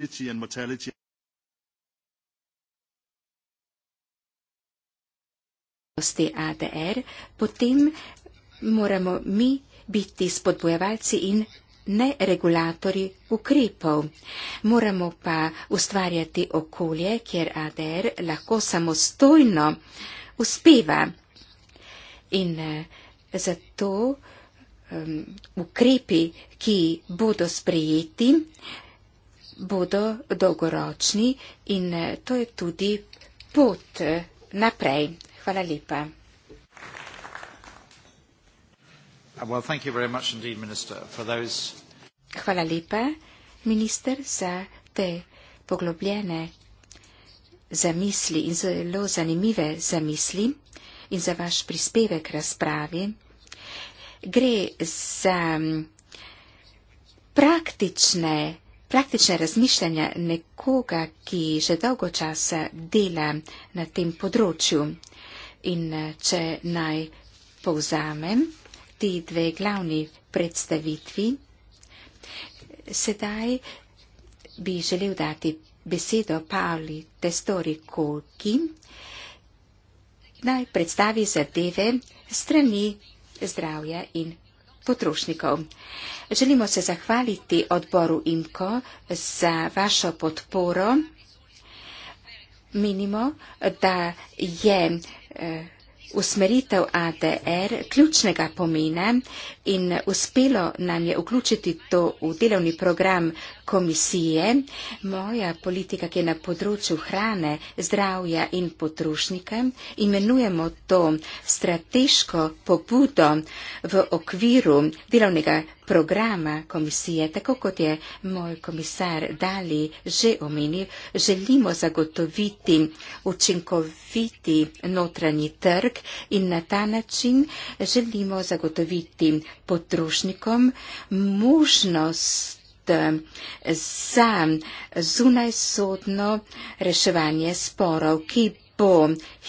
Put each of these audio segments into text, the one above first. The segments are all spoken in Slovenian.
morbidity and mortality ADR, potem moramo mi biti spodbojevalci in ne regulatori ukrepov. Moramo pa ustvarjati okolje, kjer ADR lahko samostojno uspeva. In eh, zato um, ukrepi, ki bodo sprejeti, uh, bodo dolgoročni in eh, to je tudi pot eh, naprej. Hvala lepa. Uh, well, indeed, minister, those... Hvala lepa, minister, za te poglobljene zamisli in zelo zanimive zamisli in za vaš prispevek razpravi. Gre za mm, praktične praktične razmišljanja nekoga, ki že dolgo časa dela na tem področju. In eh, če naj povzamem ti dve glavni predstavitvi, sedaj bi želel dati besedo Pavli Testori Kolki, naj predstavi zadeve strani zdravja in potrošnikov. Želimo se zahvaliti odboru IMKO za vašo podporo. Menimo, da je eh, usmeritev ADR ključnega pomena in uspelo nam je vključiti to v delovni program komisije. Moja politika, ki je na področju hrane, zdravja in potrošnike, imenujemo to strateško pobudo v okviru delovnega programa komisije. Tako kot je moj komisar Dali že omenil, želimo zagotoviti učinkoviti notranji trg in na ta način želimo zagotoviti potrošnikom možnost Eh, za zunajsodno reševanje sporov, ki bo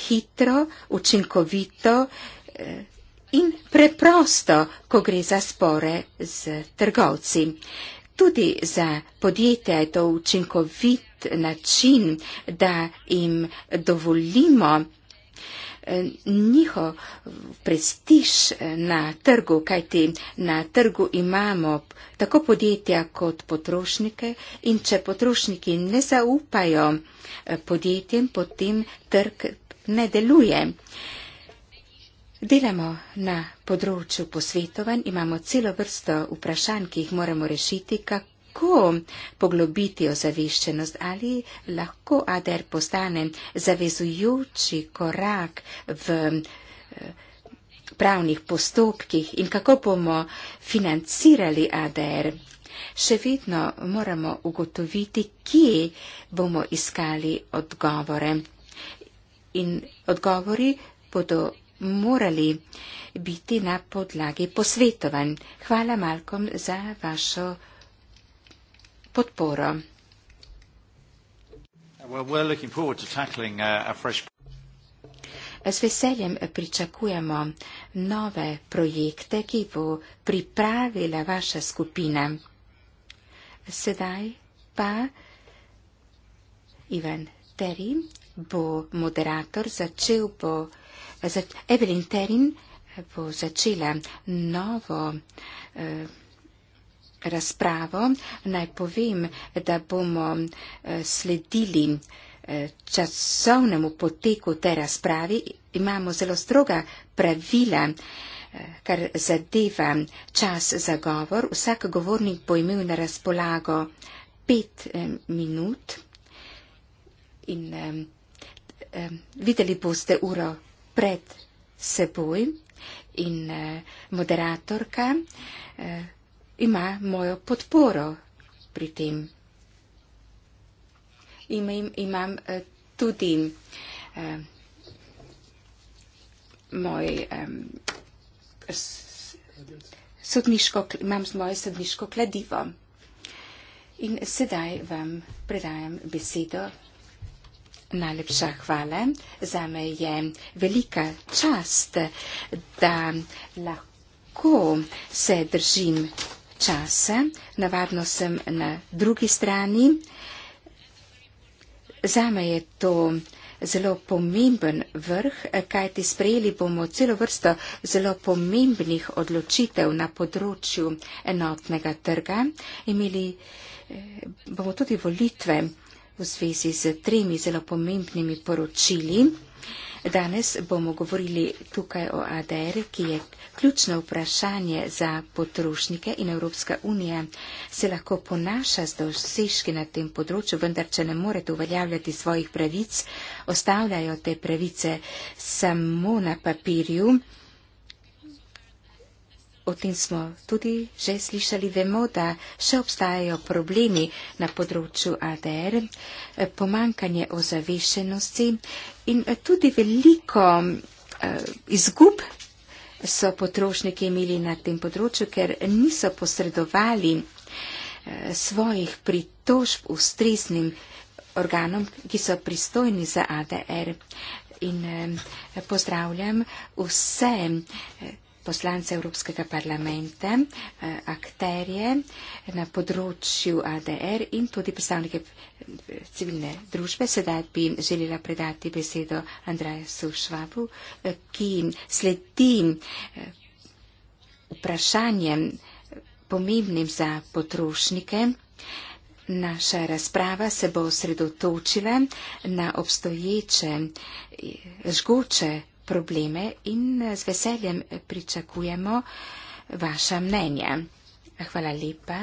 hitro, učinkovito eh, in preprosto, ko gre za spore z trgovci. Tudi za podjetja je to učinkovit način, da jim dovolimo njihov prestiž na trgu, kajti na trgu imamo tako podjetja kot potrošnike in če potrošniki ne zaupajo eh, podjetjem, potem trg ne deluje. Delamo na področju posvetovanj, imamo celo vrsto vprašanj, ki jih moramo rešiti, kako lahko poglobiti ozaveščenost ali lahko ADR postane zavezujoči korak v eh, pravnih postopkih in kako bomo financirali ADR. Še vedno moramo ugotoviti, kje bomo iskali odgovore. In odgovori bodo morali biti na podlagi posvetovanj. Hvala Malkom za vašo podpora. Uh, Z veseljem pričakujemo nove projekte, ki bo pripravila vaša skupina. Sedaj pa Ivan Terin bo moderator, začel bo, Evelyn Terin bo začela novo. Uh, razpravo. Naj povem, da bomo eh, sledili eh, časovnemu poteku te razprave. Imamo zelo stroga pravila, eh, kar zadeva čas za govor. Vsak govornik bo imel na razpolago pet minut in videli boste uro pred seboj in moderatorka ima mojo podporo pri tem. Im, im, imam eh, tudi eh, moj eh, sodniško, imam svoje sodniško kladivo. In sedaj vam predajam besedo. Najlepša hvala. Za me je velika čast, da lahko se držim časa, navadno sem na drugi strani. Zame je to zelo pomemben vrh, kajti sprejeli bomo celo vrsto zelo pomembnih odločitev na področju enotnega trga. Imeli eh, bomo tudi volitve v zvezi z tremi zelo pomembnimi poročili. Danes bomo govorili tukaj o ADR, ki je Ključno vprašanje za potrošnike in Evropska unija se lahko ponaša z dosežki na tem področju, vendar če ne morete uveljavljati svojih pravic, ostavljajo te pravice samo na papirju. O tem smo tudi že slišali, vemo, da še obstajajo problemi na področju ADR, pomankanje ozaveščenosti in tudi veliko eh, izgub so potrošniki imeli na tem področju, ker niso posredovali eh, svojih pritožb ustreznim organom, ki so pristojni za ADR. In eh, pozdravljam vse eh, poslance Evropskega parlamenta, eh, akterje na področju ADR in tudi predstavnike eh, civilne družbe. Sedaj bi želela predati besedo Andrajasu Švabu, eh, ki sledi vprašanjem pomembnim za potrošnike. Naša razprava se bo sredotočila na obstoječe žgoče probleme in eh, z veseljem pričakujemo vaša mnenja. Hvala lepa,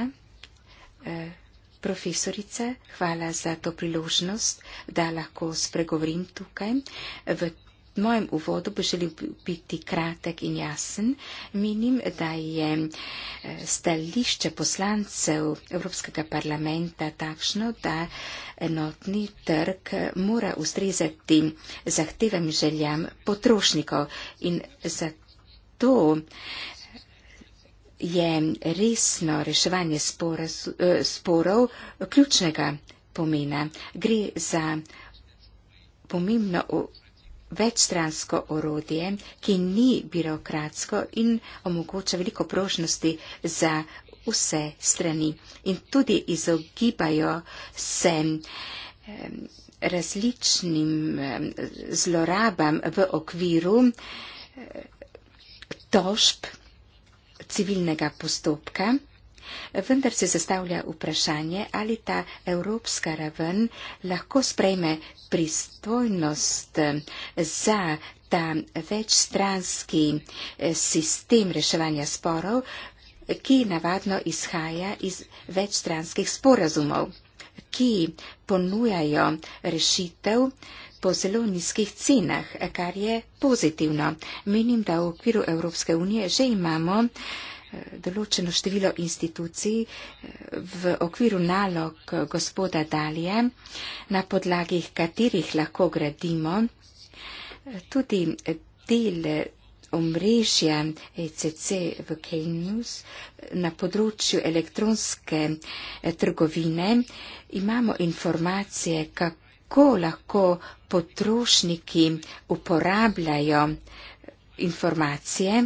eh, profesorice, hvala za to priložnost, da lahko spregovorim tukaj v mojem uvodu bi želel biti kratek in jasen. Menim, da je eh, stališče poslancev Evropskega parlamenta takšno, da enotni trg eh, mora ustrezati zahtevam in željam potrošnikov in zato eh, je resno reševanje sporov ključnega pomena. Gre za pomembno večstransko orodje, ki ni birokratsko in omogoča veliko prožnosti za vse strani. In tudi izogibajo se različnim zlorabam v okviru tožb civilnega postopka Vendar se zastavlja vprašanje, ali ta evropska raven lahko sprejme pristojnost eh, za ta večstranski eh, sistem reševanja sporov, ki navadno izhaja iz večstranskih sporazumov, ki ponujajo rešitev po zelo nizkih cenah, kar je pozitivno. Menim, da v okviru Evropske unije že imamo določeno število institucij eh, v okviru nalog eh, gospoda dalje, na podlagi katerih lahko gradimo eh, tudi del omrežja ECC v Kenjus na področju elektronske trgovine, imamo informacije, kako lahko potrošniki uporabljajo informacije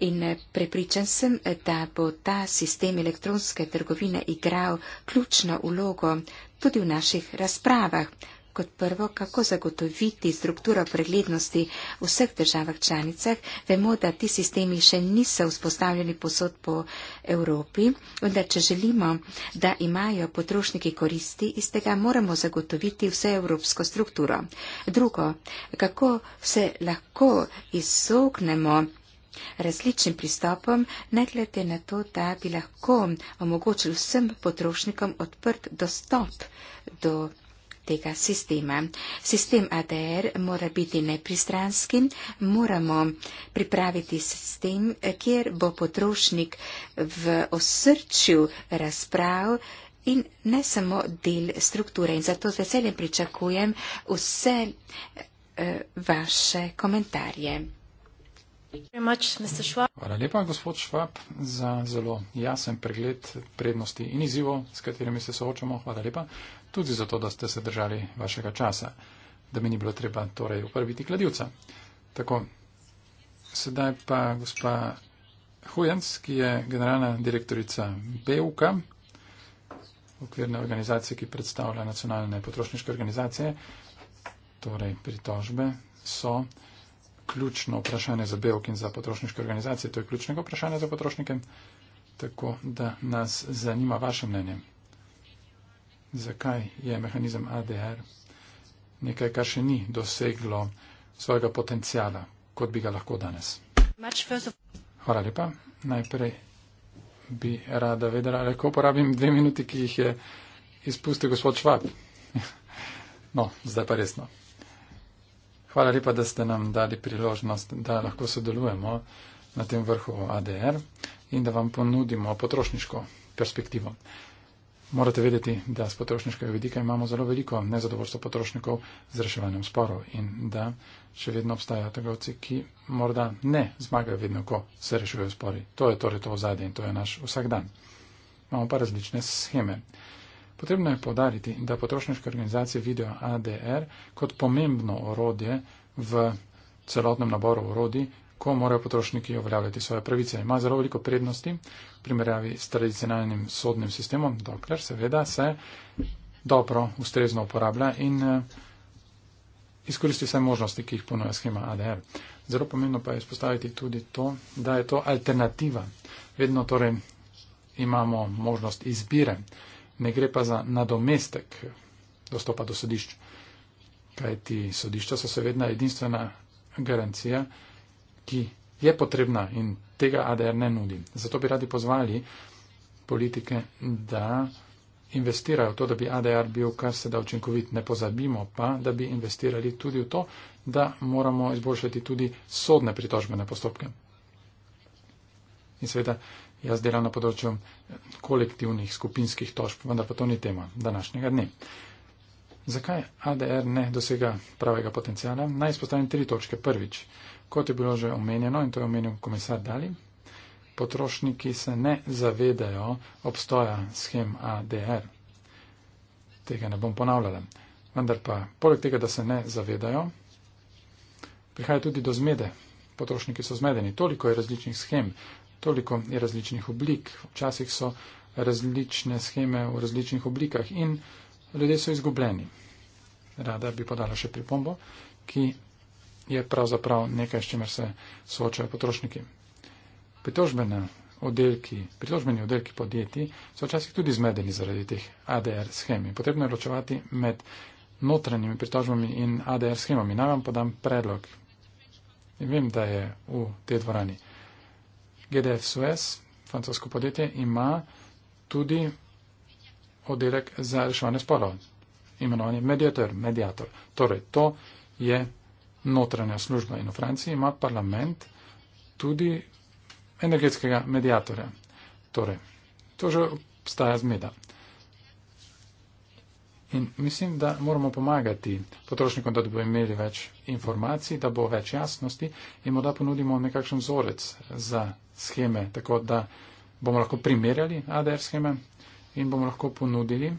in eh, prepričan sem, eh, da bo ta sistem elektronske trgovine igral ključno ulogo tudi v naših razpravah. Kot prvo, kako zagotoviti strukturo preglednosti v vseh državah članicah. Vemo, da ti sistemi še niso vzpostavljeni posod po Evropi, vendar če želimo, da imajo potrošniki koristi iz tega, moramo zagotoviti vse evropsko strukturo. Drugo, kako se lahko izognemo različnim pristopom, ne glede na to, da bi lahko omogočili vsem potrošnikom odprt dostop do tega sistema. Sistem ADR mora biti nepristranski, moramo pripraviti sistem, kjer bo potrošnik v osrčju razprav in ne samo del strukture. In zato z veseljem pričakujem vse eh, vaše komentarje. Hvala lepa, gospod Švab, za zelo jasen pregled prednosti in izzivo, s katerimi se soočamo. Hvala lepa tudi za to, da ste se držali vašega časa, da mi ni bilo treba torej uporabiti kladivca. Tako, sedaj pa gospa Hujens, ki je generalna direktorica BEUKA, okvirne organizacije, ki predstavlja nacionalne potrošniške organizacije, torej pritožbe so ključno vprašanje za Belk in za potrošniške organizacije. To je ključnega vprašanja za potrošnike. Tako da nas zanima vaše mnenje. Zakaj je mehanizem ADR nekaj, kar še ni doseglo svojega potencijala, kot bi ga lahko danes? Hvala lepa. Najprej bi rada vedela, kako uporabim dve minuti, ki jih je izpustil gospod Švab. No, zdaj pa resno. Hvala lepa, da ste nam dali priložnost, da lahko sodelujemo na tem vrhu ADR in da vam ponudimo potrošniško perspektivo. Morate vedeti, da z potrošniškega vidika imamo zelo veliko nezadovoljstva potrošnikov z reševanjem sporov in da še vedno obstajajo trgovci, ki morda ne zmagajo vedno, ko se rešujejo spori. To je torej to ozadje in to je naš vsakdan. Imamo pa različne scheme. Potrebno je podariti, da potrošniške organizacije vidijo ADR kot pomembno orodje v celotnem naboru orodi, ko morajo potrošniki uveljavljati svoje pravice. Ima zelo veliko prednosti v primerjavi s tradicionalnim sodnim sistemom, dokler seveda se dobro, ustrezno uporablja in eh, izkoristi vse možnosti, ki jih ponuja schema ADR. Zelo pomembno pa je izpostaviti tudi to, da je to alternativa. Vedno torej imamo možnost izbire ne gre pa za nadomestek dostopa do sodišč. Kaj ti sodišča so seveda edinstvena garancija, ki je potrebna in tega ADR ne nudi. Zato bi radi pozvali politike, da investirajo v to, da bi ADR bil kar se da učinkovit. Ne pozabimo pa, da bi investirali tudi v to, da moramo izboljšati tudi sodne pritožbene postopke in seveda jaz delam na področju kolektivnih skupinskih tožb, vendar pa to ni tema današnjega dne. Zakaj ADR ne dosega pravega potencijala? Naj izpostavim tri točke. Prvič, kot je bilo že omenjeno in to je omenil komisar Dali, potrošniki se ne zavedajo obstoja schem ADR. Tega ne bom ponavljala. Vendar pa, poleg tega, da se ne zavedajo, prihaja tudi do zmede. Potrošniki so zmedeni. Toliko je različnih schem, toliko različnih oblik. Včasih so različne scheme v različnih oblikah in ljudje so izgubljeni. Rada bi podala še pripombo, ki je pravzaprav nekaj, s čimer se soočajo potrošniki. Pritožbene oddelki, pritožbeni oddelki podjetij so včasih tudi zmedeni zaradi teh ADR schemi. Potrebno je ločevati med notranjimi pritožbami in ADR schemami. Naj vam podam predlog. Vem, da je v tej dvorani. GDF Suez, francosko podjetje, ima tudi oddelek za reševanje sporov, imenovanje mediator, mediator. Torej, to je notranja služba in v Franciji ima parlament tudi energetskega mediatorja. Torej, to že obstaja zmeda. In mislim, da moramo pomagati potrošnikom, da bodo imeli več informacij, da bo več jasnosti in morda ponudimo nekakšen vzorec za scheme, tako da bomo lahko primerjali ADR scheme in bomo lahko ponudili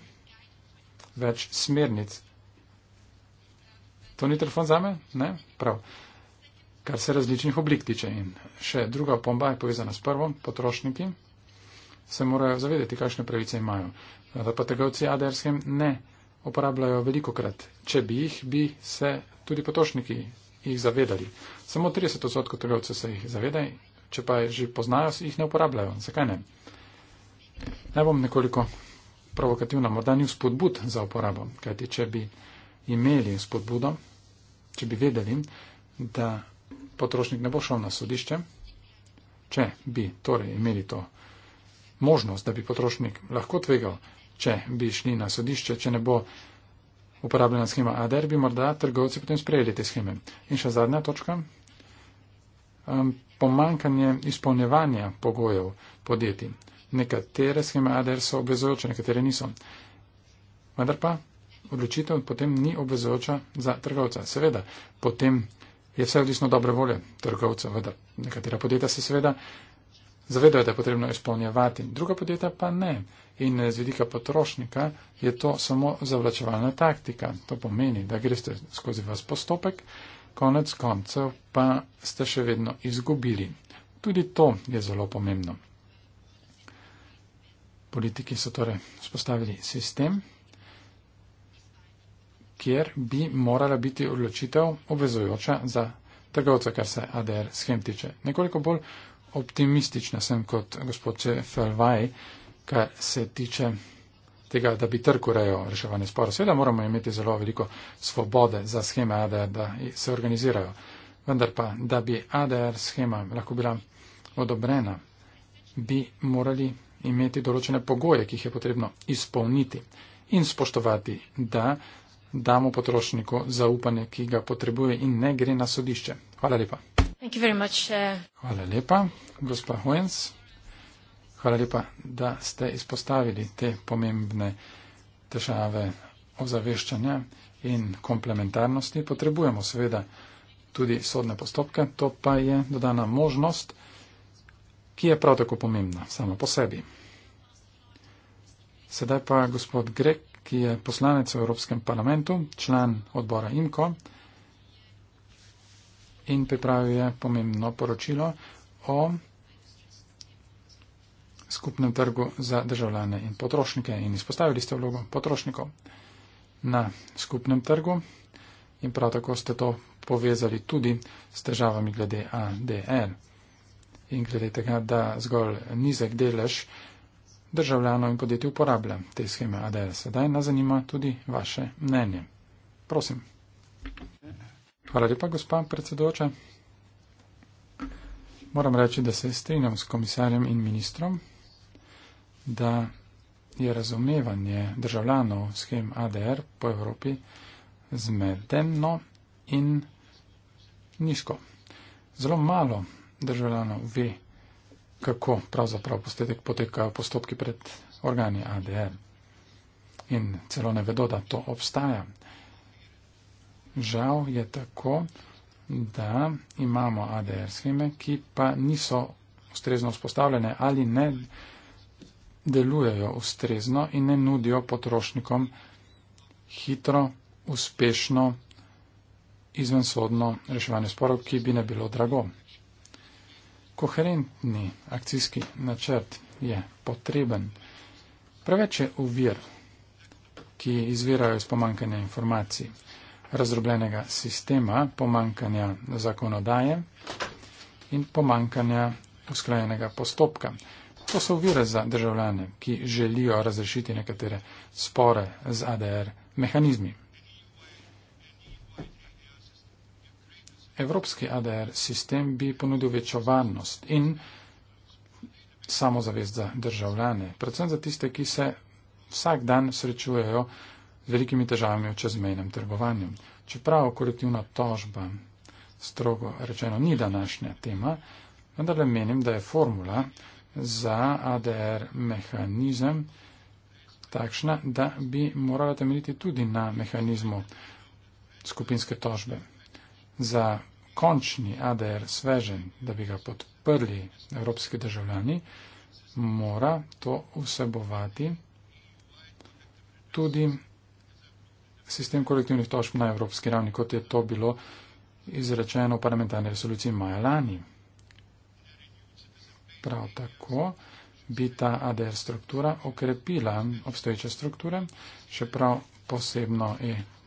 več smernic. To ni telefon za me? Ne? Prav. Kar se različnih oblik tiče. In še druga pomba je povezana s prvom, potrošniki se morajo zavedeti, kakšne pravice imajo. Da pa trgovci ADR schem ne uporabljajo veliko krat. Če bi jih, bi se tudi potrošniki jih zavedali. Samo 30 odstotkov trgovcev se jih zaveda, če pa že poznajo, se jih ne uporabljajo. Zakaj ne? Naj bom nekoliko provokativna, morda ni spodbud za uporabo, kajti če bi imeli spodbudo, če bi vedeli, da potrošnik ne bo šel na sodišče, če bi torej imeli to možnost, da bi potrošnik lahko tvegal če bi šli na sodišče, če ne bo uporabljena schema ADR, bi morda trgovci potem sprejeli te scheme. In še zadnja točka. Um, pomankanje izpolnevanja pogojev podjetij. Nekatere scheme ADR so obvezujoče, nekatere niso. Vendar pa odločitev potem ni obvezujoča za trgovca. Seveda, potem je vse odvisno dobre volje trgovca, vendar nekatera podjetja se seveda zavedajo, da je potrebno izpolnjevati, druga podjetja pa ne. In z vidika potrošnika je to samo zavlačevalna taktika. To pomeni, da greste skozi vas postopek, konec koncev pa ste še vedno izgubili. Tudi to je zelo pomembno. Politiki so torej spostavili sistem, kjer bi morala biti odločitev obvezujoča za trgovca, kar se ADR schem tiče. Nekoliko bolj optimistična sem kot gospod Felvaj, kar se tiče tega, da bi trg urejal reševanje spora. Seveda moramo imeti zelo veliko svobode za scheme ADR, da se organizirajo. Vendar pa, da bi ADR schema lahko bila odobrena, bi morali imeti določene pogoje, ki jih je potrebno izpolniti in spoštovati, da damo potrošniku zaupanje, ki ga potrebuje in ne gre na sodišče. Hvala lepa. Eh. Hvala lepa, gospa Huens. Hvala lepa, da ste izpostavili te pomembne težave ozaveščanja in komplementarnosti. Potrebujemo seveda tudi sodne postopke, to pa je dodana možnost, ki je prav tako pomembna sama po sebi. Sedaj pa gospod Grek, ki je poslanec v Evropskem parlamentu, član odbora IMCO in pripravil je pomembno poročilo o skupnem trgu za državljane in potrošnike in izpostavili ste vlogo potrošnikov na skupnem trgu in prav tako ste to povezali tudi s težavami glede ADN in glede tega, da zgolj nizek delež državljanov in podjetij uporablja te scheme ADN. Sedaj nas zanima tudi vaše mnenje. Prosim. Hvala lepa, gospa predsedoča. Moram reči, da se strinjam s komisarjem in ministrom, da je razumevanje državljanov schem ADR po Evropi zmedeno in nizko. Zelo malo državljanov ve, kako pravzaprav postetek potekajo postopki pred organi ADR. In celo ne vedo, da to obstaja žal je tako, da imamo ADR scheme, ki pa niso ustrezno vzpostavljene ali ne delujejo ustrezno in ne nudijo potrošnikom hitro, uspešno, izvensodno reševanje sporov, ki bi ne bilo drago. Koherentni akcijski načrt je potreben. Preveč je uvir, ki izvirajo iz pomankanja informacij razdrobljenega sistema, pomankanja zakonodaje in pomankanja usklajenega postopka. To so vire za državljane, ki želijo razrešiti nekatere spore z ADR mehanizmi. Evropski ADR sistem bi ponudil večjo varnost in samozavest za državljane, predvsem za tiste, ki se vsak dan srečujejo z velikimi težavami v čezmejnem trgovanju. Čeprav korektivna tožba strogo rečeno ni današnja tema, vendar le menim, da je formula za ADR mehanizem takšna, da bi morala temeljiti tudi na mehanizmu skupinske tožbe. Za končni ADR svežen, da bi ga podprli evropski državljani, mora to vsebovati tudi sistem kolektivnih tožb na evropski ravni, kot je to bilo izrečeno v parlamentarni resoluciji maja lani. Prav tako bi ta ADR struktura okrepila obstoječe strukture, še prav posebno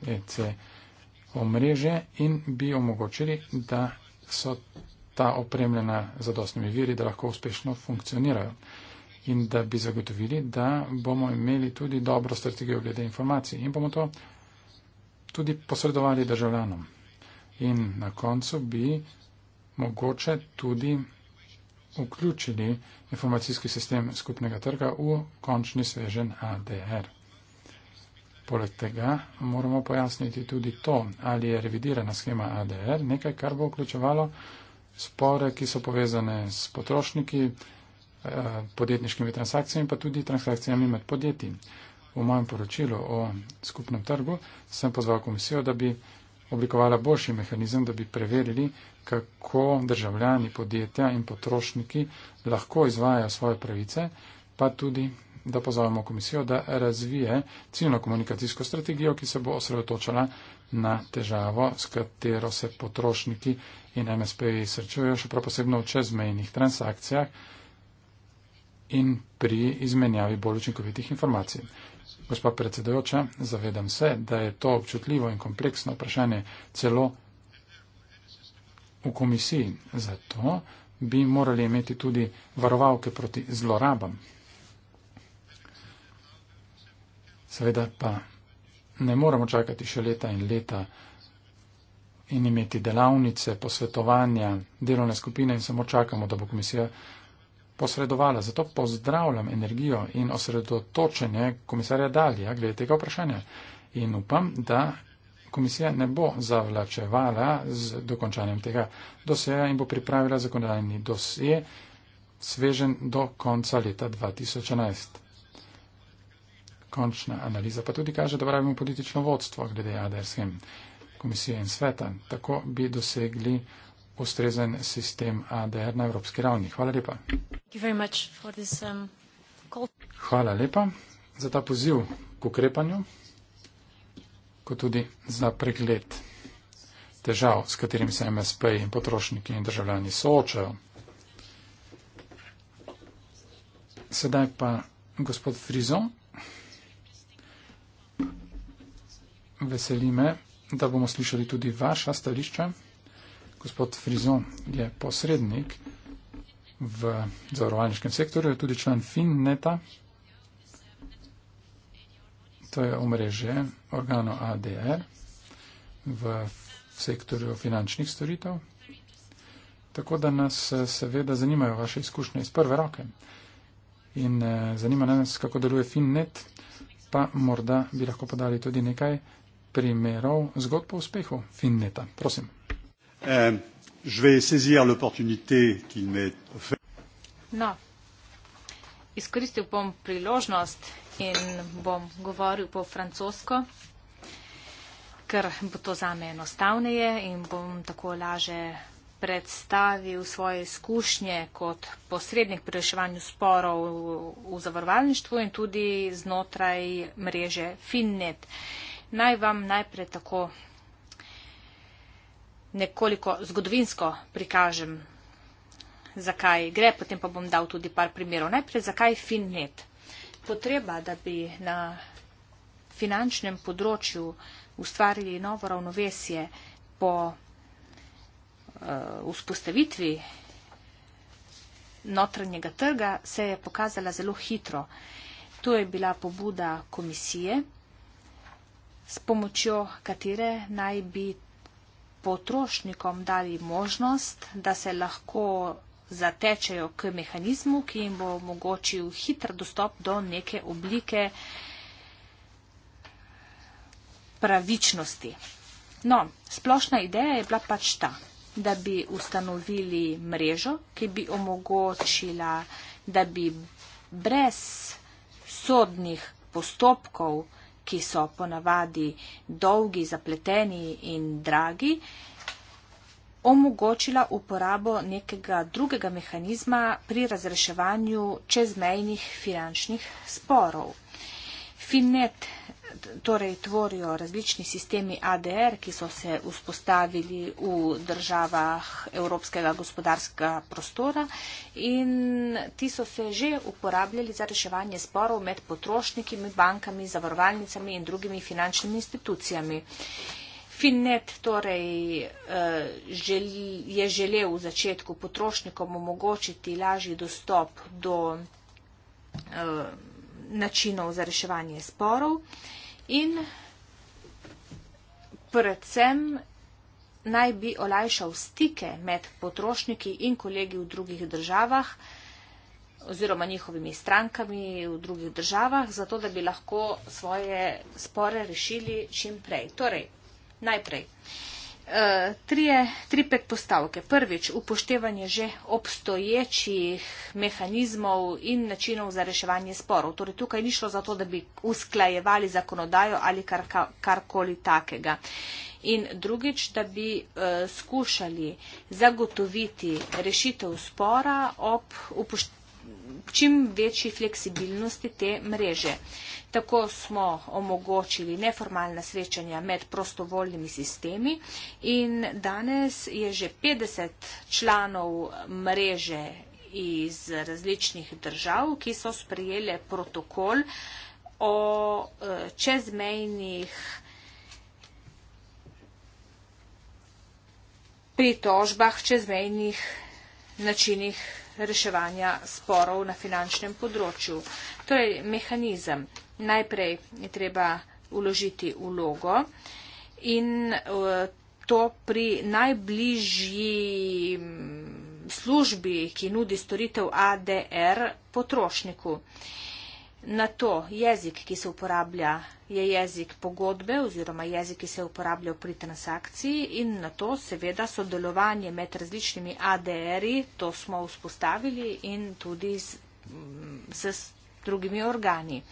EC e omrežje in bi omogočili, da so ta opremljena z dostnimi viri, da lahko uspešno funkcionirajo in da bi zagotovili, da bomo imeli tudi dobro strategijo glede informacij in bomo to tudi posredovali državljanom. In na koncu bi mogoče tudi vključili informacijski sistem skupnega trga v končni svežen ADR. Poleg tega moramo pojasniti tudi to, ali je revidirana schema ADR nekaj, kar bo vključevalo spore, ki so povezane s potrošniki, eh, podjetniškimi transakcijami, pa tudi transakcijami med podjetji v mojem poročilu o skupnem trgu, sem pozval komisijo, da bi oblikovala boljši mehanizem, da bi preverili, kako državljani, podjetja in potrošniki lahko izvajajo svoje pravice, pa tudi, da pozovemo komisijo, da razvije ciljno komunikacijsko strategijo, ki se bo osredotočala na težavo, s katero se potrošniki in MSP srečujejo, še prav posebno v čezmejnih transakcijah in pri izmenjavi bolj učinkovitih informacij. Gospa predsedujoča, zavedam se, da je to občutljivo in kompleksno vprašanje celo v komisiji. Zato bi morali imeti tudi varovalke proti zlorabam. Seveda pa ne moremo čakati še leta in leta in imeti delavnice, posvetovanja, delovne skupine in samo čakamo, da bo komisija posredovala. Zato pozdravljam energijo in osredotočenje komisarja Dalija glede tega vprašanja. In upam, da komisija ne bo zavlačevala z dokončanjem tega doseja in bo pripravila zakonodajni dosje svežen do konca leta 2011. Končna analiza pa tudi kaže, da pravimo politično vodstvo glede ADR-skem komisije in sveta. Tako bi dosegli ustrezen sistem ADR na evropski ravni. Hvala lepa. This, um, Hvala lepa za ta poziv k ukrepanju, kot tudi za pregled težav, s katerimi se MSP in potrošniki in državljani soočajo. Sedaj pa gospod Frizo. Veseli me, da bomo slišali tudi vaša stališča. Gospod Frizon je posrednik v zavarovalniškem sektorju, je tudi član FinNeta. To je omrežje organo ADR v sektorju finančnih storitev. Tako da nas eh, seveda zanimajo vaše izkušnje iz prve roke. In eh, zanima nas, kako deluje FinNet, pa morda bi lahko podali tudi nekaj primerov zgodb o uspehu FinNeta. Prosim. Euh, je vais saisir l'opportunité qui m'est offerte. No. Izkoristil bom priložnost in bom govoril po francosko, ker bo to zame enostavneje in bom tako laže predstavil svoje izkušnje kot posrednik pri reševanju sporov v zavarovalništvu in tudi znotraj mreže Finnet. Naj vam najprej tako nekoliko zgodovinsko prikažem, zakaj gre, potem pa bom dal tudi par primerov. Najprej, zakaj finnet? Potreba, da bi na finančnem področju ustvarili novo ravnovesje po uh, vzpostavitvi notranjega trga, se je pokazala zelo hitro. To je bila pobuda komisije, s pomočjo katere naj bi potrošnikom dali možnost, da se lahko zatečejo k mehanizmu, ki jim bo omogočil hitr dostop do neke oblike pravičnosti. No, splošna ideja je bila pač ta, da bi ustanovili mrežo, ki bi omogočila, da bi brez sodnih postopkov ki so ponavadi dolgi, zapleteni in dragi, omogočila uporabo nekega drugega mehanizma pri razreševanju čezmejnih finančnih sporov. Finnet torej tvorijo različni sistemi ADR, ki so se vzpostavili v državah evropskega gospodarskega prostora in ti so se že uporabljali za reševanje sporov med potrošniki, bankami, zavarovalnicami in drugimi finančnimi institucijami. Finnet torej eh, je želel v začetku potrošnikom omogočiti lažji dostop do eh, načinov za reševanje sporov in predvsem naj bi olajšal stike med potrošniki in kolegi v drugih državah oziroma njihovimi strankami v drugih državah, zato da bi lahko svoje spore rešili čim prej. Torej, najprej trije, tri pet postavke. Prvič, upoštevanje že obstoječih mehanizmov in načinov za reševanje sporov. Torej, tukaj ni šlo za to, da bi usklajevali zakonodajo ali kar, karkoli takega. In drugič, da bi uh, skušali zagotoviti rešitev spora ob upoštevanju čim večji fleksibilnosti te mreže. Tako smo omogočili neformalna srečanja med prostovoljnimi sistemi in danes je že 50 članov mreže iz različnih držav, ki so sprejeli protokol o e, čezmejnih pritožbah, čezmejnih načinih reševanja sporov na finančnem področju. To torej, je mehanizem. Najprej je treba uložiti vlogo in eh, to pri najbližji mm, službi, ki nudi storitev ADR potrošniku. Na to jezik, ki se uporablja, je jezik pogodbe oziroma jezik, ki se uporablja pri transakciji in na to seveda sodelovanje med različnimi ADR-ji, to smo vzpostavili in tudi s, s drugimi organi.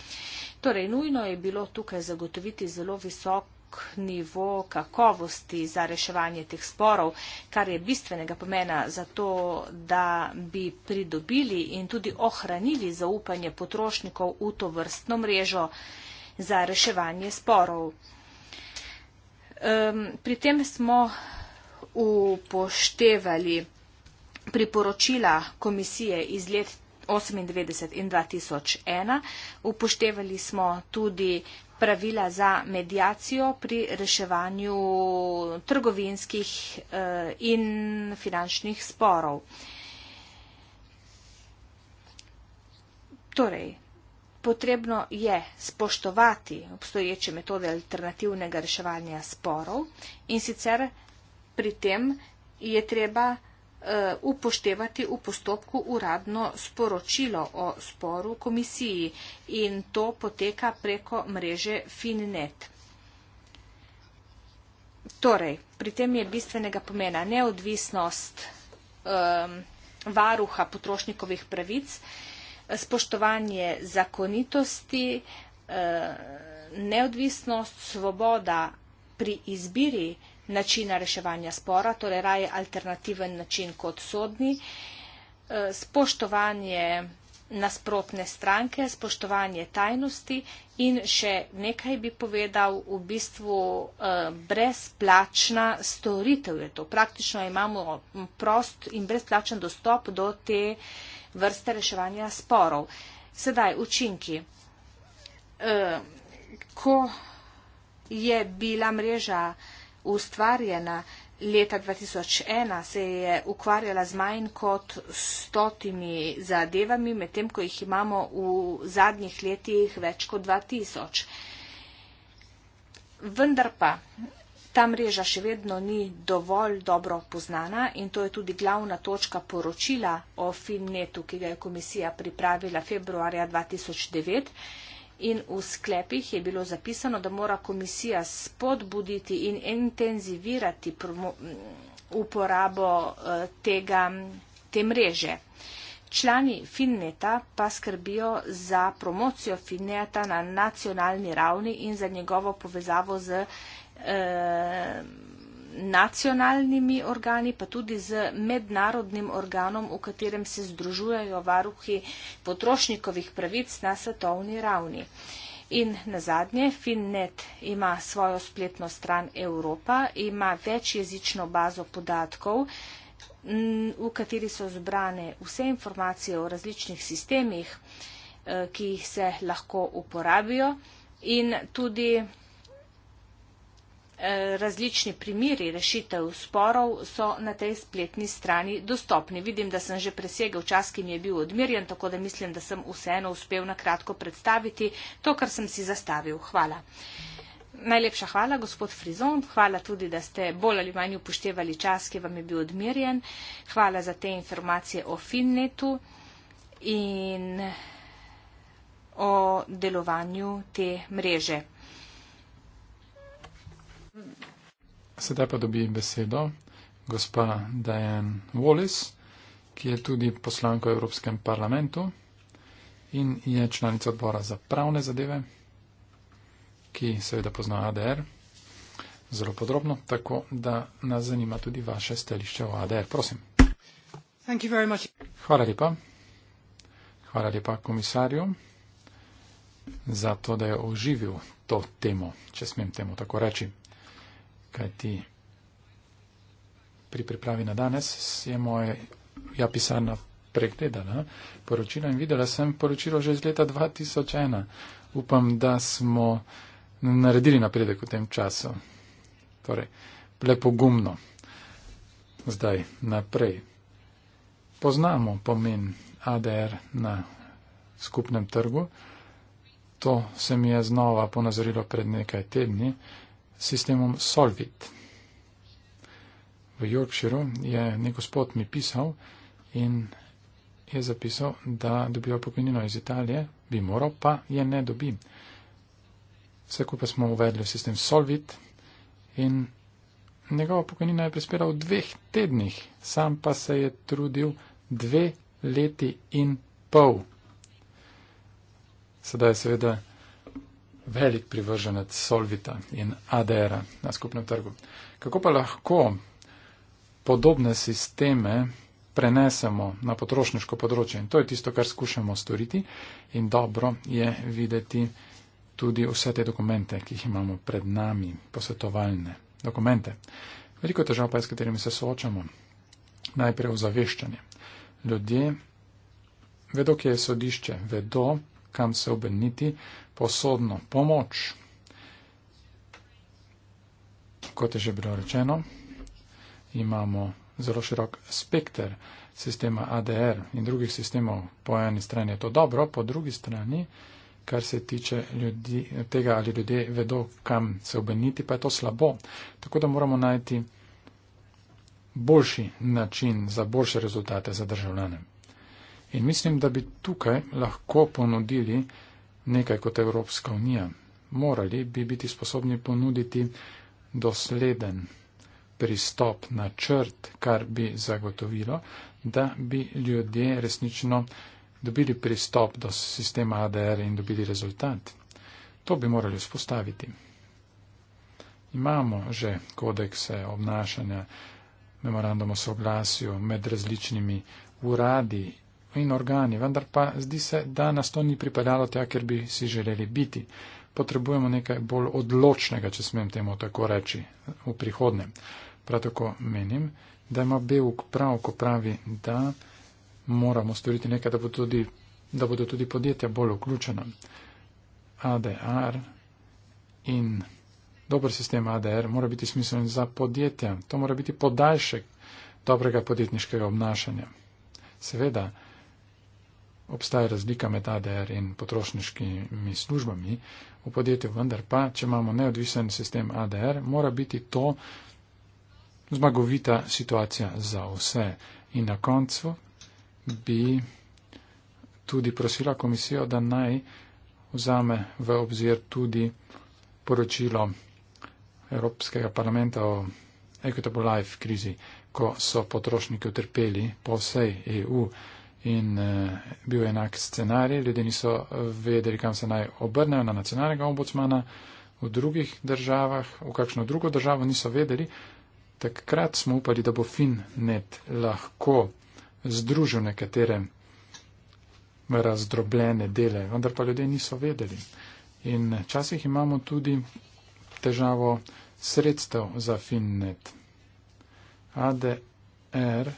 Torej, nujno je bilo tukaj zagotoviti zelo visok visok nivo kakovosti za reševanje teh sporov, kar je bistvenega pomena za to, da bi pridobili in tudi ohranili zaupanje potrošnikov v to vrstno mrežo za reševanje sporov. Pri tem smo upoštevali priporočila komisije iz let 1998 in 2001. Upoštevali smo tudi pravila za medijacijo pri reševanju trgovinskih eh, in finančnih sporov. Torej, potrebno je spoštovati obstoječe metode alternativnega reševanja sporov in sicer pri tem je treba Eh, upoštevati v postopku uradno sporočilo o sporu komisiji in to poteka preko mreže FinNet. Torej, pri tem je bistvenega pomena neodvisnost um, varuha potrošnikovih pravic, spoštovanje zakonitosti, um, neodvisnost, svoboda pri izbiri načina reševanja spora, torej raje alternativen način kot sodni, eh, spoštovanje nasprotne stranke, spoštovanje tajnosti in še nekaj bi povedal, v bistvu eh, brezplačna storitev je to. Praktično imamo prost in brezplačen dostop do te vrste reševanja sporov. Sedaj, učinki. Eh, ko je bila mreža ustvarjena leta 2001, se je ukvarjala z manj kot stotimi zadevami, medtem ko jih imamo v zadnjih letih več kot 2000. Vendar pa ta mreža še vedno ni dovolj dobro poznana in to je tudi glavna točka poročila o Finnetu, ki ga je komisija pripravila februarja 2009 in v sklepih je bilo zapisano, da mora komisija spodbuditi in intenzivirati mm, uporabo eh, tega, te mreže. Člani Finneta pa skrbijo za promocijo Finneta na nacionalni ravni in za njegovo povezavo z eh, nacionalnimi organi, pa tudi z mednarodnim organom, v katerem se združujejo varuhi potrošnikovih pravic na svetovni ravni. In na zadnje, Finnet ima svojo spletno stran Evropa, ima večjezično bazo podatkov, v kateri so zbrane vse informacije o različnih sistemih, eh, ki se lahko uporabijo in tudi Eh, različni primiri rešitev sporov so na tej spletni strani dostopni. Vidim, da sem že presegel čas, ki mi je bil odmirjen, tako da mislim, da sem vseeno uspel na kratko predstaviti to, kar sem si zastavil. Hvala. Najlepša hvala, gospod Frizon. Hvala tudi, da ste bolj ali manj upoštevali čas, ki vam je bil odmirjen. Hvala za te informacije o Finnetu in o delovanju te mreže. Sedaj pa dobi besedo gospa Diane Wallis, ki je tudi poslanko Evropskem parlamentu in je članica odbora za pravne zadeve, ki seveda pozna ADR zelo podrobno, tako da nas zanima tudi vaše stališče o ADR. Prosim. Hvala lepa. Hvala lepa komisarju za to, da je oživil to temo, če smem temu tako reči kajti pri pripravi na danes je moja ja, pisarna pregledala poročila in videla sem poročilo že iz leta 2001. Upam, da smo naredili napredek v tem času. Torej, lepogumno. Zdaj, naprej. Poznamo pomen ADR na skupnem trgu. To se mi je znova ponazorilo pred nekaj tedni sistemom Solvit. V Yorkshireu je nek gospod mi pisal in je zapisal, da dobiva pokojnino iz Italije, bi moral, pa je ne dobi. Vse skupaj smo uvedli v sistem Solvit in njegova pokojnina je prispela v dveh tednih, sam pa se je trudil dve leti in pol. Sedaj je seveda velik privrženec Solvita in ADR-a na skupnem trgu. Kako pa lahko podobne sisteme prenesemo na potrošniško področje? In to je tisto, kar skušamo storiti in dobro je videti tudi vse te dokumente, ki jih imamo pred nami, posvetovalne dokumente. Veliko težav pa je, s katerimi se soočamo. Najprej ozaveščanje. Ljudje vedo, kje je sodišče, vedo, kam se obrniti, posodno pomoč, kot je že bilo rečeno, imamo zelo širok spekter sistema ADR in drugih sistemov. Po eni strani je to dobro, po drugi strani, kar se tiče ljudi, tega, ali ljudje vedo, kam se obrniti, pa je to slabo. Tako da moramo najti boljši način za boljše rezultate za državljane. In mislim, da bi tukaj lahko ponudili nekaj kot Evropska unija. Morali bi biti sposobni ponuditi dosleden pristop na črt, kar bi zagotovilo, da bi ljudje resnično dobili pristop do sistema ADR in dobili rezultat. To bi morali spostaviti. Imamo že kodekse obnašanja, memorandum o soglasju med različnimi uradi in organi, vendar pa zdi se, da nas to ni pripeljalo tja, ker bi si želeli biti. Potrebujemo nekaj bolj odločnega, če smem temu tako reči, v prihodnem. Prav tako menim, da ima Beuk prav, ko pravi, da moramo storiti nekaj, da, bo tudi, da bodo tudi podjetja bolj vključena. ADR in dober sistem ADR mora biti smiselen za podjetja. To mora biti podaljšek dobrega podjetniškega obnašanja. Seveda, obstaja razlika med ADR in potrošniškimi službami v podjetju, vendar pa, če imamo neodvisen sistem ADR, mora biti to zmagovita situacija za vse. In na koncu bi tudi prosila komisijo, da naj vzame v obzir tudi poročilo Evropskega parlamenta o Equitable Life krizi, ko so potrošniki utrpeli po vsej EU in uh, bil enak scenarij. Ljudje niso vedeli, kam se naj obrnejo na nacionalnega ombudsmana v drugih državah, v kakšno drugo državo niso vedeli. Takrat smo upali, da bo FinNet lahko združil nekatere razdrobljene dele, vendar pa ljudje niso vedeli. In eh, včasih imamo tudi težavo sredstev za FinNet. ADR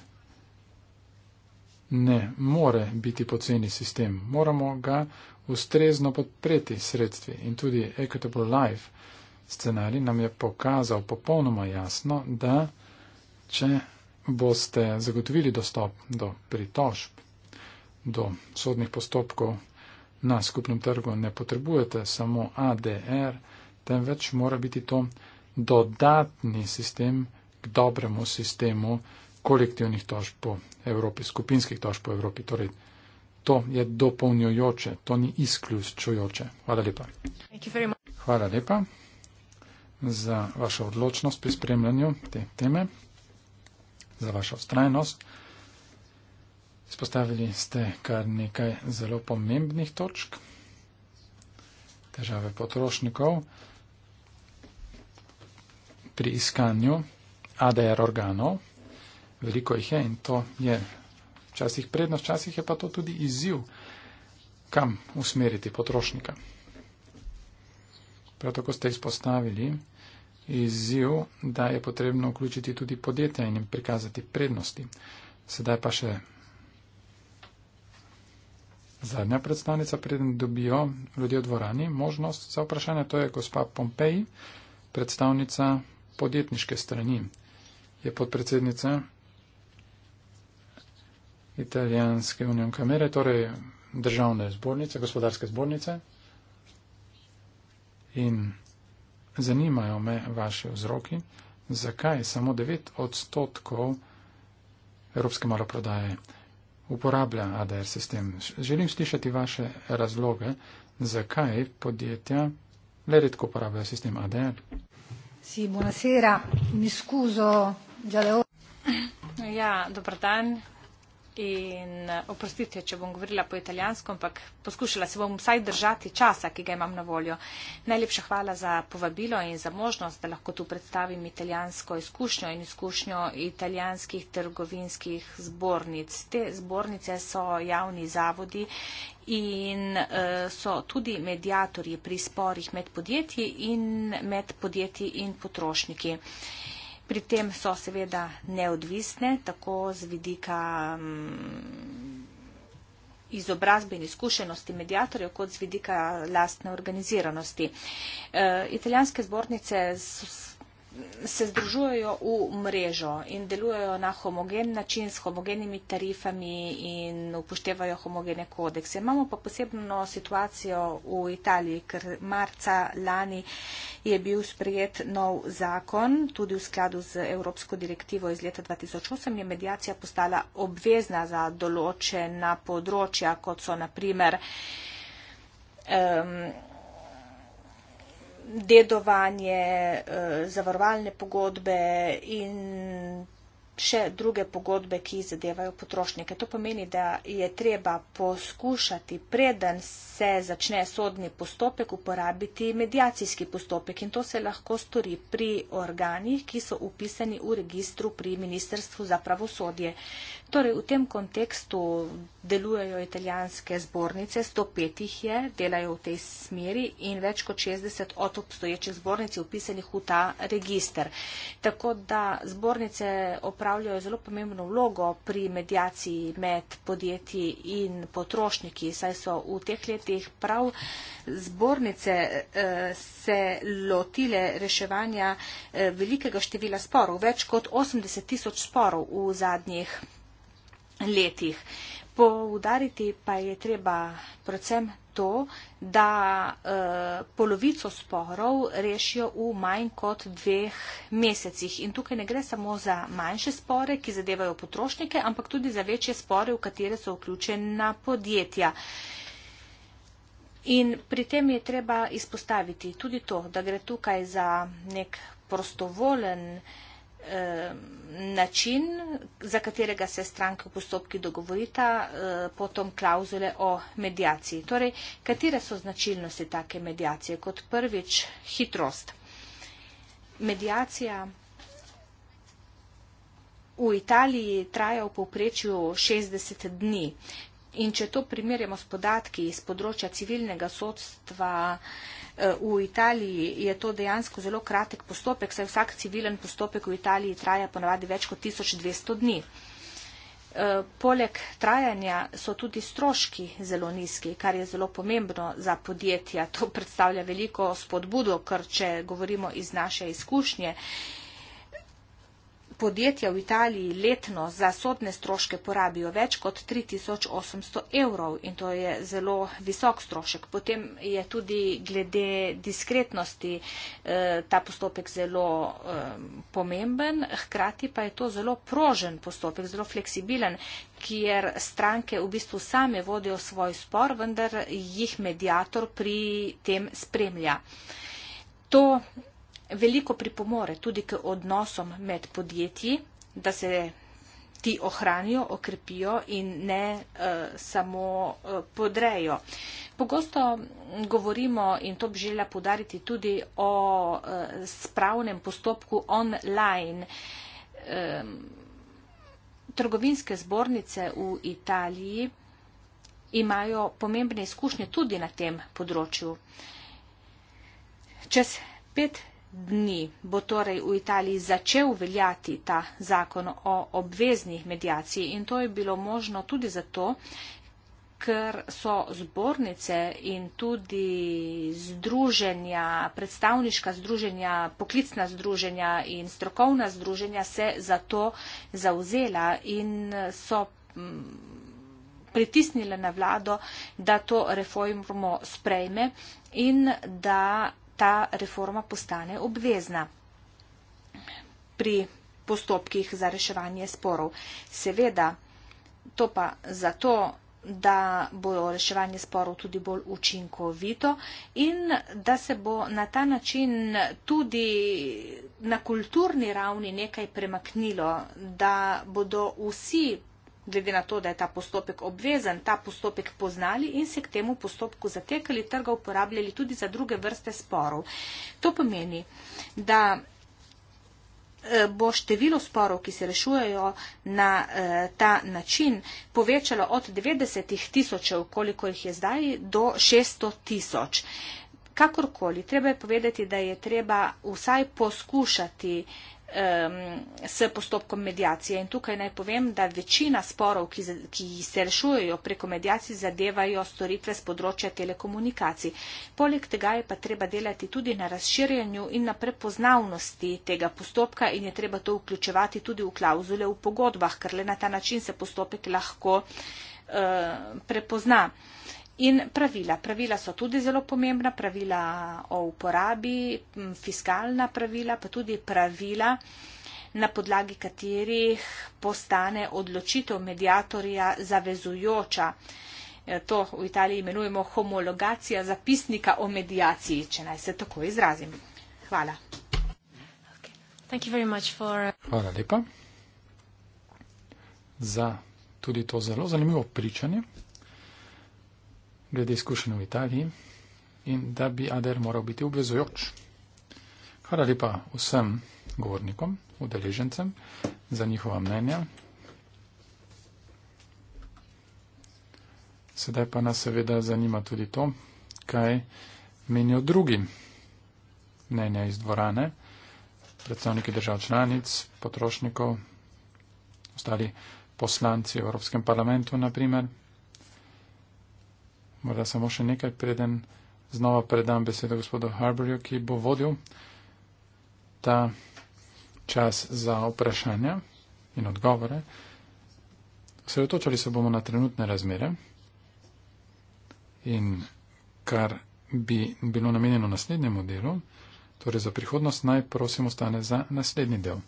ne more biti poceni sistem. Moramo ga ustrezno podpreti sredstvi in tudi Equitable Life scenarij nam je pokazal popolnoma jasno, da če boste zagotovili dostop do pritožb, do sodnih postopkov na skupnem trgu, ne potrebujete samo ADR, temveč mora biti to dodatni sistem k dobremu sistemu, kolektivnih tožb po Evropi, skupinskih tožb po Evropi. Torej, to je dopolnjujoče, to ni izključujoče. Hvala lepa. Hvala lepa za vašo odločnost pri spremljanju te teme, za vašo vztrajnost. Izpostavili ste kar nekaj zelo pomembnih točk. Težave potrošnikov pri iskanju ADR organov veliko jih je in to je včasih prednost, včasih je pa to tudi izziv, kam usmeriti potrošnika. Prav tako ste izpostavili izziv, da je potrebno vključiti tudi podjetja in jim prikazati prednosti. Sedaj pa še zadnja predstavnica, preden dobijo ljudje v dvorani možnost za vprašanje, to je gospa Pompeji, predstavnica podjetniške strani. Je podpredsednica italijanske unijon kamere, torej državne zbornice, gospodarske zbornice. In zanimajo me vaši vzroki, zakaj samo 9 odstotkov evropske maloprodaje uporablja ADR sistem. Želim slišati vaše razloge, zakaj podjetja le redko uporabljajo sistem ADR. Si, buonasera, mi scuso, già le ho. Ja, dobrodan, in eh, oprostite, če bom govorila po italijansko, ampak poskušala se bom vsaj držati časa, ki ga imam na voljo. Najlepša hvala za povabilo in za možnost, da lahko tu predstavim italijansko izkušnjo in izkušnjo italijanskih trgovinskih zbornic. Te zbornice so javni zavodi in eh, so tudi mediatorji pri sporih med podjetji in med podjetji in potrošniki. Pri tem so seveda neodvisne, tako z vidika mm, izobrazbe in izkušenosti medijatorjev, kot z vidika lastne organiziranosti. E, italijanske zbornice so se združujejo v mrežo in delujejo na homogen način s homogenimi tarifami in upoštevajo homogene kodekse. Imamo pa posebno situacijo v Italiji, ker marca lani je bil sprejet nov zakon, tudi v skladu z Evropsko direktivo iz leta 2008 je medijacija postala obvezna za določena področja, kot so naprimer um, dedovanje, eh, zavarovalne pogodbe in še druge pogodbe, ki zadevajo potrošnike. To pomeni, da je treba poskušati, preden se začne sodni postopek, uporabiti medijacijski postopek in to se lahko stori pri organih, ki so upisani v registru pri Ministrstvu za pravosodje. Torej, v tem kontekstu delujejo italijanske zbornice, 105 jih je, delajo v tej smeri in več kot 60 od obstoječih zbornic je upisanih v ta register. Tako da zbornice opravljajo zelo pomembno vlogo pri medijaciji med podjetji in potrošniki, saj so v teh letih prav zbornice eh, se lotile reševanja eh, velikega števila sporov, več kot 80 tisoč sporov v zadnjih letih letih. Poudariti pa je treba predvsem to, da e, polovico sporov rešijo v manj kot dveh mesecih. In tukaj ne gre samo za manjše spore, ki zadevajo potrošnike, ampak tudi za večje spore, v katere so vključena podjetja. In pri tem je treba izpostaviti tudi to, da gre tukaj za nek prostovolen. E, Eh, način, za katerega se stranke v postopki dogovorita, eh, potem klauzule o medijaciji. Torej, katere so značilnosti take medijacije? Kot prvič, hitrost. Medijacija v Italiji traja v povprečju 60 dni. In če to primerjamo s podatki iz področja civilnega sodstva, V Italiji je to dejansko zelo kratek postopek, saj vsak civilen postopek v Italiji traja ponavadi več kot 1200 dni. Eh, poleg trajanja so tudi stroški zelo nizki, kar je zelo pomembno za podjetja. To predstavlja veliko spodbudo, ker če govorimo iz naše izkušnje, podjetja v Italiji letno za sodne stroške porabijo več kot 3800 evrov in to je zelo visok strošek. Potem je tudi glede diskretnosti eh, ta postopek zelo eh, pomemben, hkrati pa je to zelo prožen postopek, zelo fleksibilen, kjer stranke v bistvu same vodijo svoj spor, vendar jih medijator pri tem spremlja. To veliko pripomore tudi k odnosom med podjetji, da se ti ohranijo, okrepijo in ne uh, samo uh, podrejo. Pogosto govorimo, in to bi želela podariti tudi o uh, spravnem postopku online. Um, trgovinske zbornice v Italiji imajo pomembne izkušnje tudi na tem področju. Čez pet dni bo torej v Italiji začel veljati ta zakon o obveznih medijaciji in to je bilo možno tudi zato, ker so zbornice in tudi združenja, predstavniška združenja, poklicna združenja in strokovna združenja se za to zauzela in so mm, pritisnile na vlado, da to reformo sprejme in da ta reforma postane obvezna pri postopkih za reševanje sporov. Seveda, to pa zato, da bo reševanje sporov tudi bolj učinkovito in da se bo na ta način tudi na kulturni ravni nekaj premaknilo, da bodo vsi glede na to, da je ta postopek obvezen, ta postopek poznali in se k temu postopku zatekali, trga uporabljali tudi za druge vrste sporov. To pomeni, da eh, bo število sporov, ki se rešujejo na eh, ta način, povečalo od 90 tisočev, koliko jih je zdaj, do 600 tisoč. Kakorkoli, treba je povedati, da je treba vsaj poskušati eh, s postopkom medijacije. In tukaj naj povem, da večina sporov, ki, ki se rešujejo preko medijacij, zadevajo storitve z področja telekomunikacij. Poleg tega je pa treba delati tudi na razširjenju in na prepoznavnosti tega postopka in je treba to vključevati tudi v klauzule v pogodbah, ker le na ta način se postopek lahko uh, prepozna. Uh, In pravila. Pravila so tudi zelo pomembna, pravila o uporabi, fiskalna pravila, pa tudi pravila, na podlagi katerih postane odločitev medijatorja zavezujoča. E, to v Italiji imenujemo homologacija zapisnika o medijaciji, če naj se tako izrazim. Hvala. Uh, Hvala lepa za tudi to zelo zanimivo pričanje glede izkušenj v Italiji in da bi ADR moral biti obvezujoč. Hvala lepa vsem govornikom, udeležencem za njihova mnenja. Sedaj pa nas seveda zanima tudi to, kaj menijo drugi mnenja iz dvorane, predstavniki držav članic, potrošnikov, ostali poslanci v Evropskem parlamentu, naprimer. Morda samo še nekaj preden znova predam besedo gospodu Harborju, ki bo vodil ta čas za vprašanja in odgovore. Sredotočali se bomo na trenutne razmere in kar bi bilo namenjeno naslednjemu delu, torej za prihodnost, naj prosim ostane za naslednji del.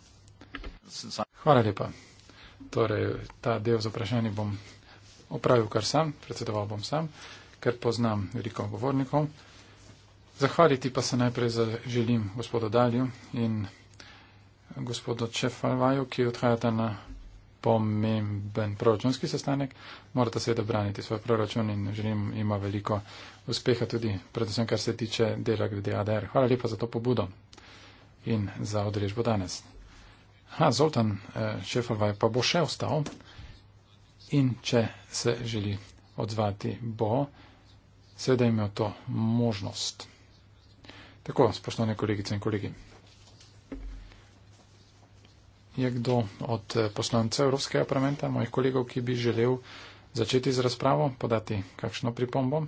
Hvala lepa. Torej, ta del z vprašanji bom opravil kar sam, predsedoval bom sam ker poznam veliko govornikov. Zahvaliti pa se najprej za želim gospodu Dalju in gospodu Čefalvaju, ki odhajata na pomemben proračunski sestanek. Morate seveda braniti svoj proračun in želim ima veliko uspeha tudi, predvsem kar se tiče dela glede ADR. Hvala lepa za to pobudo in za odrežbo danes. Ha, Zoltan Šefalvaj eh, pa bo še ostal in če se želi odzvati, bo seveda ima to možnost. Tako, spoštovane kolegice in kolegi. Je kdo od eh, poslancev Evropskega parlamenta, mojih kolegov, ki bi želel začeti z razpravo, podati kakšno pripombo?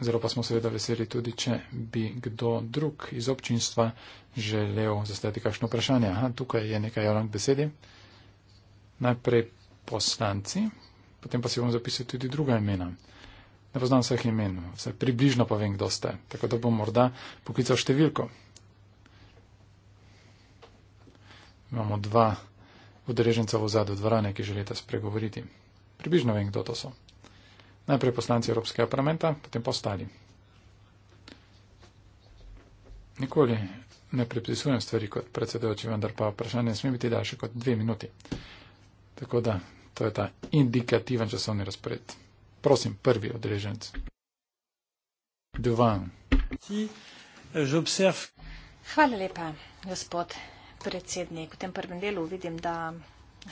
Zelo pa smo seveda veseli tudi, če bi kdo drug iz občinstva želel zastaviti kakšno vprašanje. Aha, tukaj je nekaj javnih besedi. Najprej poslanci, potem pa si bom zapisal tudi druga imena. Ne poznam vseh imen, vse približno pa vem, kdo ste, tako da bom morda poklical številko. Imamo dva udeleženca v zadnji dvorani, ki želite spregovoriti. Približno vem, kdo to so. Najprej poslanci Evropskega parlamenta, potem pa ostali. Nikoli ne pripisujem stvari kot predsedujoči, vendar pa vprašanje ne sme biti daljše kot dve minuti. Tako da To je ta indikativen časovni razpored. Prosim, prvi odreženec. Duvan. Eh, Hvala lepa, gospod predsednik. V tem prvem delu vidim, da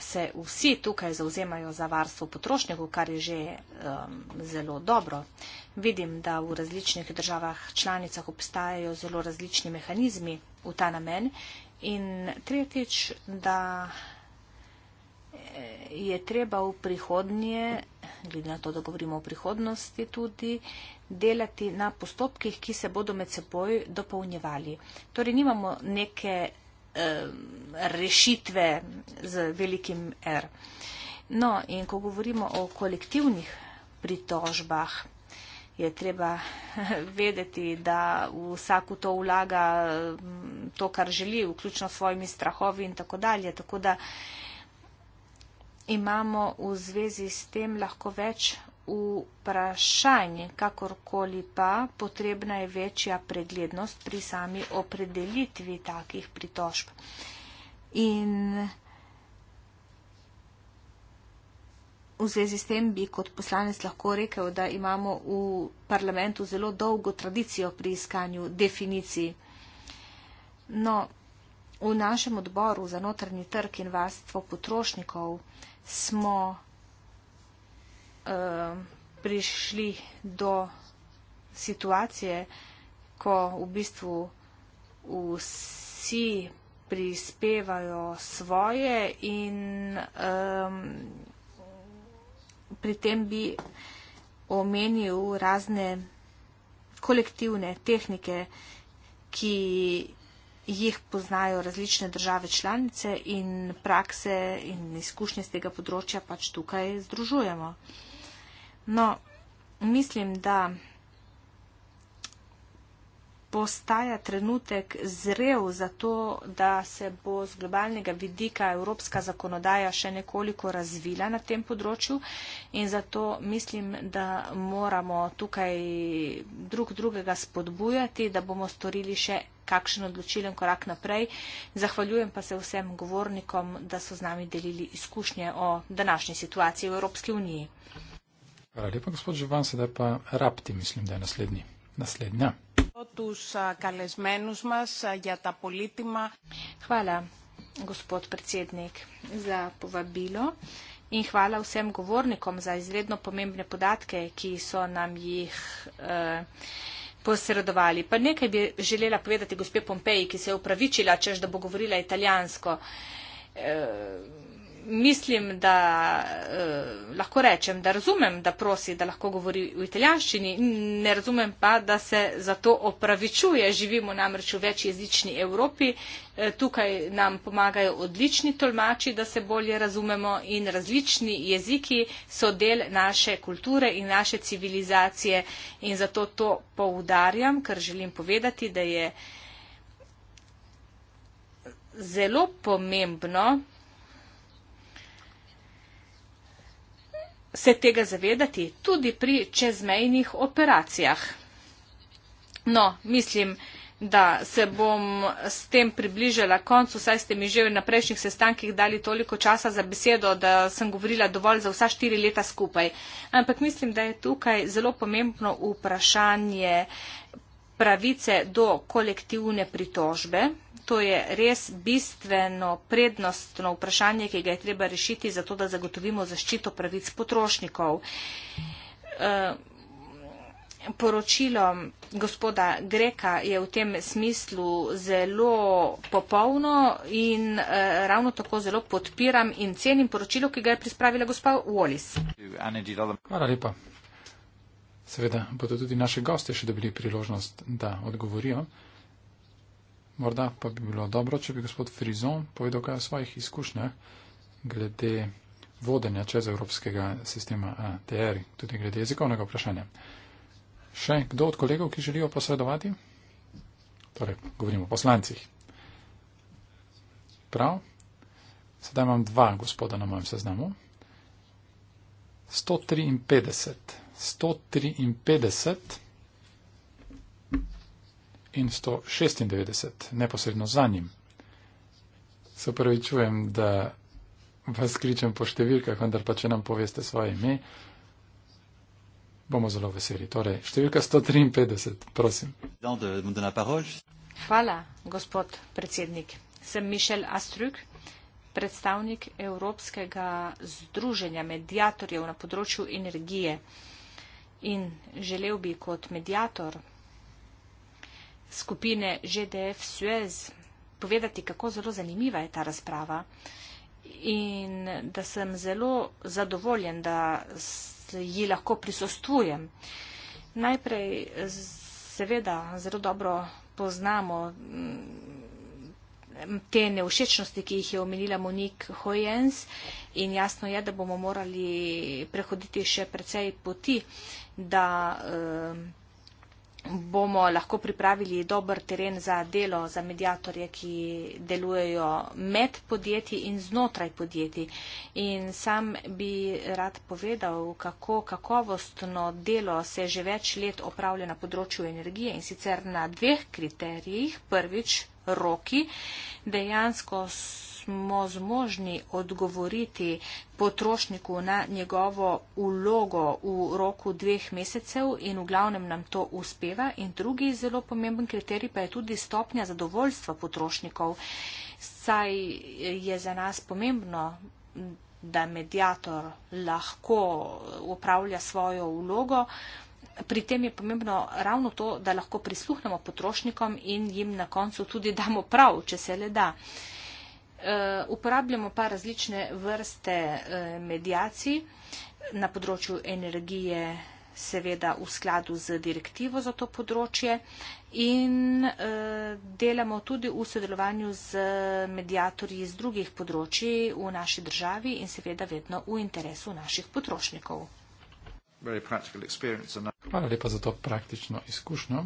se vsi tukaj zauzemajo za varstvo potrošnikov, kar je že um, zelo dobro. Vidim, da v različnih državah članicah obstajajo zelo različni mehanizmi v ta namen. In tretjič, da Eh, je treba v prihodnje, glede na to, da govorimo o prihodnosti tudi, delati na postopkih, ki se bodo med seboj dopolnjevali. Torej, nimamo neke eh, rešitve z velikim R. No, in ko govorimo o kolektivnih pritožbah, je treba vedeti, da vsak v to vlaga mm, to, kar želi, vključno s svojimi strahovi in tako dalje. Tako da, imamo v zvezi s tem lahko več vprašanj, kakorkoli pa potrebna je večja preglednost pri sami opredelitvi takih pritožb. In v zvezi s tem bi kot poslanec lahko rekel, da imamo v parlamentu zelo dolgo tradicijo pri iskanju definicij. No, v našem odboru za notranji trg in varstvo potrošnikov smo uh, prišli do situacije, ko v bistvu vsi prispevajo svoje in um, pri tem bi omenil razne kolektivne tehnike, ki jih poznajo različne države članice in prakse in izkušnje z tega področja pač tukaj združujemo. No, mislim, da postaja trenutek zrel za to, da se bo z globalnega vidika evropska zakonodaja še nekoliko razvila na tem področju in zato mislim, da moramo tukaj drug drugega spodbujati, da bomo storili še kakšen odločilen korak naprej. Zahvaljujem pa se vsem govornikom, da so z nami delili izkušnje o današnji situaciji v Evropski uniji. Hvala lepa, gospod Živan, sedaj pa rapti, mislim, da je naslednji. Naslednja. Hvala, gospod predsednik, za povabilo in hvala vsem govornikom za izredno pomembne podatke, ki so nam jih. Eh, posredovali. Pa nekaj bi želela povedati gospe Pompeji, ki se je upravičila, češ da bo govorila italijansko. Uh, mislim, da eh, lahko rečem, da razumem, da prosi, da lahko govori v italijanščini, ne razumem pa, da se za to opravičuje. Živimo namreč v večjezični Evropi, eh, tukaj nam pomagajo odlični tolmači, da se bolje razumemo in različni jeziki so del naše kulture in naše civilizacije in zato to poudarjam, ker želim povedati, da je zelo pomembno, se tega zavedati tudi pri čezmejnih operacijah. No, mislim, da se bom s tem približala koncu, saj ste mi že na prejšnjih sestankih dali toliko časa za besedo, da sem govorila dovolj za vsa štiri leta skupaj. Ampak mislim, da je tukaj zelo pomembno vprašanje pravice do kolektivne pritožbe. To je res bistveno prednostno vprašanje, ki ga je treba rešiti za to, da zagotovimo zaščito pravic potrošnikov. E, poročilo gospoda Greka je v tem smislu zelo popolno in e, ravno tako zelo podpiram in cenim poročilo, ki ga je pripravila gospod Wallis. Hvala lepa. Seveda bodo tudi naše goste še dobili priložnost, da odgovorijo. Morda pa bi bilo dobro, če bi gospod Frizon povedal kaj o svojih izkušnjah glede vodenja čez evropskega sistema ATR, tudi glede jezikovnega vprašanja. Še kdo od kolegov, ki želijo posredovati? Torej, govorimo o poslancih. Prav. Sedaj imam dva gospoda na mojem seznamu. 153. 153 in 196, neposredno za njim. Se pravi, čujem, da vas kličem po številkah, vendar pa, če nam poveste svoje ime, bomo zelo veseli. Torej, številka 153, prosim. Hvala, gospod predsednik. Sem Mišel Astruk, predstavnik Evropskega združenja medijatorjev na področju energije in želel bi kot medijator skupine ŽDF Suez povedati, kako zelo zanimiva je ta razprava in da sem zelo zadovoljen, da ji lahko prisostujem. Najprej seveda zelo dobro poznamo mm, te neušečnosti, ki jih je omenila Monik Hojens in jasno je, da bomo morali prehoditi še precej poti. Uh, da eh, bomo lahko pripravili dober teren za delo za medijatorje, ki delujejo med podjetji in znotraj podjetij. In sam bi rad povedal, kako kakovostno delo se že več let opravlja na področju energije in sicer na dveh kriterijih. Prvič, roki. Dejansko so smo zmožni odgovoriti potrošniku na njegovo ulogo v roku dveh mesecev in v glavnem nam to uspeva. In drugi zelo pomemben kriterij pa je tudi stopnja zadovoljstva potrošnikov, saj je za nas pomembno da medijator lahko upravlja svojo vlogo. Pri tem je pomembno ravno to, da lahko prisluhnemo potrošnikom in jim na koncu tudi damo prav, če se le da. Uh, Eh, uporabljamo pa različne vrste eh, medijacij na področju energije, seveda v skladu z direktivo za to področje in eh, delamo tudi v sodelovanju z medijatorji iz drugih področji v naši državi in seveda vedno v interesu naših potrošnikov. Hvala lepa za to praktično izkušnjo.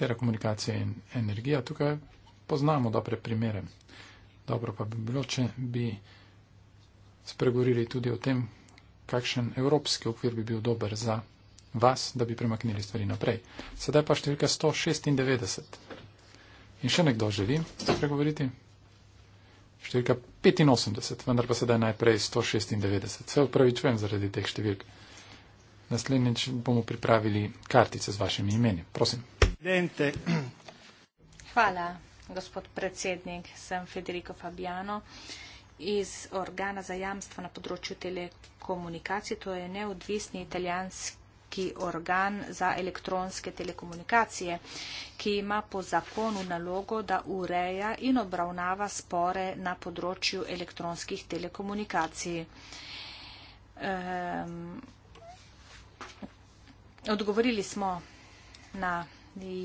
Telekomunikacija in energija tukaj poznamo dobre primere. Dobro pa bi bilo, če bi spregovorili tudi o tem, kakšen evropski okvir bi bil dober za vas, da bi premaknili stvari naprej. Sedaj pa številka 196. In še nekdo želi spregovoriti. Številka 85, vendar pa sedaj najprej 196. Se upravičujem zaradi teh številk. Naslednjič bomo pripravili kartice z vašimi imeni. Prosim. Hvala gospod predsednik, sem Federico Fabiano iz organa za jamstvo na področju telekomunikacij, to je neodvisni italijanski organ za elektronske telekomunikacije, ki ima po zakonu nalogo, da ureja in obravnava spore na področju elektronskih telekomunikacij. Um, odgovorili smo na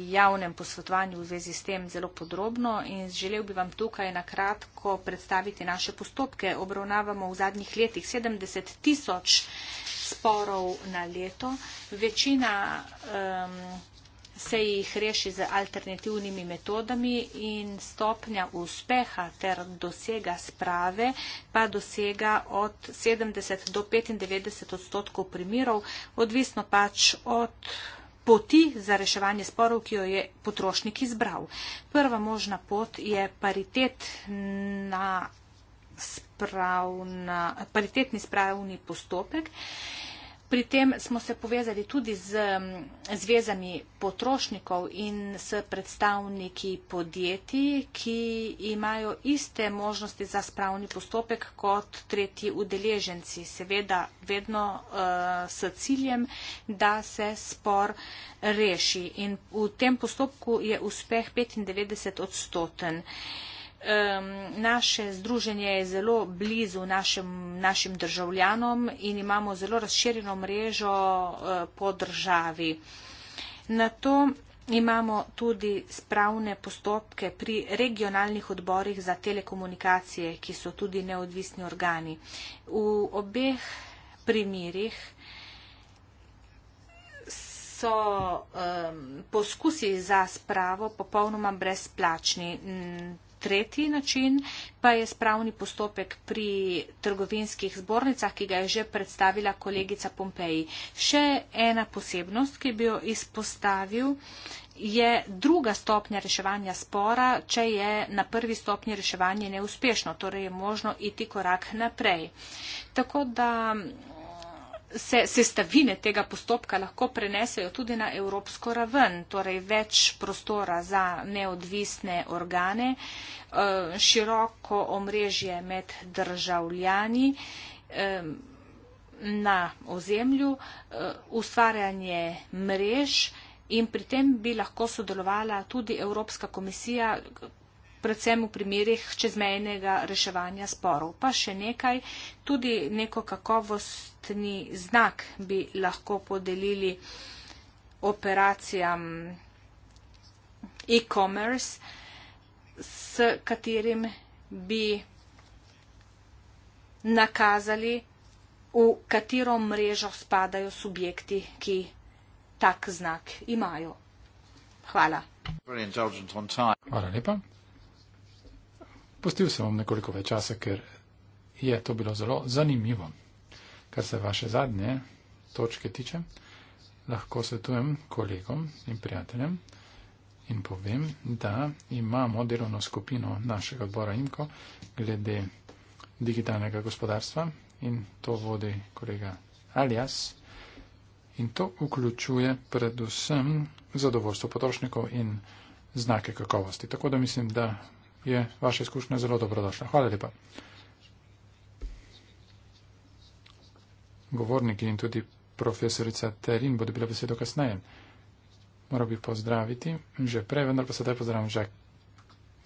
javnem posvetovanju v zvezi s tem zelo podrobno in želel bi vam tukaj na kratko predstaviti naše postopke. Obravnavamo v zadnjih letih 70 tisoč sporov na leto. Večina um, se jih reši z alternativnimi metodami in stopnja uspeha ter dosega sprave pa dosega od 70 do 95 odstotkov primirov, odvisno pač od poti za reševanje sporov, ki jo je potrošnik izbral. Prva možna pot je paritet na spravna, paritetni spravni postopek. Pri tem smo se povezali tudi z zvezami potrošnikov in s predstavniki podjetij, ki imajo iste možnosti za spravni postopek kot tretji udeleženci. Seveda vedno uh, s ciljem, da se spor reši. In v tem postopku je uspeh 95 odstoten. Um, naše združenje je zelo blizu našem, našim državljanom in imamo zelo razširjeno mrežo uh, po državi. Na to imamo tudi spravne postopke pri regionalnih odborih za telekomunikacije, ki so tudi neodvisni organi. V obeh primerjih so um, poskusi za spravo popolnoma brezplačni. Um, Tretji način pa je spravni postopek pri trgovinskih zbornicah, ki ga je že predstavila kolegica Pompeji. Še ena posebnost, ki bi jo izpostavil, je druga stopnja reševanja spora, če je na prvi stopnji reševanje neuspešno, torej je možno iti korak naprej. Tako da se sestavine tega postopka lahko prenesejo tudi na evropsko raven, torej več prostora za neodvisne organe, eh, široko omrežje med državljani na ozemlju, eh, ustvarjanje mrež in pri tem bi lahko sodelovala tudi Evropska komisija, predvsem v primerih čezmejnega reševanja sporov. Pa še nekaj, tudi neko kakovostni znak bi lahko podelili operacijam e-commerce, s katerim bi nakazali, v katero mrežo spadajo subjekti, ki tak znak imajo. Hvala. Hvala lepa. Pustil sem vam nekoliko več časa, ker je to bilo zelo zanimivo. Kar se vaše zadnje točke tiče, lahko svetujem kolegom in prijateljem in povem, da imamo delovno skupino našega odbora IMKO glede digitalnega gospodarstva in to vodi kolega Alias. In to vključuje predvsem zadovoljstvo potrošnikov in znake kakovosti. Tako da mislim, da je vaša izkušnja zelo dobrodošla. Hvala lepa. Govornik in tudi profesorica Terin bodo bila besedo kasneje. Moral bi pozdraviti že prej, vendar pa sedaj pozdravim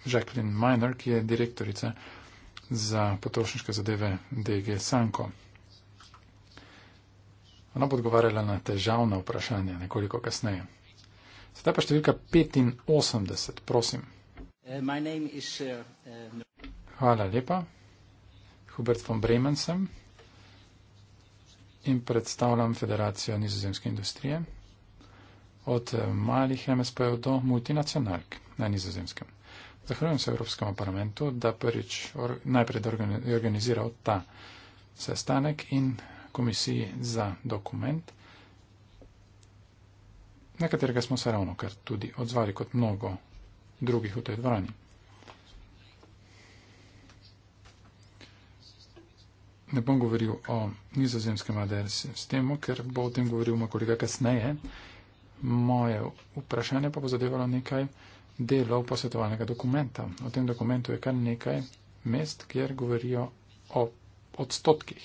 Jacqueline Miner, ki je direktorica za potrošniške zadeve DG Sanko. Ona bo odgovarjala na težavna vprašanja nekoliko kasneje. Sedaj pa številka 85, prosim. Uh, my name is, uh, uh, Hvala lepa. Hubert von Bremen sem in predstavljam Federacijo nizozemske industrije od eh, malih MSP-ov do multinacionalk na nizozemskem. Zahvaljujem se Evropskemu parlamentu, da prvič or, najprej je organiziral ta sestanek in komisiji za dokument, na katerega smo se ravno kar tudi odzvali kot mnogo drugih v tej dvorani. Ne bom govoril o nizozemskem adersistemu, ker bo o tem govoril moj kolega kasneje. Moje vprašanje pa bo zadevalo nekaj delov posvetovalnega dokumenta. V tem dokumentu je kar nekaj mest, kjer govorijo o odstotkih.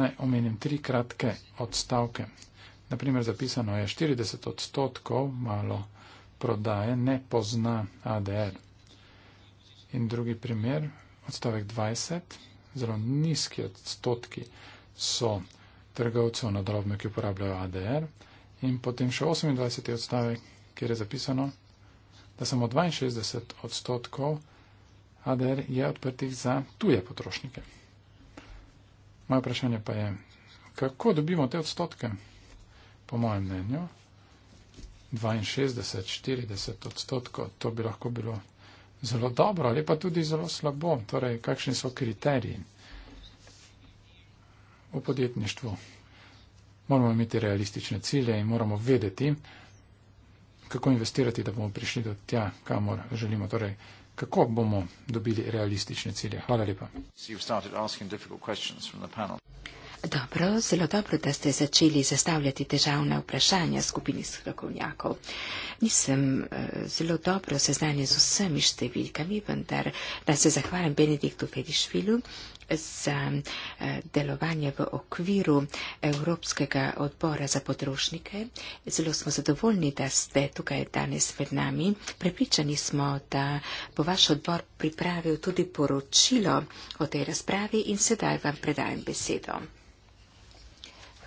Naj omenim tri kratke odstavke. Naprimer, zapisano je 40 odstotkov, malo prodaje ne pozna ADR. In drugi primer, odstavek 20, zelo nizki odstotki so trgovcev na drobno, ki uporabljajo ADR. In potem še 28. odstavek, kjer je zapisano, da samo 62 odstotkov ADR je odprtih za tuje potrošnike. Moje vprašanje pa je, kako dobimo te odstotke? Po mojem mnenju, 62-40 odstotkov, to bi lahko bilo zelo dobro ali pa tudi zelo slabo. Torej, kakšni so kriteriji v podjetništvu? Moramo imeti realistične cilje in moramo vedeti, kako investirati, da bomo prišli do tja, kamor želimo. Torej, kako bomo dobili realistične cilje? Hvala lepa. So Dobro, zelo dobro, da ste začeli zastavljati težavne vprašanja skupini strokovnjakov. Nisem uh, zelo dobro seznanjen z vsemi številkami, vendar da se zahvalim Benediktu Fedišvilu za eh, delovanje v okviru Evropskega odbora za potrošnike. Zelo smo zadovoljni, da ste tukaj danes med nami. Prepričani smo, da bo vaš odbor pripravil tudi poročilo o tej razpravi in sedaj vam predajem besedo.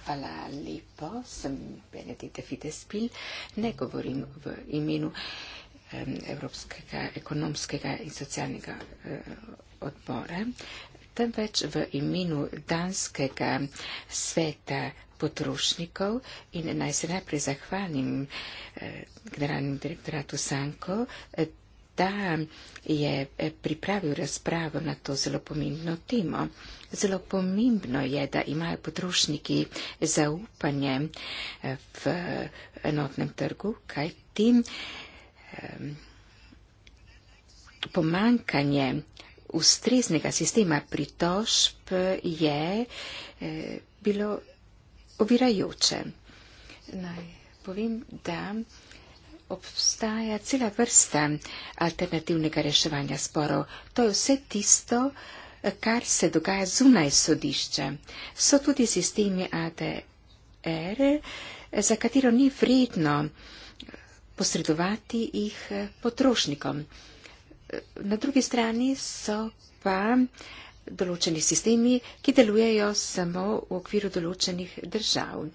Hvala lepo, sem Benedita Fidespil, ne govorim v imenu Evropskega ekonomskega in socialnega eh, odbora, temveč v imenu Danskega sveta potrošnikov in naj se najprej zahvalim eh, generalnemu direktoratu Sanko, da je eh, pripravil razpravo na to zelo pomembno temo. Zelo pomembno je, da imajo potrošniki zaupanje eh, v enotnem trgu, kaj tem pomankanje ustreznega sistema pritožb je eh, bilo ovirajoče. Naj povem, da obstaja cela vrsta alternativnega reševanja sporov. To je vse tisto, kar se dogaja zunaj sodišča. So tudi sistemi ADR, za katero ni vredno posredovati jih potrošnikom. Na drugi strani so pa določeni sistemi, ki delujejo samo v okviru določenih držav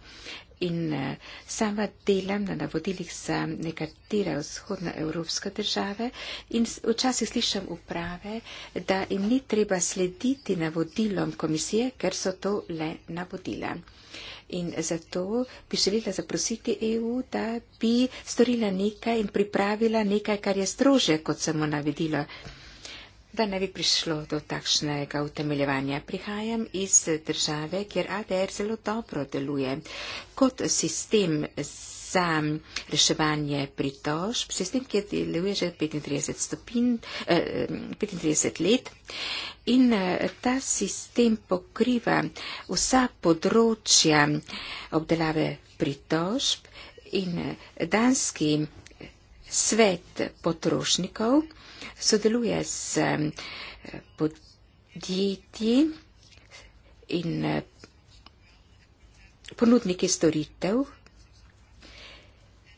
in eh, sama delam na navodilih za nekatere vzhodnoevropske države in včasih slišim uprave, da jim ni treba slediti navodilom komisije, ker so to le navodila. In zato bi želela zaprositi EU, da bi storila nekaj in pripravila nekaj, kar je strože kot samo navedilo. Da ne bi prišlo do takšnega utemeljevanja, prihajam iz države, kjer ADR zelo dobro deluje kot sistem za reševanje pritožb, sistem, ki deluje že 35, stopin, eh, 35 let. In eh, ta sistem pokriva vsa področja obdelave pritožb in eh, danski svet potrošnikov sodeluje s eh, podjetji in eh, ponudniki storitev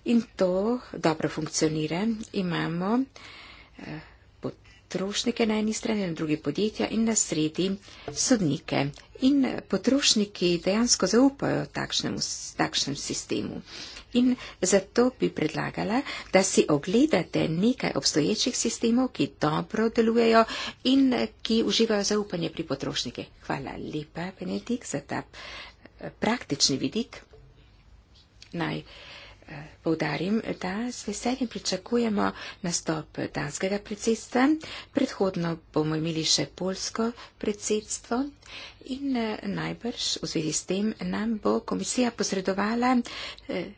in to dobro funkcionira. Imamo eh, potrošnike na eni strani, na drugi podjetja in na sredi sodnike. In potrošniki dejansko zaupajo takšnemu, takšnem sistemu in zato bi predlagala, da si ogledate nekaj obstoječih sistemov, ki dobro delujejo in ki uživajo zaupanje pri potrošnike. Hvala lepa, Benedik, za ta eh, praktični vidik. Naj eh, povdarim, da s veseljem pričakujemo nastop danskega predsedstva. Predhodno bomo imeli še polsko predsedstvo in eh, najbrž v zvezi s tem nam bo komisija posredovala. Eh,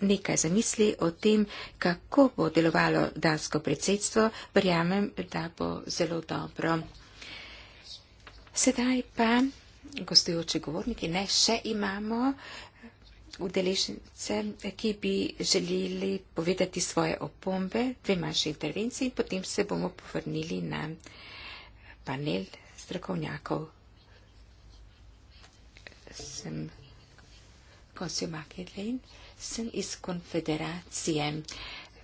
nekaj zamisli o tem, kako bo delovalo dansko predsedstvo, verjamem, da bo zelo dobro. Sedaj pa gostujoči govorniki, ne, še imamo udeležence, ki bi želeli povedati svoje opombe, dve manjše intervencije in potem se bomo povrnili na panel strokovnjakov. Sem Consumer Kathleen sem iz konfederacije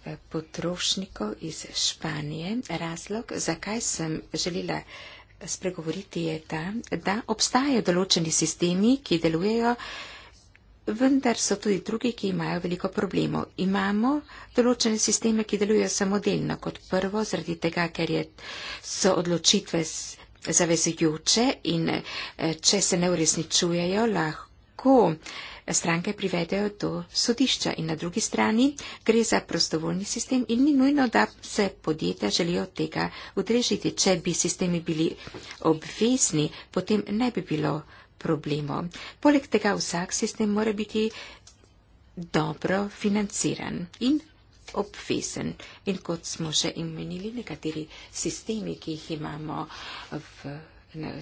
eh, potrošnikov iz Španije. Razlog, zakaj sem želela spregovoriti, je ta, da obstajajo določeni sistemi, ki delujejo, vendar so tudi drugi, ki imajo veliko problemov. Imamo določene sisteme, ki delujejo samodelno kot prvo, zaradi tega, ker je, so odločitve zavezujoče in eh, če se ne uresničujejo, lahko stranke privedejo do sodišča in na drugi strani gre za prostovoljni sistem in ni nujno, da se podjetja želijo tega udrežiti. Če bi sistemi bili obvezni, potem ne bi bilo problemov. Poleg tega vsak sistem mora biti dobro financiran in obvezen. In kot smo že imenili, nekateri sistemi, ki jih imamo v.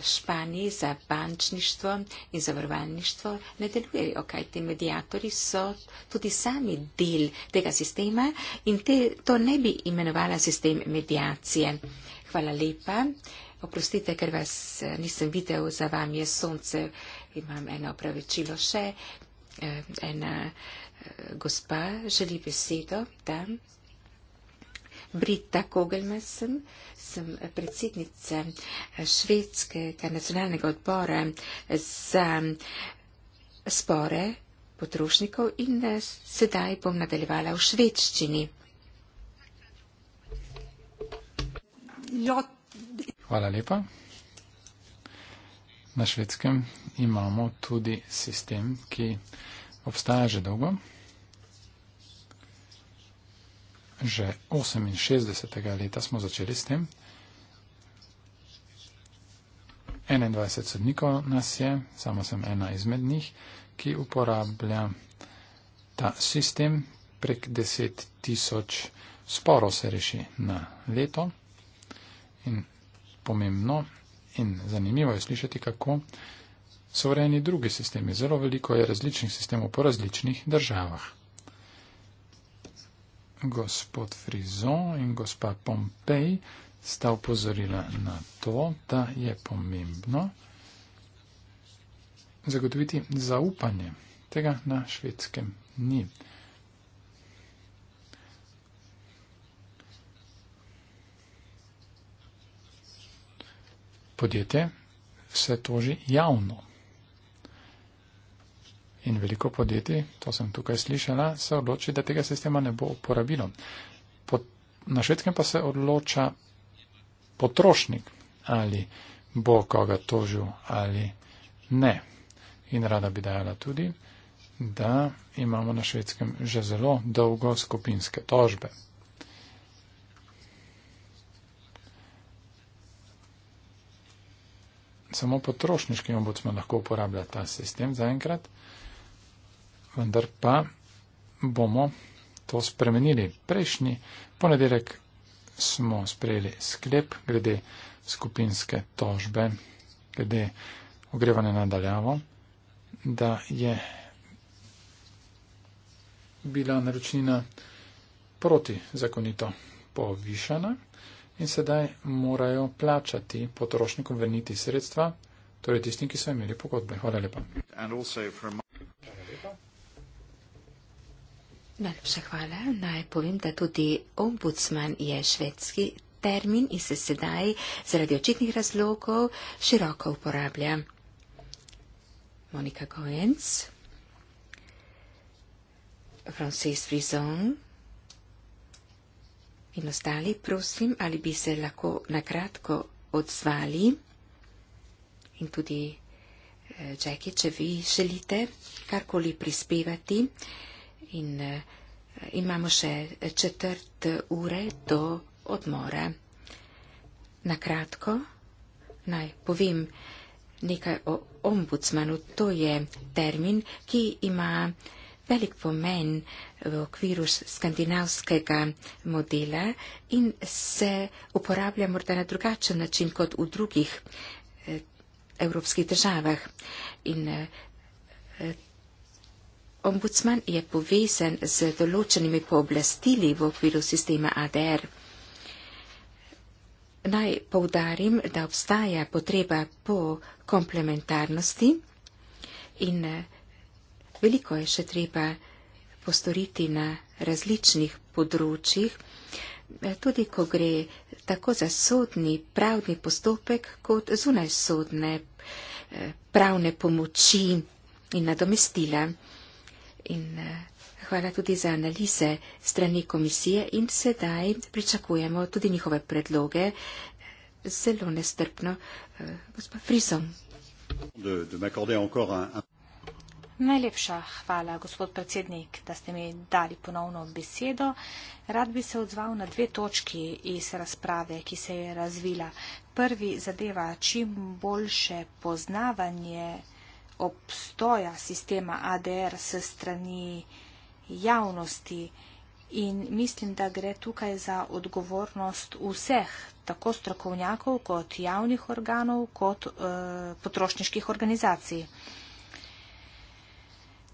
Španiji za bančništvo in zavarovalništvo ne delujejo, kaj ti medijatori so tudi sami del tega sistema in te, to ne bi imenovala sistem medijacije. Hvala lepa. Oprostite, ker vas eh, nisem videl, za vam je sonce. Imam eno opravičilo še. Eh, ena eh, gospa želi besedo. Da. Brita Kogelmesen, sem predsednica švedskega nacionalnega odbora za spore potrošnikov in sedaj bom nadaljevala v švedščini. Ja. Hvala lepa. Na švedskem imamo tudi sistem, ki obstaja že dolgo že 68. leta smo začeli s tem. 21 sodnikov nas je, samo sem ena izmed njih, ki uporablja ta sistem. Prek 10 tisoč sporov se reši na leto. In pomembno in zanimivo je slišati, kako so urejeni drugi sistemi. Zelo veliko je različnih sistemov po različnih državah gospod Frizon in gospa Pompej sta upozorila na to, da je pomembno zagotoviti zaupanje. Tega na švedskem ni. Podjetje se toži javno. In veliko podjetij, to sem tukaj slišala, se odloči, da tega sistema ne bo uporabilo. Pot, na švedskem pa se odloča potrošnik, ali bo koga tožil ali ne. In rada bi dajala tudi, da imamo na švedskem že zelo dolgo skupinske tožbe. Samo potrošniški ombudsman lahko uporablja ta sistem zaenkrat vendar pa bomo to spremenili. Prejšnji ponedeljek smo sprejeli sklep glede skupinske tožbe, glede ogrevanja nadaljavo, da je bila naročnina protizakonito povišana in sedaj morajo plačati potrošnikom vrniti sredstva, torej tistim, ki so imeli pogodbe. Hvala lepa. Najlepša hvala. Naj povem, da tudi ombudsman je švedski termin in se sedaj zaradi očitnih razlogov široko uporablja. Monika Goenc, Francis Frizon in ostali, prosim, ali bi se lahko nakratko odzvali in tudi eh, Jackie, če vi želite karkoli prispevati. Uh, in eh, imamo še četrt ure do odmora. Na kratko naj povem nekaj o ombudsmanu. To je termin, ki ima velik pomen v okviru skandinavskega modela in se uporablja morda na drugačen način kot v drugih eh, evropskih državah. In eh, ombudsman je povezan z določenimi pooblastili v okviru sistema ADR. Naj poudarim, da obstaja potreba po komplementarnosti in eh, veliko je še treba postoriti na različnih področjih, eh, tudi ko gre tako za sodni pravni postopek kot zunaj sodne eh, pravne pomoči in nadomestila in eh, hvala tudi za analize strani komisije in sedaj pričakujemo tudi njihove predloge zelo nestrpno. Eh, gospod Frisom. Najlepša hvala, gospod predsednik, da ste mi dali ponovno besedo. Rad bi se odzval na dve točki iz razprave, ki se je razvila. Prvi zadeva čim boljše poznavanje obstoja sistema ADR s strani javnosti in mislim, da gre tukaj za odgovornost vseh, tako strokovnjakov kot javnih organov, kot e, potrošniških organizacij.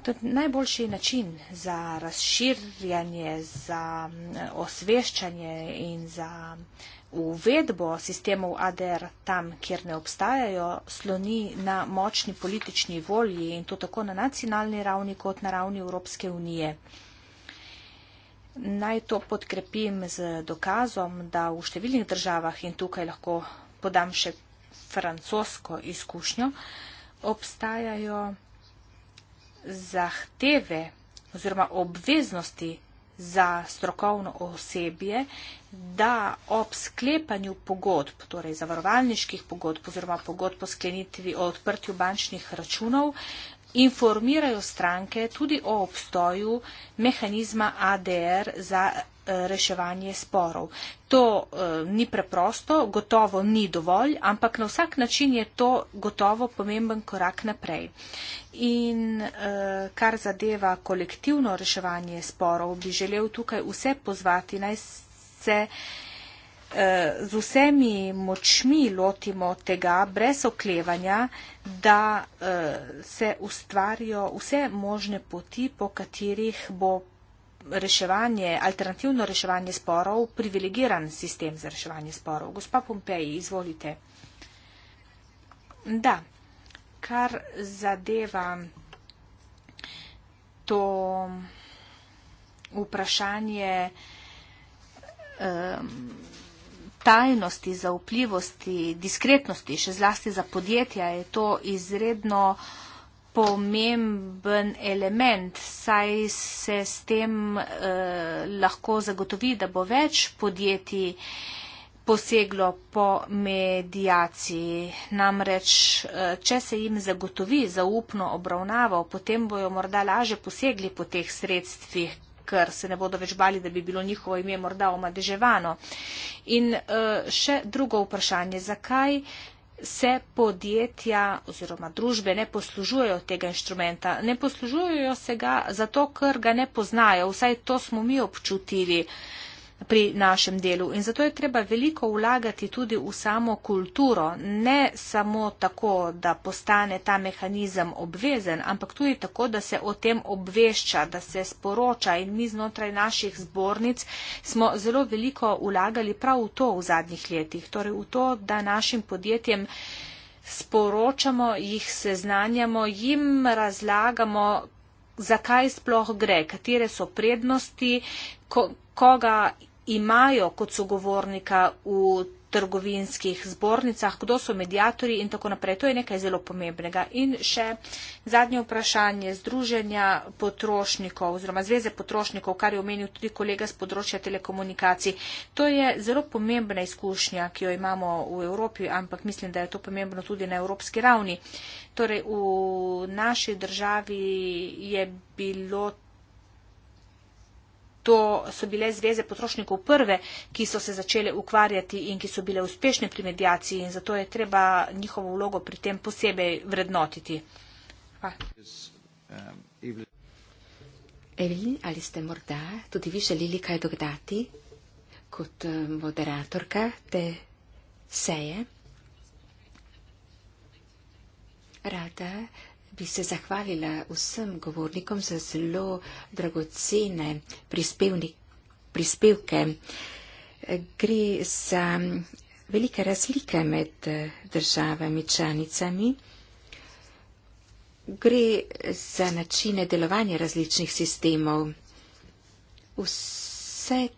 To je najboljši način za razširjanje, za mm, osveščanje in za uvedbo sistemov ADR tam, kjer ne obstajajo, sloni na močni politični volji in to tako na nacionalni ravni kot na ravni Evropske unije. Naj to podkrepim z dokazom, da v številnih državah in tukaj lahko podam še francosko izkušnjo, obstajajo zahteve oziroma obveznosti za strokovno osebje, da ob sklepanju pogodb, torej zavarovalniških pogodb oziroma pogodb o sklenitvi, o odprtju bančnih računov, informirajo stranke tudi o obstoju mehanizma ADR za eh, reševanje sporov. To eh, ni preprosto, gotovo ni dovolj, ampak na vsak način je to gotovo pomemben korak naprej. In eh, kar zadeva kolektivno reševanje sporov, bi želel tukaj vse pozvati naj se eh, Eh, z vsemi močmi lotimo tega, brez oklevanja, da eh, se ustvarijo vse možne poti, po katerih bo reševanje, alternativno reševanje sporov, privilegiran sistem za reševanje sporov. Gospa Pompeji, izvolite. Da, kar zadeva to vprašanje. Um, tajnosti, za vplivosti, diskretnosti, še zlasti za podjetja, je to izredno pomemben element, saj se s tem eh, lahko zagotovi, da bo več podjetij poseglo po medijaciji. Namreč, eh, če se jim zagotovi zaupno obravnavo, potem bojo morda laže posegli po teh sredstvih, ker se ne bodo več bali, da bi bilo njihovo ime morda omadeževano. In eh, še drugo vprašanje, zakaj se podjetja oziroma družbe ne poslužujejo tega inštrumenta? Ne poslužujejo se ga zato, ker ga ne poznajo, vsaj to smo mi občutili pri našem delu. In zato je treba veliko vlagati tudi v samo kulturo, ne samo tako, da postane ta mehanizem obvezen, ampak tudi tako, da se o tem obvešča, da se sporoča in mi znotraj naših zbornic smo zelo veliko vlagali prav v to v zadnjih letih, torej v to, da našim podjetjem sporočamo, jih seznanjamo, jim razlagamo, zakaj sploh gre, katere so prednosti, ko, koga imajo kot sogovornika v trgovinskih zbornicah, kdo so medijatori in tako naprej. To je nekaj zelo pomembnega. In še zadnje vprašanje Združenja potrošnikov oziroma Zveze potrošnikov, kar je omenil tudi kolega z področja telekomunikacij. To je zelo pomembna izkušnja, ki jo imamo v Evropi, ampak mislim, da je to pomembno tudi na evropski ravni. Torej, v naši državi je bilo to so bile zveze potrošnikov prve, ki so se začele ukvarjati in ki so bile uspešne pri medijaciji in zato je treba njihovo vlogo pri tem posebej vrednotiti. Evelin, ali ste morda tudi vi želeli kaj dogodati kot eh, moderatorka te seje? Rada bi se zahvalila vsem govornikom za zelo dragocene prispevke. Gre za velike razlike med eh, državami članicami. Gre za načine delovanja različnih sistemov. Vse,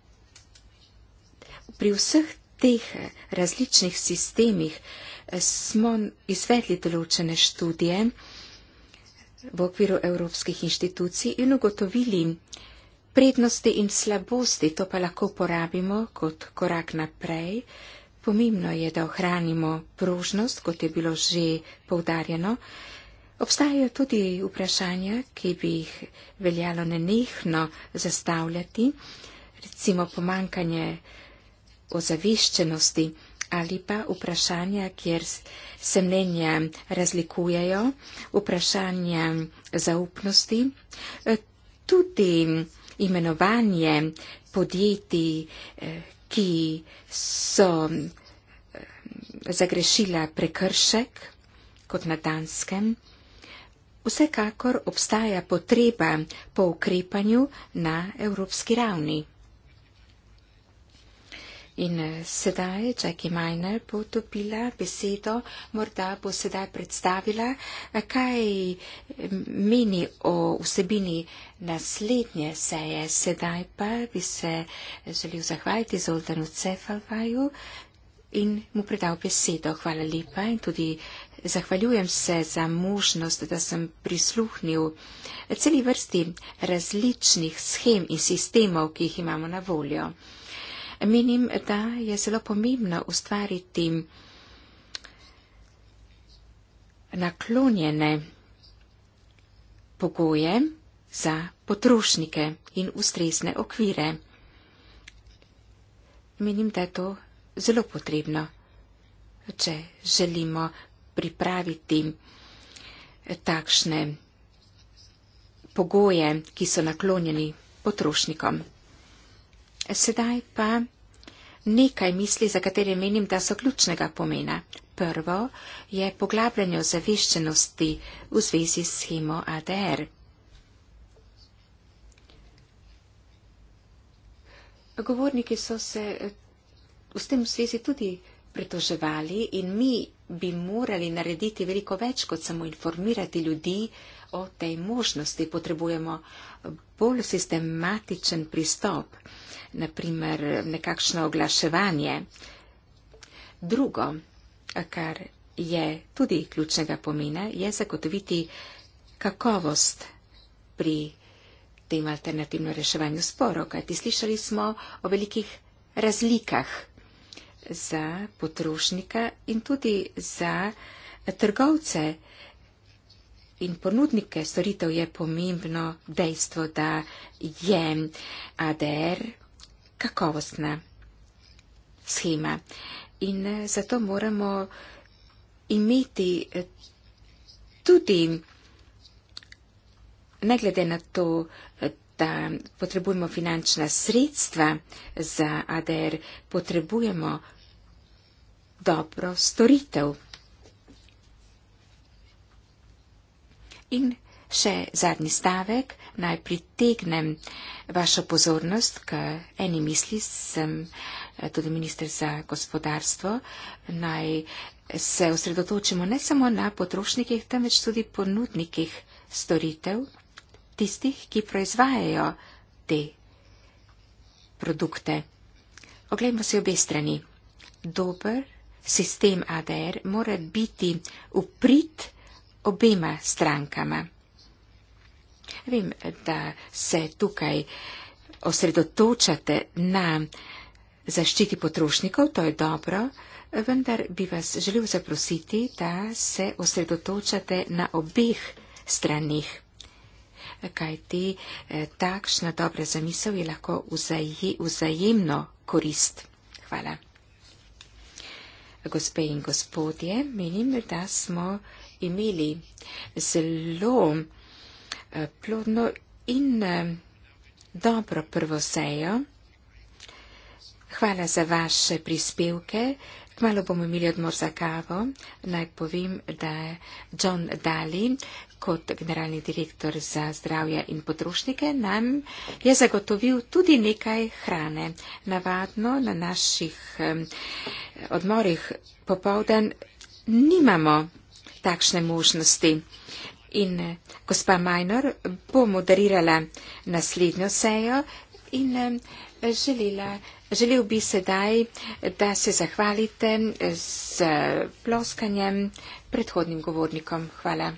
pri vseh teh eh, različnih sistemih eh, smo izvedli določene študije v okviru evropskih inštitucij in ugotovili prednosti in slabosti, to pa lahko uporabimo kot korak naprej. Pomembno je, da ohranimo prožnost, kot je bilo že povdarjeno. Obstajajo tudi vprašanja, ki bi jih veljalo nenehno zastavljati, recimo pomankanje ozaveščenosti ali pa vprašanja, kjer se mnenja razlikujejo, vprašanja zaupnosti, e, tudi imenovanje podjetij, e, ki so e, zagrešila prekršek, kot na Danskem. Vsekakor obstaja potreba po ukrepanju na evropski ravni. In eh, sedaj Jackie Miner bo dobila besedo, morda bo sedaj predstavila, eh, kaj eh, meni o vsebini naslednje seje. Sedaj pa bi se želel zahvaliti Zoltanu Cefalvaju in mu predal besedo. Hvala lepa in tudi zahvaljujem se za možnost, da sem prisluhnil celi vrsti različnih schem in sistemov, ki jih imamo na voljo menim, da je zelo pomembno ustvariti naklonjene pogoje za potrošnike in ustrezne okvire. Menim, da je to zelo potrebno, če želimo pripraviti takšne pogoje, ki so naklonjeni potrošnikom. Sedaj pa nekaj misli, za katere menim, da so ključnega pomena. Prvo je poglabljanje zaveščenosti v zvezi s schemo ADR. Govorniki so se eh, v tem zvezi tudi pritoževali in mi bi morali narediti veliko več, kot samo informirati ljudi o tej možnosti. Potrebujemo bolj sistematičen pristop naprimer nekakšno oglaševanje. Drugo, kar je tudi ključnega pomena, je zagotoviti kakovost pri tem alternativnem reševanju sporov, kajti slišali smo o velikih razlikah za potrošnika in tudi za trgovce in ponudnike storitev je pomembno dejstvo, da je ADR kakovostna schema. In eh, zato moramo imeti eh, tudi, ne glede na to, eh, da potrebujemo finančna sredstva za ADR, potrebujemo dobro storitev. In še zadnji stavek, naj pritegnem vašo pozornost k eni misli, sem eh, tudi minister za gospodarstvo, naj se osredotočimo ne samo na potrošnikih, temveč tudi ponudnikih storitev, tistih, ki proizvajajo te produkte. Oglejmo se obe strani. Dober sistem ADR mora biti uprit obema strankama. Vem, da se tukaj osredotočate na zaščiti potrošnikov, to je dobro, vendar bi vas želel zaprositi, da se osredotočate na obeh stranih. Kaj ti eh, takšna dobra zamisel je lahko vzaj, vzajemno korist? Hvala. Gospe in gospodje, menim, da smo imeli zelo Eh, plodno in eh, dobro prvo sejo. Hvala za vaše prispevke. Kmalo bomo imeli odmor za kavo. Naj povem, da John Daly kot generalni direktor za zdravje in potrošnike nam je zagotovil tudi nekaj hrane. Navadno na naših eh, odmorih popovdan nimamo takšne možnosti. In eh, gospa Majnor bo moderirala naslednjo sejo in eh, želila, želil bi sedaj, da se zahvalite z ploskanjem predhodnim govornikom. Hvala.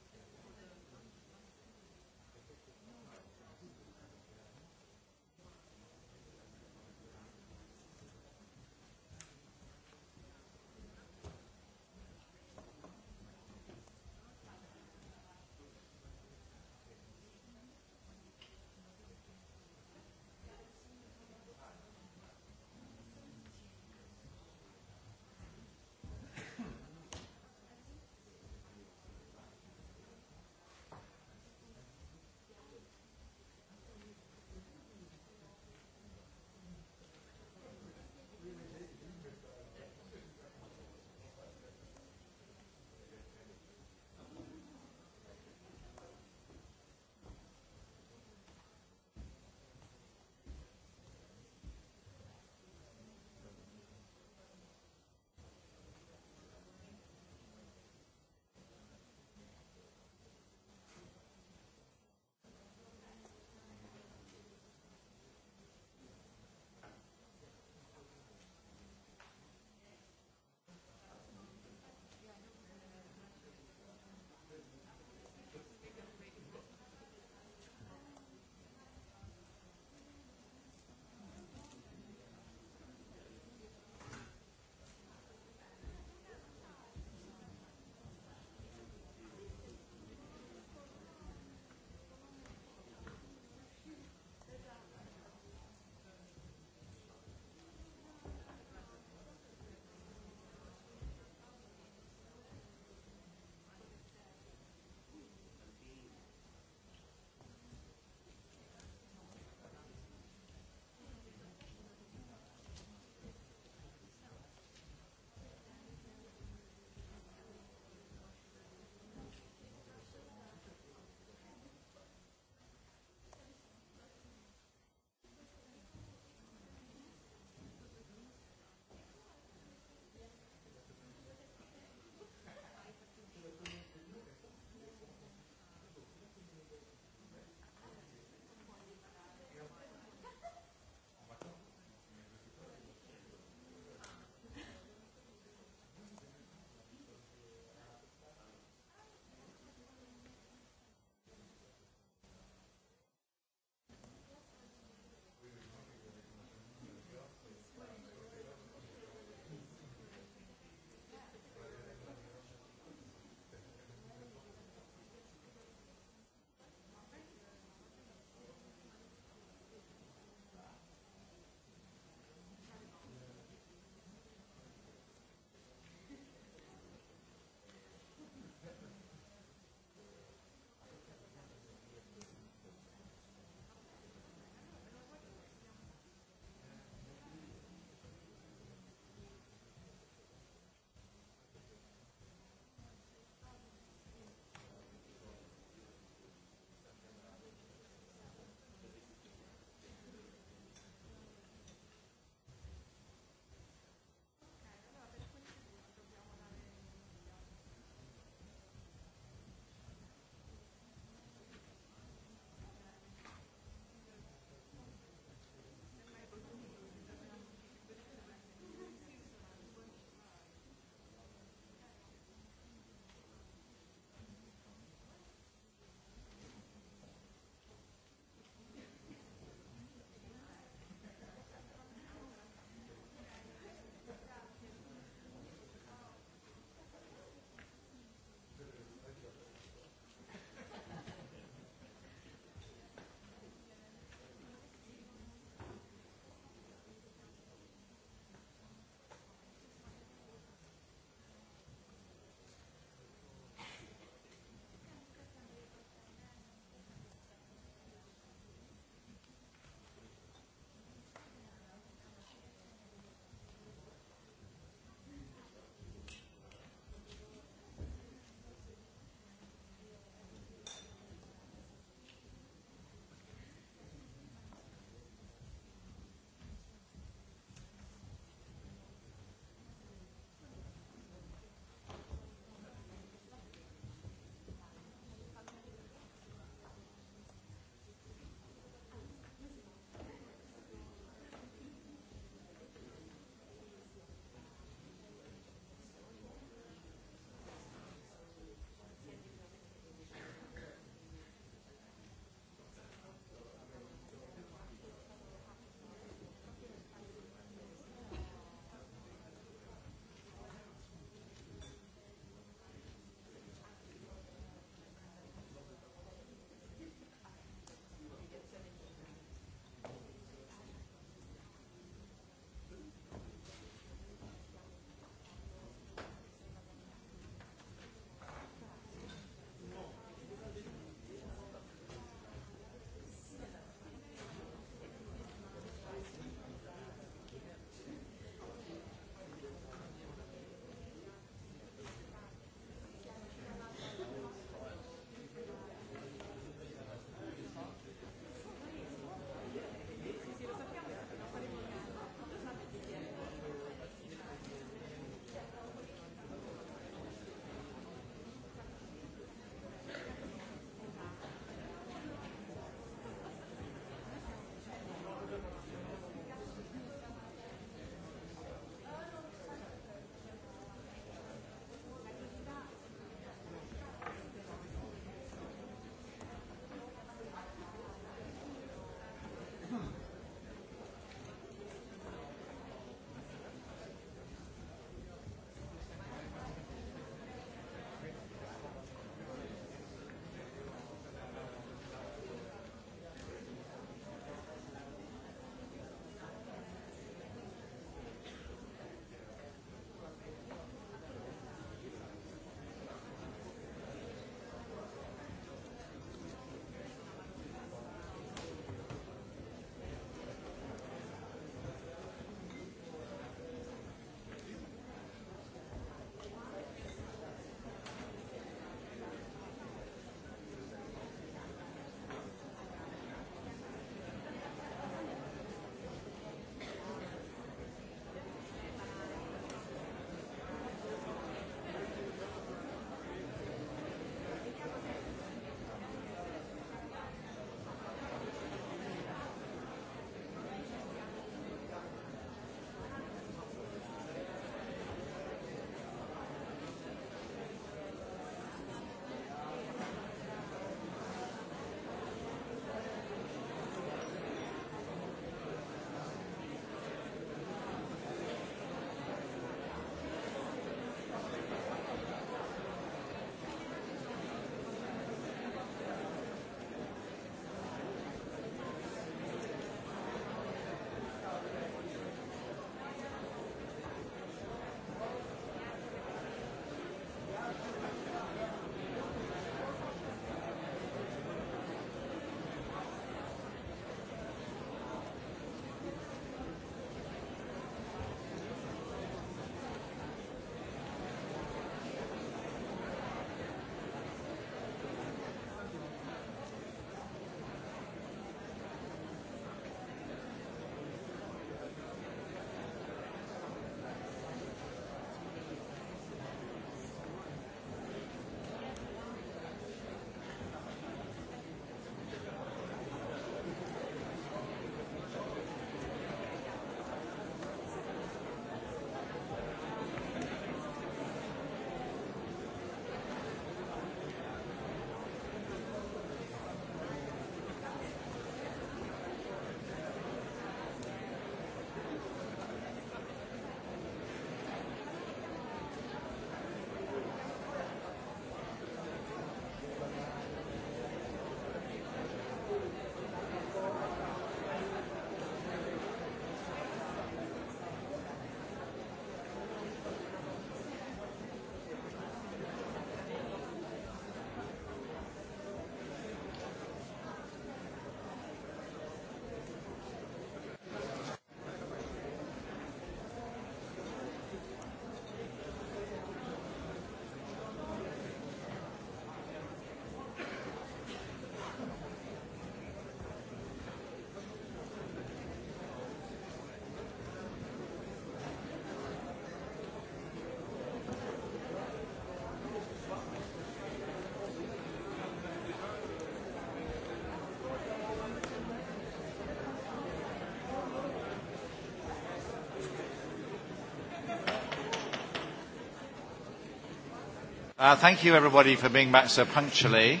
Uh, thank you everybody for being back so punctually.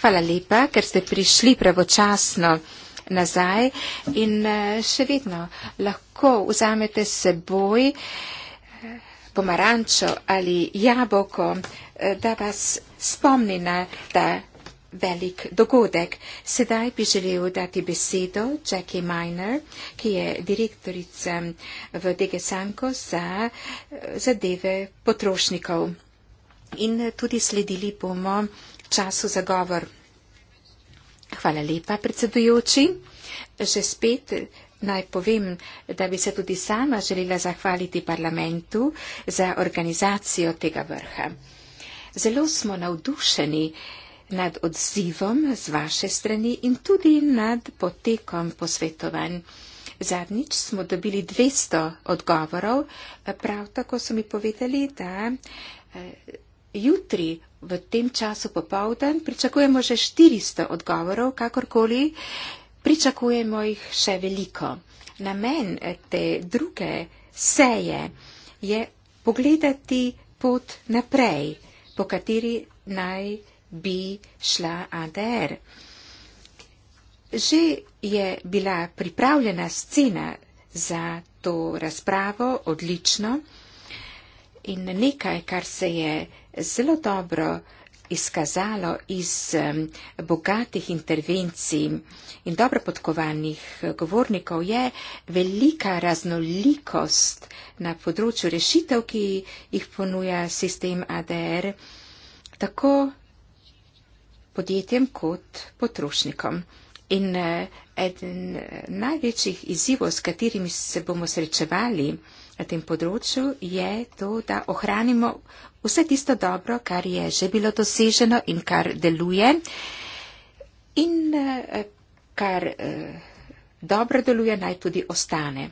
Hvala lepa, ker ste prišli pravočasno nazaj in uh, še vedno lahko vzamete seboj uh, pomarančo ali jabolko, da vas spomni na ta velik dogodek. Sedaj bi želel dati besedo Jackie Miner, ki je direktorica eh, v DGSanko za eh, zadeve potrošnikov. In eh, tudi sledili bomo času za govor. Hvala lepa, predsedujoči. Že spet naj povem, da bi se tudi sama želela zahvaliti parlamentu za organizacijo tega vrha. Zelo smo navdušeni, nad odzivom z vaše strani in tudi nad potekom posvetovanj. Zadnjič smo dobili 200 odgovorov. Prav tako so mi povedali, da eh, jutri v tem času popovdan pričakujemo že 400 odgovorov, kakorkoli pričakujemo jih še veliko. Namen eh, te druge seje je pogledati pot naprej, po kateri naj bi šla ADR. Že je bila pripravljena scena za to razpravo odlično in nekaj, kar se je zelo dobro izkazalo iz bogatih intervencij in dobro podkovanih govornikov je velika raznolikost na področju rešitev, ki jih ponuja sistem ADR, tako podjetjem kot potrošnikom. In eh, eden največjih izzivov, s katerimi se bomo srečevali na tem področju, je to, da ohranimo vse tisto dobro, kar je že bilo doseženo in kar deluje. In eh, kar eh, dobro deluje, naj tudi ostane.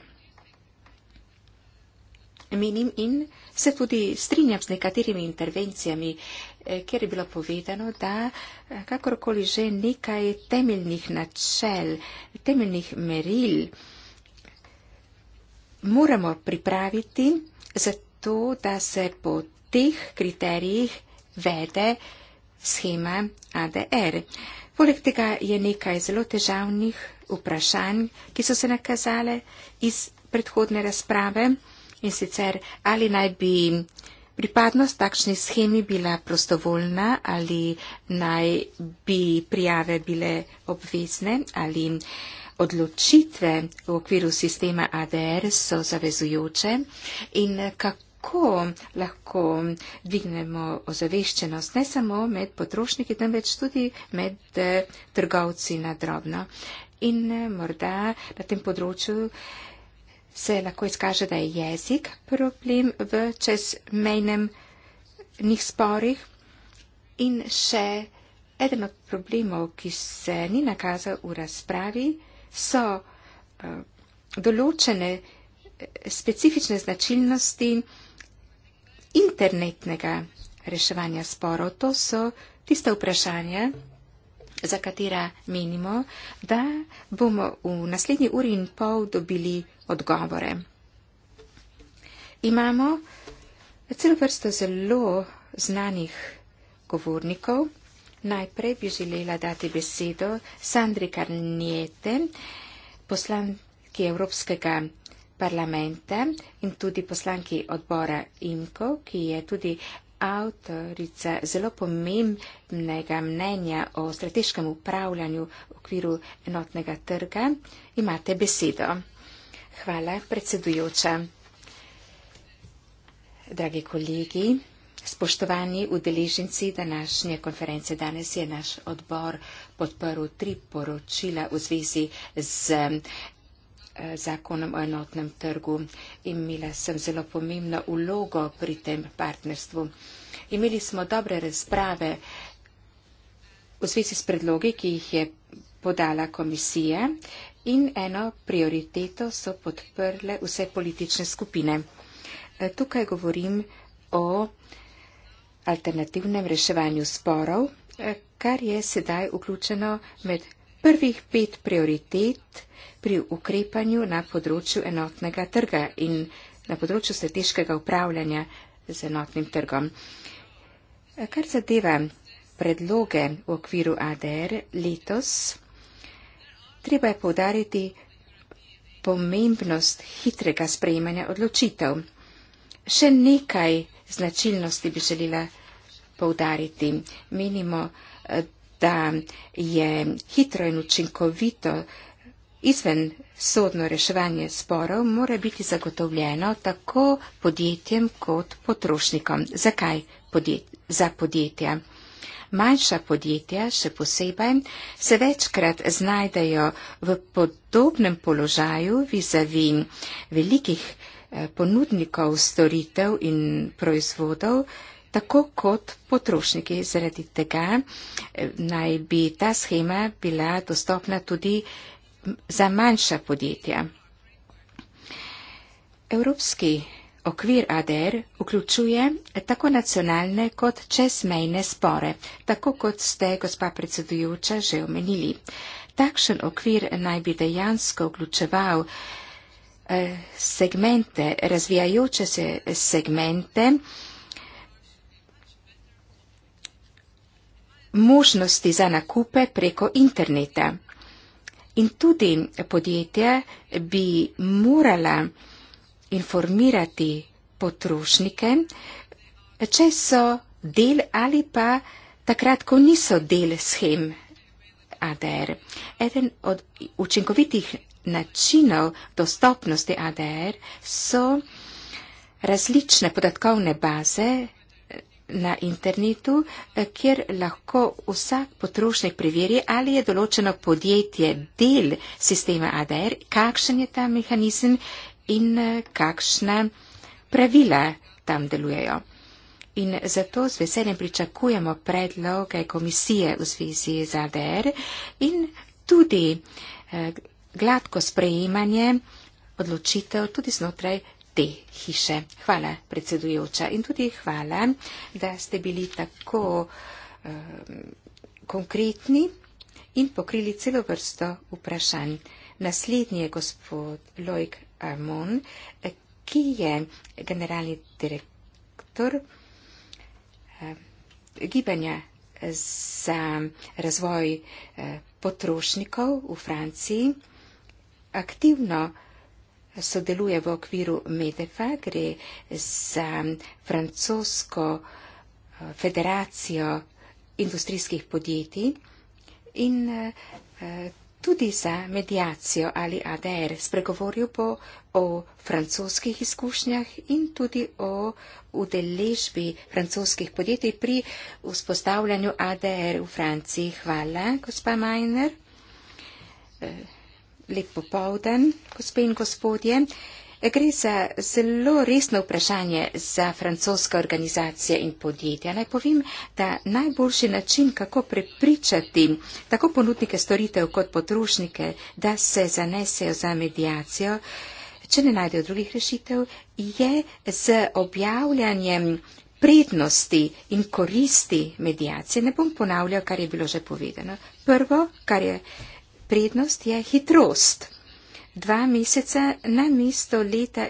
Menim in se tudi strinjam s nekaterimi intervencijami, Eh, kjer je bilo povedano, da eh, kakorkoli že nekaj temeljnih načel, temeljnih meril moramo pripraviti zato, da se po teh kriterijih vede schema ADR. Poleg tega je nekaj zelo težavnih vprašanj, ki so se nakazale iz predhodne razprave in sicer ali naj bi Pripadnost takšni schemi bila prostovoljna ali naj bi prijave bile obvezne ali odločitve v okviru sistema ADR so zavezujoče in kako lahko dvignemo ozaveščenost ne samo med potrošniki, temveč tudi med eh, trgovci nadrobno. In eh, morda na tem področju se lahko izkaže, da je jezik problem v čezmejnem njih sporih. In še eden od problemov, ki se ni nakazal v razpravi, so eh, določene eh, specifične značilnosti internetnega reševanja sporov. To so tiste vprašanja, za katera menimo, da bomo v naslednji uri in pol dobili odgovore. Imamo celo vrsto zelo znanih govornikov. Najprej bi želela dati besedo Sandri Karniete, poslanki Evropskega parlamenta in tudi poslanki odbora IMKO, ki je tudi avtorica zelo pomembnega mnenja o strateškem upravljanju v okviru enotnega trga. Imate besedo. Hvala, predsedujoča. Dragi kolegi, spoštovani udeleženci današnje konference, danes je naš odbor podprl tri poročila v zvezi z eh, zakonom o enotnem trgu. Imela sem zelo pomembno ulogo pri tem partnerstvu. Imeli smo dobre razprave v zvezi s predlogi, ki jih je podala komisija in eno prioriteto so podprle vse politične skupine. E, tukaj govorim o alternativnem reševanju sporov, e, kar je sedaj vključeno med prvih pet prioritet pri ukrepanju na področju enotnega trga in na področju strateškega upravljanja z enotnim trgom. E, kar zadeva predloge v okviru ADR letos, treba je povdariti pomembnost hitrega sprejemanja odločitev. Še nekaj značilnosti bi želela povdariti. Menimo, da je hitro in učinkovito izven sodno reševanje sporov mora biti zagotovljeno tako podjetjem kot potrošnikom. Zakaj? Podjet za podjetja. Manjša podjetja, še posebej, se večkrat znajdejo v podobnem položaju vizavi velikih eh, ponudnikov storitev in proizvodov, tako kot potrošniki. Zaradi tega eh, naj bi ta schema bila dostopna tudi za manjša podjetja. Evropski Okvir ADR vključuje tako nacionalne kot čezmejne spore, tako kot ste, gospa predsedujoča, že omenili. Takšen okvir naj bi dejansko vključeval eh, segmente, razvijajoče se segmente, možnosti za nakupe preko interneta. In tudi podjetja bi morala informirati potrošnike, če so del ali pa takrat, ko niso del schem ADR. Eden od učinkovitih načinov dostopnosti ADR so različne podatkovne baze na internetu, kjer lahko vsak potrošnik preveri, ali je določeno podjetje del sistema ADR, kakšen je ta mehanizem in eh, kakšne pravile tam delujejo. In zato z veseljem pričakujemo predloge komisije v zvezi z ADR in tudi eh, gladko sprejemanje odločitev tudi znotraj te hiše. Hvala, predsedujoča, in tudi hvala, da ste bili tako um, konkretni in pokrili celo vrsto vprašanj. Naslednji je gospod Lojk Armon, ki je generalni direktor eh, gibanja za razvoj eh, potrošnikov v Franciji, aktivno sodeluje v okviru Medefa, gre za francosko eh, federacijo industrijskih podjetij in tudi za mediacijo ali ADR. Spregovoril bo o francoskih izkušnjah in tudi o udeležbi francoskih podjetij pri vzpostavljanju ADR v Franciji. Hvala, gospa Majner. Eh, lep popovden, gospe in gospodje. Gre za zelo resno vprašanje za francoske organizacije in podjetja. Naj povem, da najboljši način, kako prepričati tako ponudnike storitev kot potrošnike, da se zanesejo za medijacijo, če ne najdejo drugih rešitev, je z objavljanjem prednosti in koristi medijacije. Ne bom ponavljal, kar je bilo že povedano. Prvo, kar je prednost, je hitrost dva meseca na mesto leta,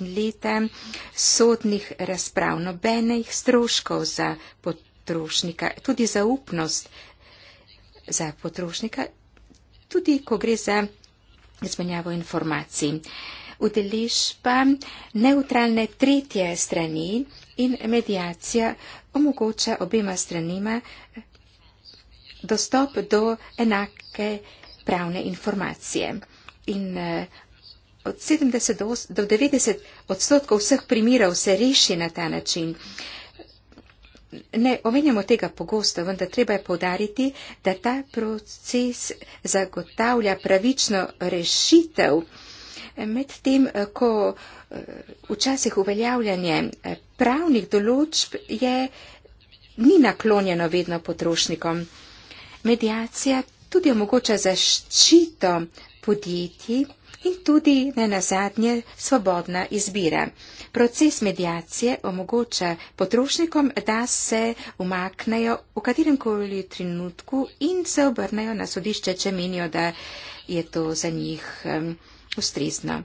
leta sodnih razprav, nobenih stroškov za potrošnika, tudi zaupnost za potrošnika, tudi ko gre za izmenjavo informacij. Udeliš pa neutralne tretje strani in medijacija omogoča obema stranima dostop do enake pravne informacije in eh, od 70 do 90 odstotkov vseh primirov se reši na ta način. Ne omenjamo tega pogosto, vendar treba je povdariti, da ta proces zagotavlja pravično rešitev. Medtem, eh, ko eh, včasih uveljavljanje pravnih določb je, ni naklonjeno vedno potrošnikom. Medijacija tudi omogoča zaščito podjetij in tudi ne nazadnje svobodna izbira. Proces medijacije omogoča potrošnikom, da se umaknejo v katerem koli trenutku in se obrnejo na sodišče, če menijo, da je to za njih um, ustrezno.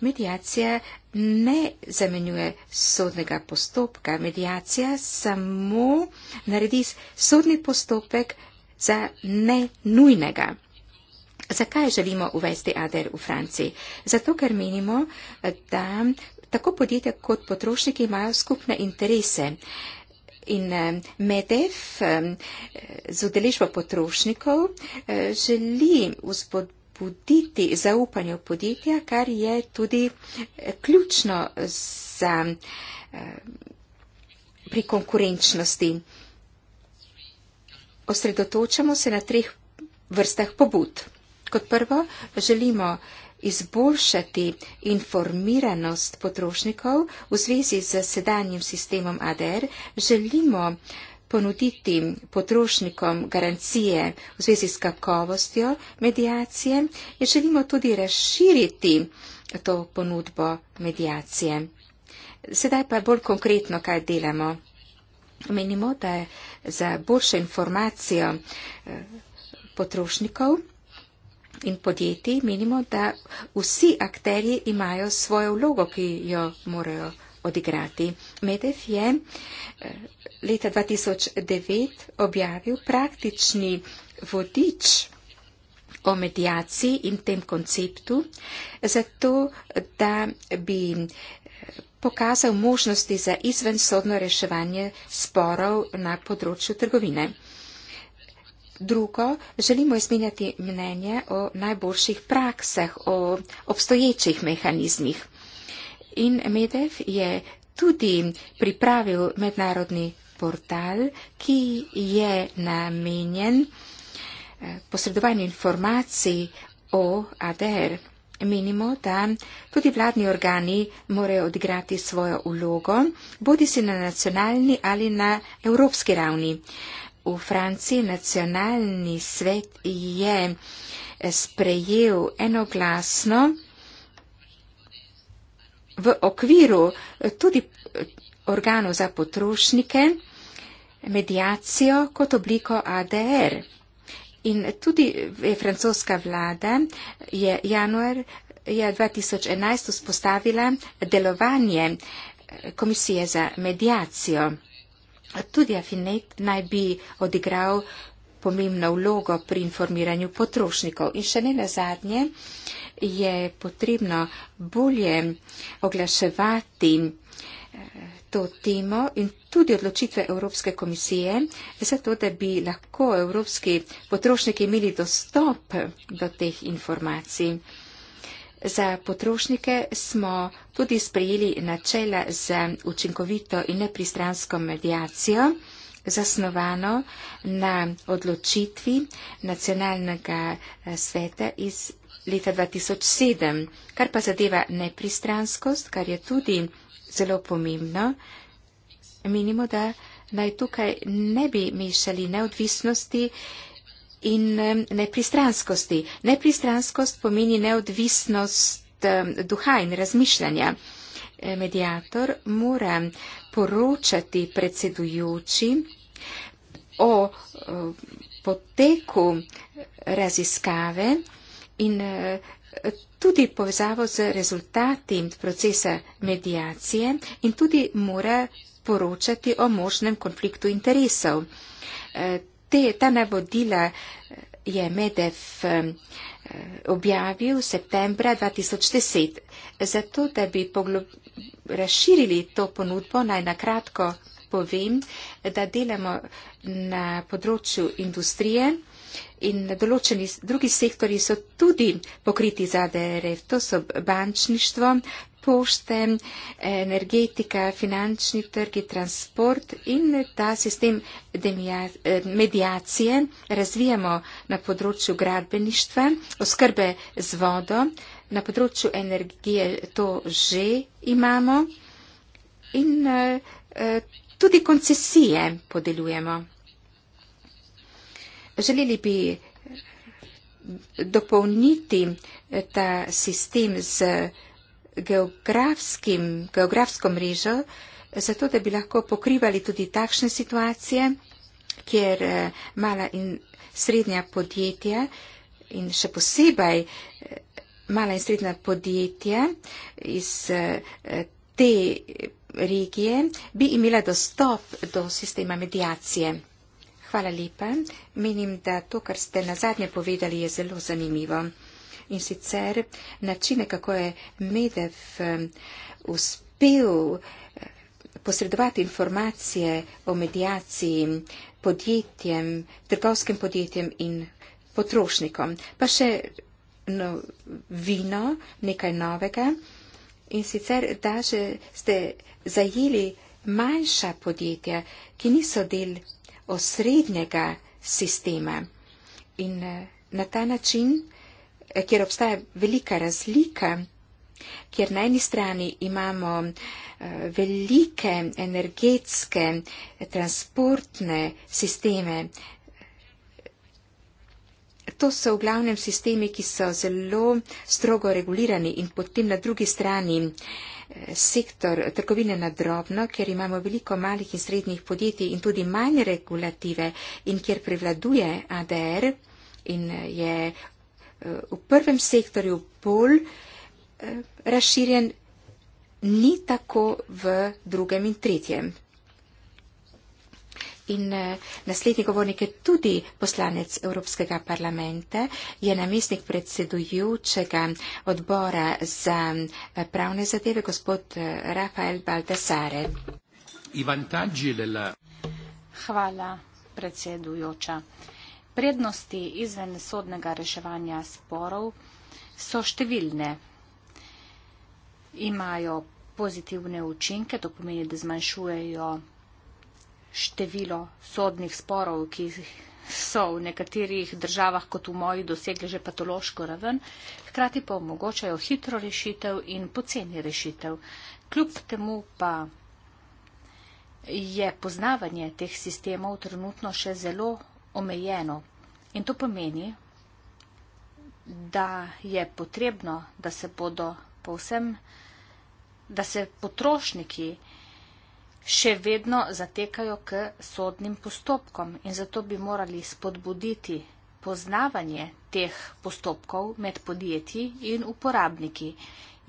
Medijacija ne zamenjuje sodnega postopka, medijacija samo naredi sodni postopek za nenujnega. Zakaj želimo uvesti ADR v Franciji? Zato, ker menimo, da tako podjetja kot potrošniki imajo skupne interese. In eh, MEDEF eh, z udeležbo potrošnikov eh, želi vzpodbuditi zaupanje v podjetja, kar je tudi ključno za, pri konkurenčnosti. Osredotočamo se na treh vrstah pobud kot prvo želimo izboljšati informiranost potrošnikov v zvezi z sedanjim sistemom ADR, želimo ponuditi potrošnikom garancije v zvezi s kakovostjo medijacije in želimo tudi razširiti to ponudbo medijacije. Sedaj pa bolj konkretno, kaj delamo. Menimo, da je za boljšo informacijo eh, potrošnikov in podjetij menimo, da vsi akteri imajo svojo vlogo, ki jo morajo odigrati. Medef je eh, leta 2009 objavil praktični vodič o medijaciji in tem konceptu, zato da bi eh, pokazal možnosti za izvensodno reševanje sporov na področju trgovine. Drugo, želimo izmenjati mnenje o najboljših praksah, o obstoječih mehanizmih. In Medev je tudi pripravil mednarodni portal, ki je namenjen eh, posredovanju informacij o ADR. Menimo, da tudi vladni organi morajo odigrati svojo ulogo, bodi si na nacionalni ali na evropski ravni v Franciji nacionalni svet je sprejel enoglasno v okviru tudi organov za potrošnike medijacijo kot obliko ADR. In tudi francoska vlada je januar je 2011 vzpostavila delovanje Komisije za medijacijo. Tudi Afinet naj bi odigral pomembno vlogo pri informiranju potrošnikov. In še ne na zadnje, je potrebno bolje oglaševati eh, to temo in tudi odločitve Evropske komisije, zato da bi lahko evropski potrošniki imeli dostop do teh informacij. Za potrošnike smo tudi sprejeli načela za učinkovito in nepristransko medijacijo, zasnovano na odločitvi nacionalnega eh, sveta iz leta 2007. Kar pa zadeva nepristranskost, kar je tudi zelo pomembno, menimo, da naj tukaj ne bi mešali neodvisnosti in nepristranskosti. Nepristranskost pomeni neodvisnost duha in razmišljanja. E, Medijator mora poročati predsedujoči o poteku raziskave in e, tudi povezavo z rezultati procesa medijacije in tudi mora poročati o možnem konfliktu interesov. E, te, ta navodila je Medef eh, objavil septembra 2010. Zato, da bi poglob, razširili to ponudbo, naj na kratko povem, da delamo na področju industrije. In določeni drugi sektori so tudi pokriti za DRF. To so bančništvo, pošte, energetika, finančni trgi, transport in ta sistem medijacije razvijamo na področju gradbeništva, oskrbe z vodo, na področju energije to že imamo in eh, eh, tudi koncesije podeljujemo. Želeli bi dopolniti eh, ta sistem z eh, geografsko mrežo, eh, zato da bi lahko pokrivali tudi takšne situacije, kjer mala in srednja podjetja in še posebej mala in srednja podjetja iz te regije bi imela dostop do sistema medijacije. Hvala lepa. Menim, da to, kar ste na zadnje povedali, je zelo zanimivo. In sicer načine, kako je Medev eh, uspel eh, posredovati informacije o medijaciji podjetjem, trgovskim podjetjem in potrošnikom. Pa še no, vino, nekaj novega. In sicer, da že ste zajeli manjša podjetja, ki niso del osrednjega sistema. In eh, na ta način, eh, kjer obstaja velika razlika, kjer na eni strani imamo eh, velike energetske transportne sisteme, To so v glavnem sistemi, ki so zelo strogo regulirani in potem na drugi strani eh, sektor trgovine na drobno, ker imamo veliko malih in srednjih podjetij in tudi manj regulative in kjer prevladuje ADR in eh, je eh, v prvem sektorju bolj eh, razširjen, ni tako v drugem in tretjem. In eh, naslednji govornik je tudi poslanec Evropskega parlamenta, je namestnik predsedujočega odbora za eh, pravne zadeve, gospod eh, Rafael Baldasare. Hvala, predsedujoča. Prednosti izven sodnega reševanja sporov so številne. Imajo pozitivne učinke, to pomeni, da zmanjšujejo število sodnih sporov, ki so v nekaterih državah kot v moji dosegli že patološko raven, hkrati pa omogočajo hitro rešitev in poceni rešitev. Kljub temu pa je poznavanje teh sistemov trenutno še zelo omejeno. In to pomeni, da je potrebno, da se bodo povsem, da se potrošniki še vedno zatekajo k sodnim postopkom in zato bi morali spodbuditi poznavanje teh postopkov med podjetji in uporabniki.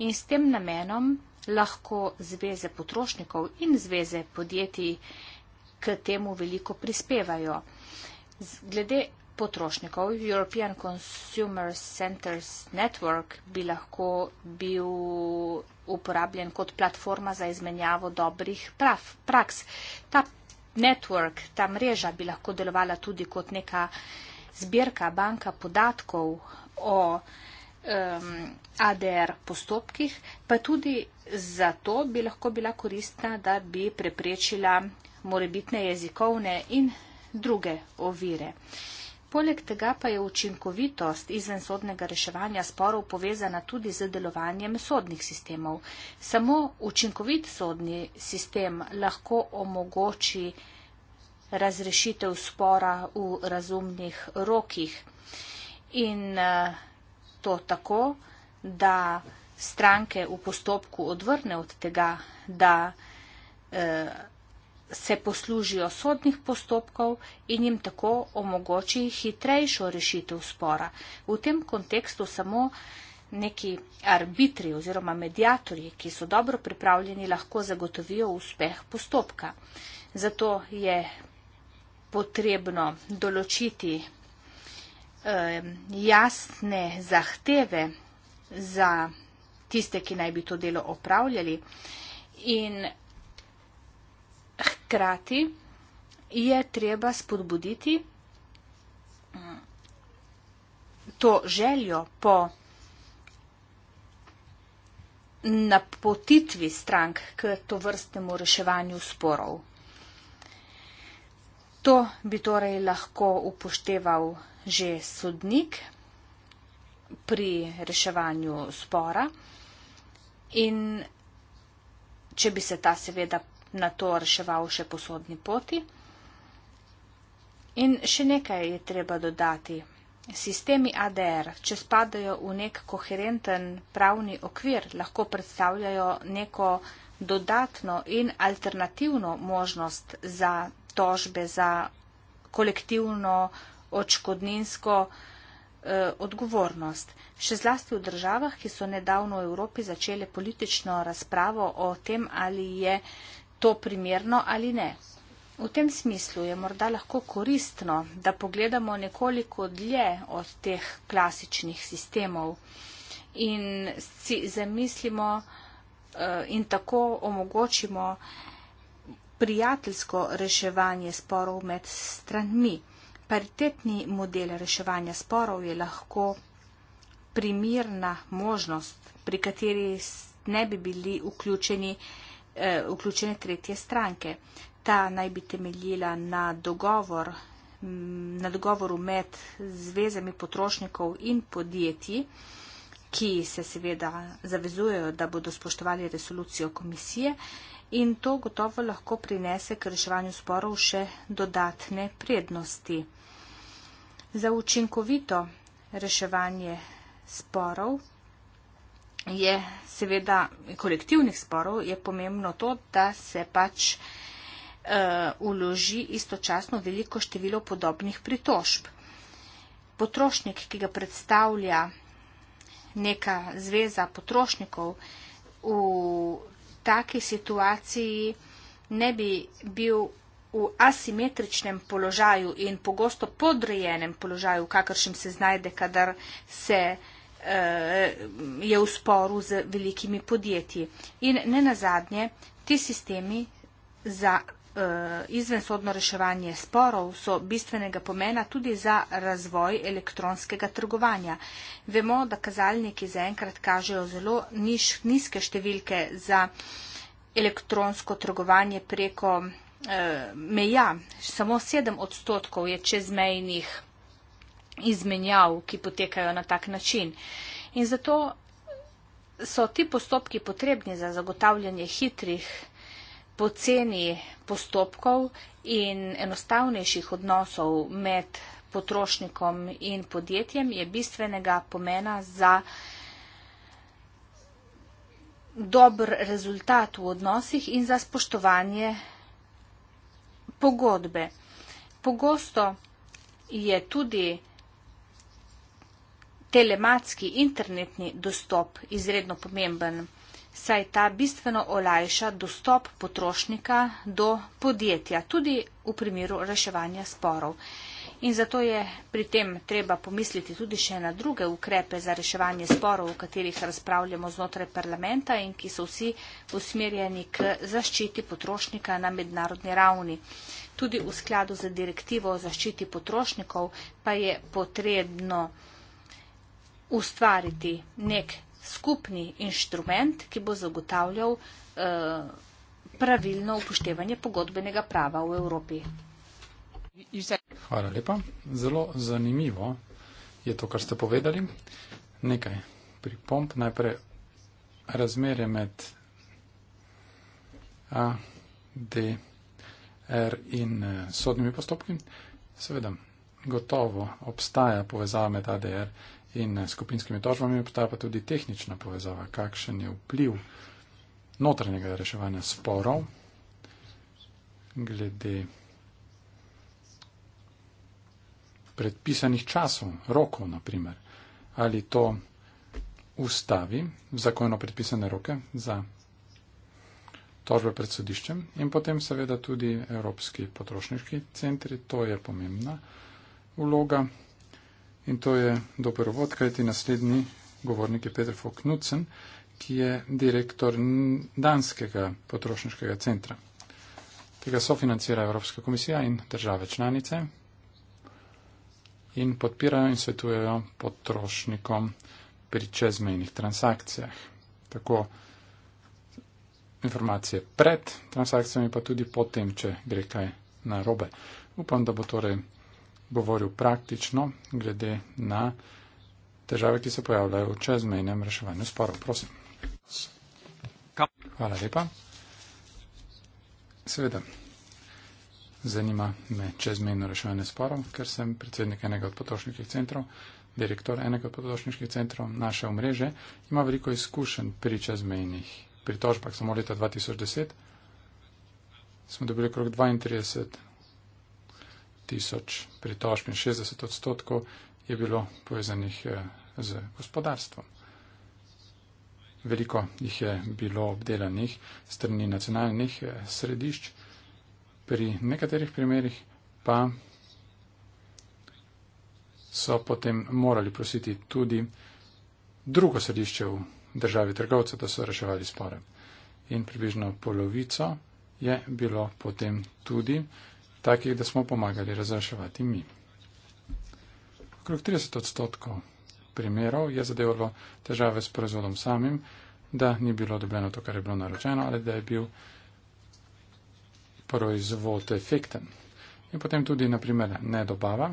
In s tem namenom lahko zveze potrošnikov in zveze podjetij k temu veliko prispevajo. Glede potrošnikov. European Consumer Centers Network bi lahko bil uporabljen kot platforma za izmenjavo dobrih prav, praks. Ta network, ta mreža bi lahko delovala tudi kot neka zbirka, banka podatkov o um, ADR postopkih, pa tudi zato bi lahko bila koristna, da bi preprečila morebitne jezikovne in druge ovire. Uh, Poleg tega pa je učinkovitost izvensodnega reševanja sporov povezana tudi z delovanjem sodnih sistemov. Samo učinkovit sodni sistem lahko omogoči razrešitev spora v razumnih rokih. In eh, to tako, da stranke v postopku odvrne od tega, da. Eh, se poslužijo sodnih postopkov in jim tako omogoči hitrejšo rešitev spora. V tem kontekstu samo neki arbitri oziroma medijatorji, ki so dobro pripravljeni, lahko zagotovijo uspeh postopka. Zato je potrebno določiti eh, jasne zahteve za tiste, ki naj bi to delo opravljali in hkrati je treba spodbuditi mm, to željo po napotitvi strank k to vrstnemu reševanju sporov. To bi torej lahko upošteval že sodnik pri reševanju spora in če bi se ta seveda na to reševal še po sodni poti. In še nekaj je treba dodati. Sistemi ADR, če spadajo v nek koherenten pravni okvir, lahko predstavljajo neko dodatno in alternativno možnost za tožbe za kolektivno očkodninsko eh, odgovornost. Še zlasti v državah, ki so nedavno v Evropi začele politično razpravo o tem, ali je to primerno ali ne. V tem smislu je morda lahko koristno, da pogledamo nekoliko dlje od teh klasičnih sistemov in si zamislimo eh, in tako omogočimo prijateljsko reševanje sporov med stranmi. Paritetni model reševanja sporov je lahko primirna možnost, pri kateri ne bi bili vključeni eh, vključene tretje stranke. Ta naj bi temeljila na, dogovor, na dogovoru med zvezami potrošnikov in podjetji, ki se seveda zavezujejo, da bodo spoštovali resolucijo komisije in to gotovo lahko prinese k reševanju sporov še dodatne prednosti. Za učinkovito reševanje sporov je seveda kolektivnih sporov, je pomembno to, da se pač eh, uloži istočasno veliko število podobnih pritožb. Potrošnik, ki ga predstavlja neka zveza potrošnikov, v taki situaciji ne bi bil v asimetričnem položaju in pogosto podrejenem položaju, kakršnem se znajde, kadar se uh, Eh, je v sporu z velikimi podjetji. In ne nazadnje, ti sistemi za eh, izvensodno reševanje sporov so bistvenega pomena tudi za razvoj elektronskega trgovanja. Vemo, da kazalniki zaenkrat kažejo zelo niž, nizke številke za elektronsko trgovanje preko eh, meja. Samo 7 odstotkov je čezmejnih izmenjav, ki potekajo na tak način. In zato so ti postopki potrebni za zagotavljanje hitrih, poceni postopkov in enostavnejših odnosov med potrošnikom in podjetjem je bistvenega pomena za dober rezultat v odnosih in za spoštovanje pogodbe. Pogosto je tudi telematski internetni dostop izredno pomemben, saj ta bistveno olajša dostop potrošnika do podjetja, tudi v primeru reševanja sporov. In zato je pri tem treba pomisliti tudi še na druge ukrepe za reševanje sporov, o katerih razpravljamo znotraj parlamenta in ki so vsi usmerjeni k zaščiti potrošnika na mednarodni ravni. Tudi v skladu z direktivo o zaščiti potrošnikov pa je potrebno ustvariti nek skupni inštrument, ki bo zagotavljal eh, pravilno upoštevanje pogodbenega prava v Evropi. Hvala lepa. Zelo zanimivo je to, kar ste povedali. Nekaj pripomp. Najprej razmerje med A, D, R in eh, sodnimi postopki. Seveda, gotovo obstaja povezava med A, D, R in in eh, skupinskimi tožbami, pa ta pa tudi tehnična povezava, kakšen je vpliv notranjega reševanja sporov glede predpisanih časov, rokov naprimer, ali to ustavi zakonno predpisane roke za tožbe pred sodiščem in potem seveda tudi Evropski potrošniški centri, to je pomembna vloga. In to je dober uvod, kajti naslednji govornik je Peter Foknudsen, ki je direktor Danskega potrošniškega centra, ki ga sofinancira Evropska komisija in države članice in podpirajo in svetujejo potrošnikom pri čezmejnih transakcijah. Tako informacije pred transakcijami, pa tudi potem, če gre kaj narobe. Upam, da bo torej govoril praktično glede na težave, ki se pojavljajo v čezmejnem reševanju sporov. Prosim. Hvala lepa. Seveda, zanima me čezmejno reševanje sporov, ker sem predsednik enega od potrošniških centrov, direktor enega od potrošniških centrov naše omreže, ima veliko izkušenj pri čezmejnih pritožbah. Samo leta 2010 smo dobili okrog 32 tisoč pritožb in 60 odstotkov je bilo povezanih eh, z gospodarstvom. Veliko jih je bilo obdelanih strani nacionalnih eh, središč, pri nekaterih primerjih pa so potem morali prositi tudi drugo središče v državi trgovcev, da so reševali spore. In približno polovico je bilo potem tudi takih, da smo pomagali razreševati mi. Okrog 30 odstotkov primerov je zadevalo težave s proizvodom samim, da ni bilo odobljeno to, kar je bilo naročeno, ali da je bil proizvod efekten. In potem tudi, naprimer, nedobava.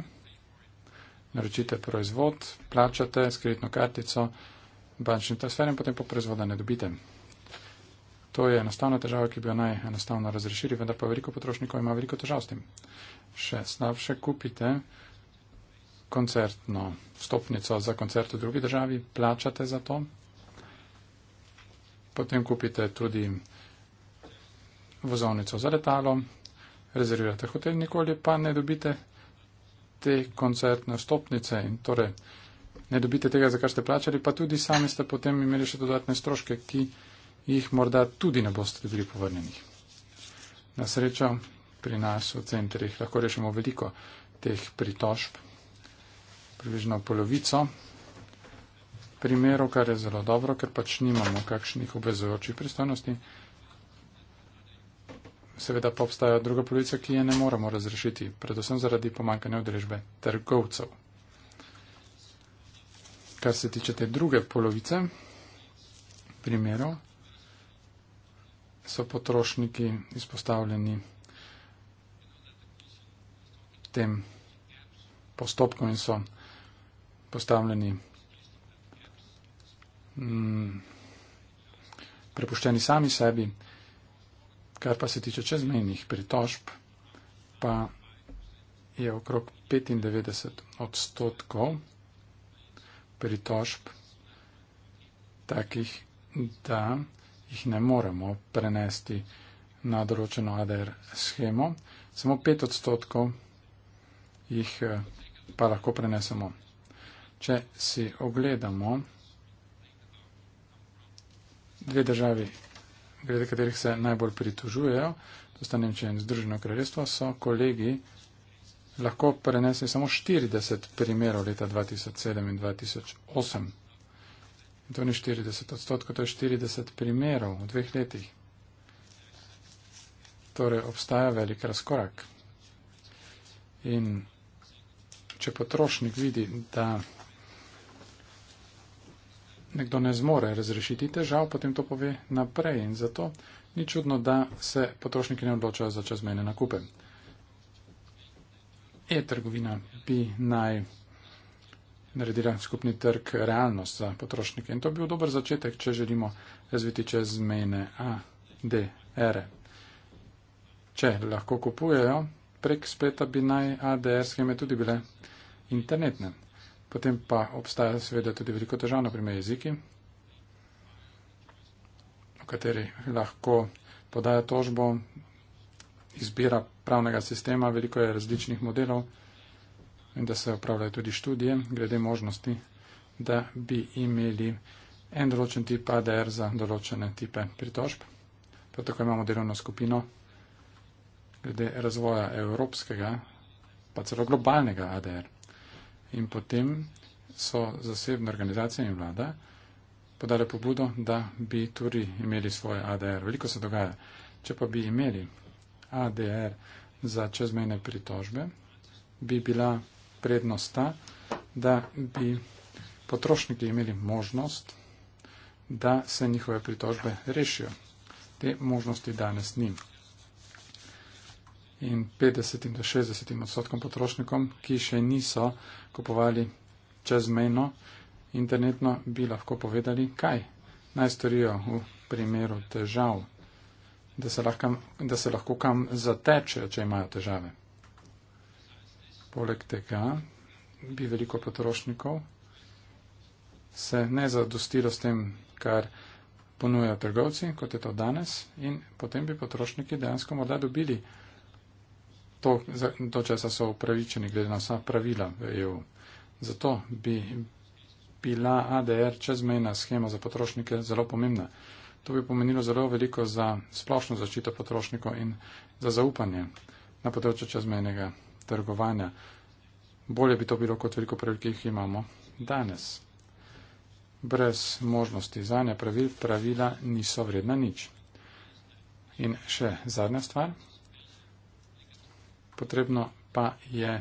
Naročite proizvod, plačate s kreditno kartico, bančni transfer in potem po proizvoda ne dobite. To je enostavna težava, ki bi jo najenostavno razrešili, vendar pa veliko potrošnikov ima veliko težav s tem. Še slabše kupite koncertno stopnico za koncert v drugi državi, plačate za to, potem kupite tudi vozovnico za letalo, rezervirate hotel, nikoli pa ne dobite te koncertne stopnice in torej ne dobite tega, za kar ste plačali, pa tudi sami ste potem imeli še dodatne stroške, ki jih morda tudi ne boste dobili povrnjenih. Na srečo pri nas v centrih lahko rešimo veliko teh pritožb, približno polovico primerov, kar je zelo dobro, ker pač nimamo kakšnih obvezujočih pristojnosti. Seveda pa obstaja druga polovica, ki je ne moramo razrešiti, predvsem zaradi pomankanja odrežbe trgovcev. Kar se tiče te druge polovice primerov, so potrošniki izpostavljeni tem postopkom in so postavljeni mm, prepuščeni sami sebi. Kar pa se tiče čezmejnih pritožb, pa je okrog 95 odstotkov pritožb takih, da jih ne moremo prenesti na določeno ADR schemo, samo 5 odstotkov jih eh, pa lahko prenesemo. Če si ogledamo dve državi, glede katerih se najbolj pritožujejo, to sta Nemčija in Združeno kraljestvo, so kolegi lahko prenesli samo 40 primerov leta 2007 in 2008. To ni 40 odstotkov, to je 40 primerov v dveh letih. Torej obstaja velik razkorak. In če potrošnik vidi, da nekdo ne zmore razrešiti težav, potem to pove naprej. In zato ni čudno, da se potrošniki ne odločajo za čezmene nakupe. E-trgovina bi naj naredila skupni trg realnost za potrošnike. In to bi bil dober začetek, če želimo razviti čez mejne A, D, R. Če lahko kupujejo, prek spleta bi naj ADR scheme tudi bile internetne. Potem pa obstaja seveda tudi veliko težav, naprimer jeziki, v kateri lahko podajo tožbo, izbira pravnega sistema, veliko je različnih modelov in da se upravljajo tudi študije glede možnosti, da bi imeli en določen tip ADR za določene tipe pritožb. Prav tako imamo delovno skupino glede razvoja evropskega, pa celo globalnega ADR. In potem so zasebne organizacije in vlada podale pobudo, da bi tudi imeli svoje ADR. Veliko se dogaja. Če pa bi imeli ADR za čezmejne pritožbe, bi bila prednost ta, da bi potrošniki imeli možnost, da se njihove pritožbe rešijo. Te možnosti danes ni. In 50 do 60 odstotkom potrošnikom, ki še niso kupovali čezmejno internetno, bi lahko povedali, kaj naj storijo v primeru težav, da se lahko kam, da se lahko kam zatečejo, če imajo težave. Poleg tega bi veliko potrošnikov se ne zadostilo s tem, kar ponujajo trgovci, kot je to danes, in potem bi potrošniki dejansko morda dobili to, do česa so upravičeni, glede na vsa pravila v EU. Zato bi bila ADR čezmejna schema za potrošnike zelo pomembna. To bi pomenilo zelo veliko za splošno zaščito potrošnikov in za zaupanje na področju čezmejnega trgovanja. Bolje bi to bilo kot veliko pravil, ki jih imamo danes. Brez možnosti zanje pravil, pravila niso vredna nič. In še zadnja stvar. Potrebno pa je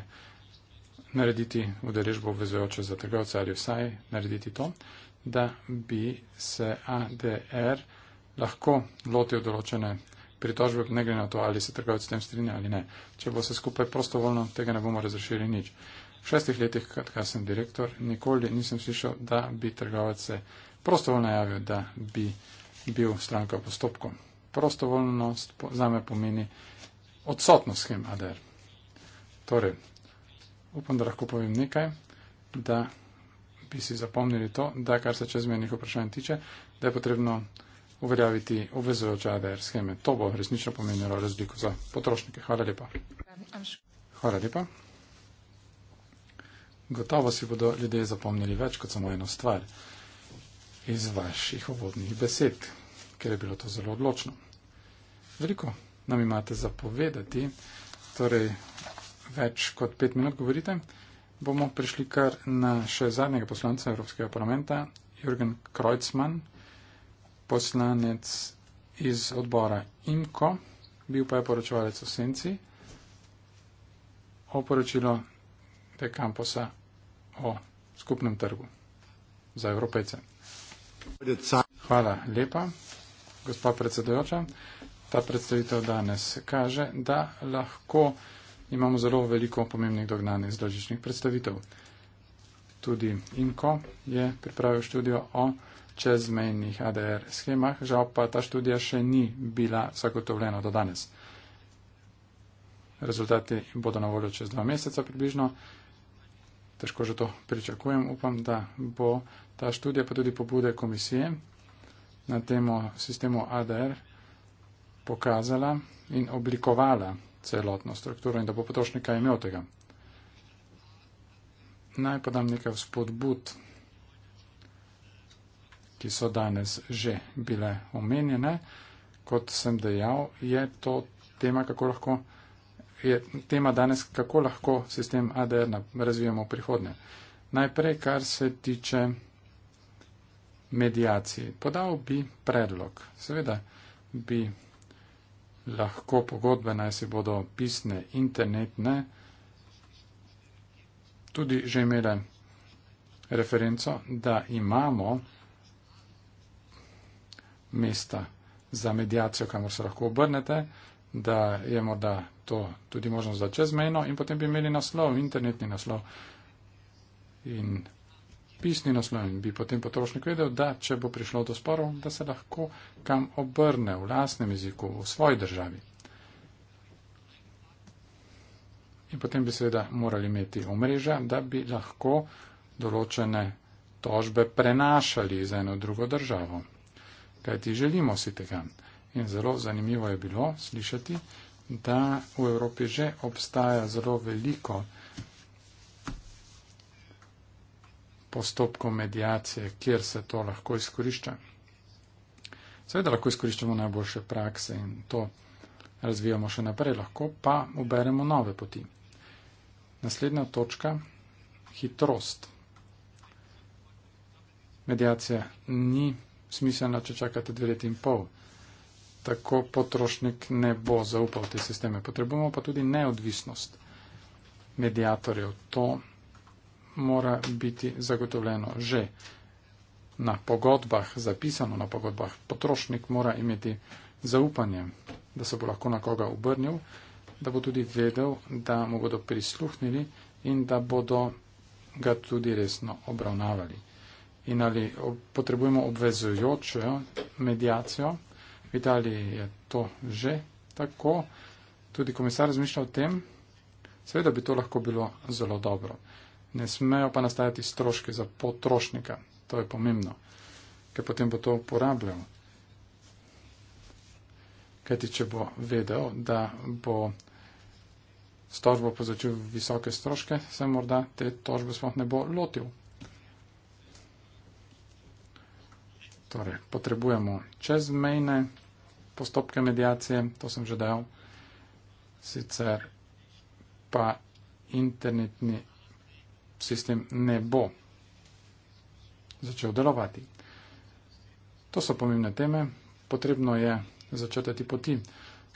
narediti udeležbo obvezojoče za trgovca ali vsaj narediti to, da bi se ADR lahko lotil določene pritožbe, ne glede na to, ali se trgovec s tem strinja ali ne. Če bo se skupaj prostovoljno, tega ne bomo razrešili nič. V šestih letih, kadar sem direktor, nikoli nisem slišal, da bi trgovec se prostovoljno javil, da bi bil stranka v postopku. Prostovoljnost za me pomeni odsotnost schem ADR. Torej, upam, da lahko povem nekaj, da bi si zapomnili to, da kar se čezmejnih vprašanj tiče, da je potrebno uveljaviti obvezujoče ADR scheme. To bo resnično pomenilo razliko za potrošnike. Hvala lepa. Hvala lepa. Gotovo si bodo ljudje zapomnili več kot samo eno stvar iz vaših uvodnih besed, ker je bilo to zelo odločno. Veliko nam imate zapovedati, torej več kot pet minut govorite, bomo prišli kar na še zadnjega poslanca Evropskega parlamenta, Jürgen Kreuzmann, poslanec iz odbora IMKO, bil pa je poročevalec v Senci, oporočilo te kampusa o skupnem trgu za evropejce. Hvala lepa, gospa predsedojoča. Ta predstavitev danes kaže, da lahko imamo zelo veliko pomembnih dognanj iz različnih predstavitev. Tudi IMKO je pripravil študijo o čezmejnih ADR schemah, žal pa ta študija še ni bila zagotovljena do danes. Rezultati bodo na voljo čez dva meseca približno. Težko že to pričakujem. Upam, da bo ta študija pa tudi pobude komisije na temo sistemu ADR pokazala in oblikovala celotno strukturo in da bo potrošnika imel tega. Naj podam nekaj vzpodbud ki so danes že bile omenjene. Kot sem dejal, je to tema, kako lahko, je tema danes, kako lahko sistem ADR razvijamo v prihodnje. Najprej, kar se tiče medijacij. Podal bi predlog. Seveda bi lahko pogodbe, naj si bodo pisne, internetne, tudi že imele referenco, da imamo mesta za medijacijo, kamor se lahko obrnete, da je morda to tudi možnost za čezmejno in potem bi imeli naslov, internetni naslov in pisni naslov in bi potem potrošnik vedel, da če bo prišlo do sporov, da se lahko kam obrne v lasnem jeziku, v svoji državi. In potem bi seveda morali imeti omrežja, da bi lahko določene tožbe prenašali iz eno drugo državo kajti želimo si tega. In zelo zanimivo je bilo slišati, da v Evropi že obstaja zelo veliko postopkov medijacije, kjer se to lahko izkorišča. Seveda lahko izkoriščamo najboljše prakse in to razvijamo še naprej, lahko pa uberemo nove poti. Naslednja točka, hitrost. Medijacija ni smiselna, če čakate dve leti in pol. Tako potrošnik ne bo zaupal te sisteme. Potrebujemo pa tudi neodvisnost medijatorjev. To mora biti zagotovljeno že na pogodbah, zapisano na pogodbah. Potrošnik mora imeti zaupanje, da se bo lahko na koga obrnil, da bo tudi vedel, da mu bodo prisluhnili in da bodo ga tudi resno obravnavali in ali ob, potrebujemo obvezujočo medijacijo. V Italiji je to že tako. Tudi komisar razmišlja o tem. Seveda bi to lahko bilo zelo dobro. Ne smejo pa nastajati stroški za potrošnika. To je pomembno, ker potem bo to uporabljal. Kaj ti, če bo vedel, da bo s tožbo povzročil visoke stroške, se morda te tožbe sploh ne bo lotil. Torej, potrebujemo čezmejne postopke medijacije, to sem že dal, sicer pa internetni sistem ne bo začel delovati. To so pomembne teme. Potrebno je začrtati poti,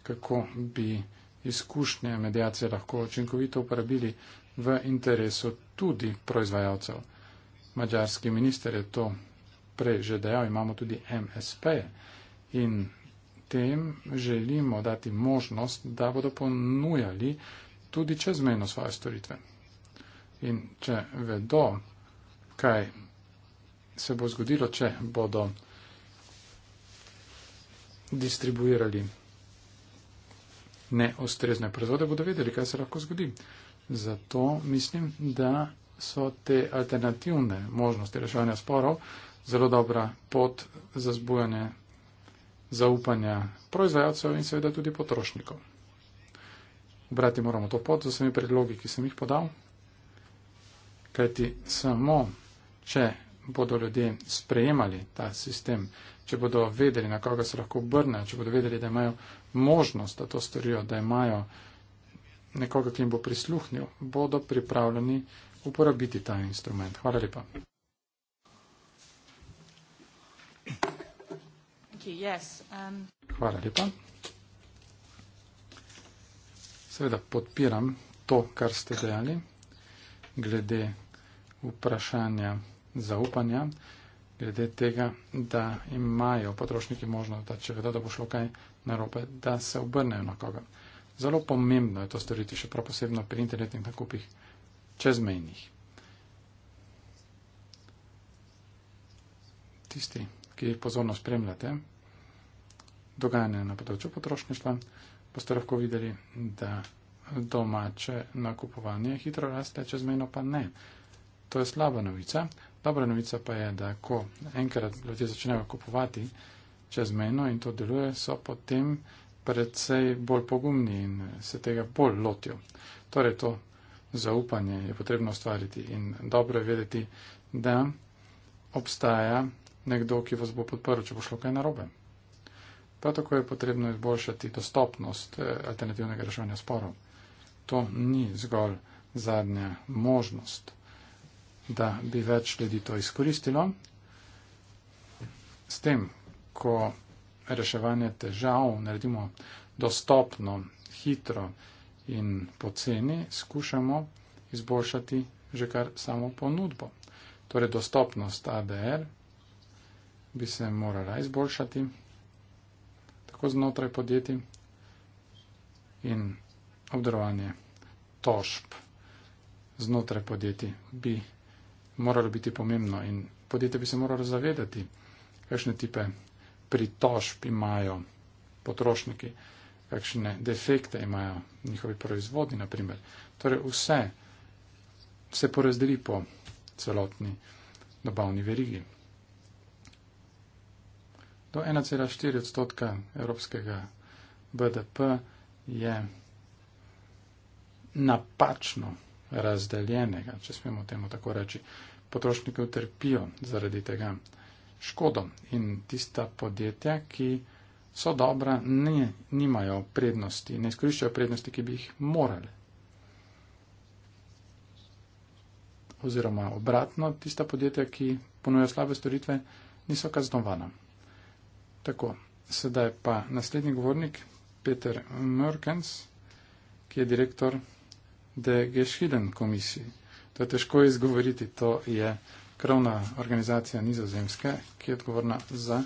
kako bi izkušnje medijacije lahko očinkovito uporabili v interesu tudi proizvajalcev. Mačarski minister je to prej že dejal, imamo tudi MSP in tem želimo dati možnost, da bodo ponujali tudi čezmejno svoje storitve. In če vedo, kaj se bo zgodilo, če bodo distribuirali neostrezne proizvode, bodo vedeli, kaj se lahko zgodi. Zato mislim, da so te alternativne možnosti reševanja sporov zelo dobra pot za zbujanje zaupanja proizvajalcev in seveda tudi potrošnikov. Obrati moramo to pot z vsemi predlogi, ki sem jih podal, kajti samo, če bodo ljudje sprejemali ta sistem, če bodo vedeli, na koga se lahko obrnejo, če bodo vedeli, da imajo možnost, da to storijo, da imajo nekoga, ki jim bo prisluhnil, bodo pripravljeni uporabiti ta instrument. Hvala lepa. Okay, yes. um... Hvala lepa. Seveda podpiram to, kar ste dejali glede vprašanja zaupanja, glede tega, da imajo potrošniki možnost, da če vedo, da bo šlo kaj narobe, da se obrnejo na koga. Zelo pomembno je to storiti še prav posebno pri internetnih nakupih čezmejnih. Tisti, ki jih pozorno spremljate, dogajanje na področju potrošništva, boste lahko videli, da domače nakupovanje hitro raste, čezmejno pa ne. To je slaba novica. Dobra novica pa je, da ko enkrat ljudje začnejo kupovati čezmejno in to deluje, so potem predvsej bolj pogumni in se tega bolj lotijo. Torej, to zaupanje je potrebno ustvariti in dobro je vedeti, da obstaja nekdo, ki vas bo podprl, če bo šlo kaj narobe. Prav tako je potrebno izboljšati dostopnost eh, alternativnega reševanja sporov. To ni zgolj zadnja možnost, da bi več ljudi to izkoristilo. S tem, ko reševanje težav naredimo dostopno, hitro in poceni, skušamo izboljšati že kar samo ponudbo. Torej dostopnost ADR bi se morala izboljšati tako znotraj podjetij in obdorovanje tožb znotraj podjetij bi moralo biti pomembno in podjetje bi se moralo zavedati, kakšne tipe pritožb imajo potrošniki, kakšne defekte imajo njihovi proizvodi, naprimer. Torej vse se porazdeli po celotni dobavni verigi do 1,4 odstotka evropskega BDP je napačno razdeljenega, če smemo temu tako reči. Potrošniki utrpijo zaradi tega škodo in tista podjetja, ki so dobra, ne, nimajo prednosti, ne izkoriščajo prednosti, ki bi jih morali. Oziroma obratno, tista podjetja, ki ponujajo slabe storitve, niso kaznovana. Tako, sedaj pa naslednji govornik, Peter Mörkens, ki je direktor De Geschiden komisiji. To je težko izgovoriti, to je krovna organizacija nizozemske, ki je odgovorna za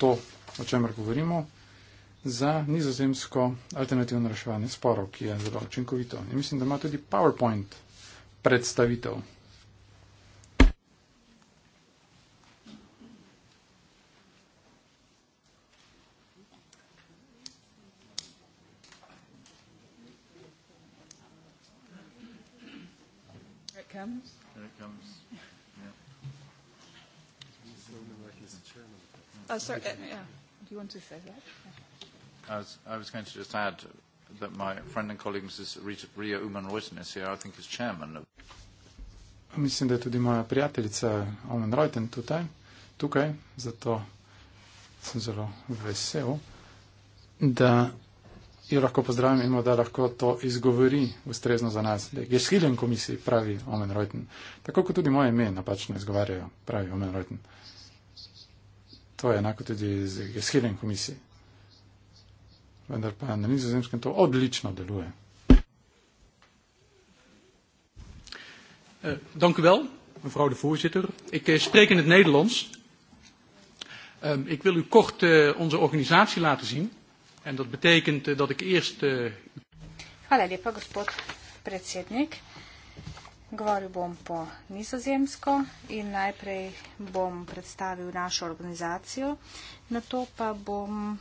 to, o čemer govorimo, za nizozemsko alternativno reševanje sporov, ki je zelo učinkovito. In mislim, da ima tudi PowerPoint predstavitev. Uh, sorry, uh, yeah. do you want to say that? Yeah. I, was, I was going to just add that my friend and colleague, Mrs. Rita, Ria Uman-Reuten, is here, I think, as chairman of... Mislim, da je tudi moja prijateljica Omen Reuten tukaj, tukaj, zato sem zelo vesel, da jo lahko pozdravim in da lahko to izgovori ustrezno za nas. Geschilen komisiji pravi Omen Reuten. Tako kot tudi moje ime napačno izgovarjajo, pravi Omen Reuten. Uh, To je enako tudi z Geskiden komisijo. Vendar pa na nizozemskem to odlično deluje. Uh, dank u wel, mevrouw de voorzitter. Ik uh, spreek in het Nederlands. Uh, ik wil u kort uh, onze organisatie laten zien. En dat betekent uh, dat ik eerst... Uh... Hvala lepa, gospod predsjednik. Govoril bom po nizozemsko in najprej bom predstavil našo organizacijo, na to pa bom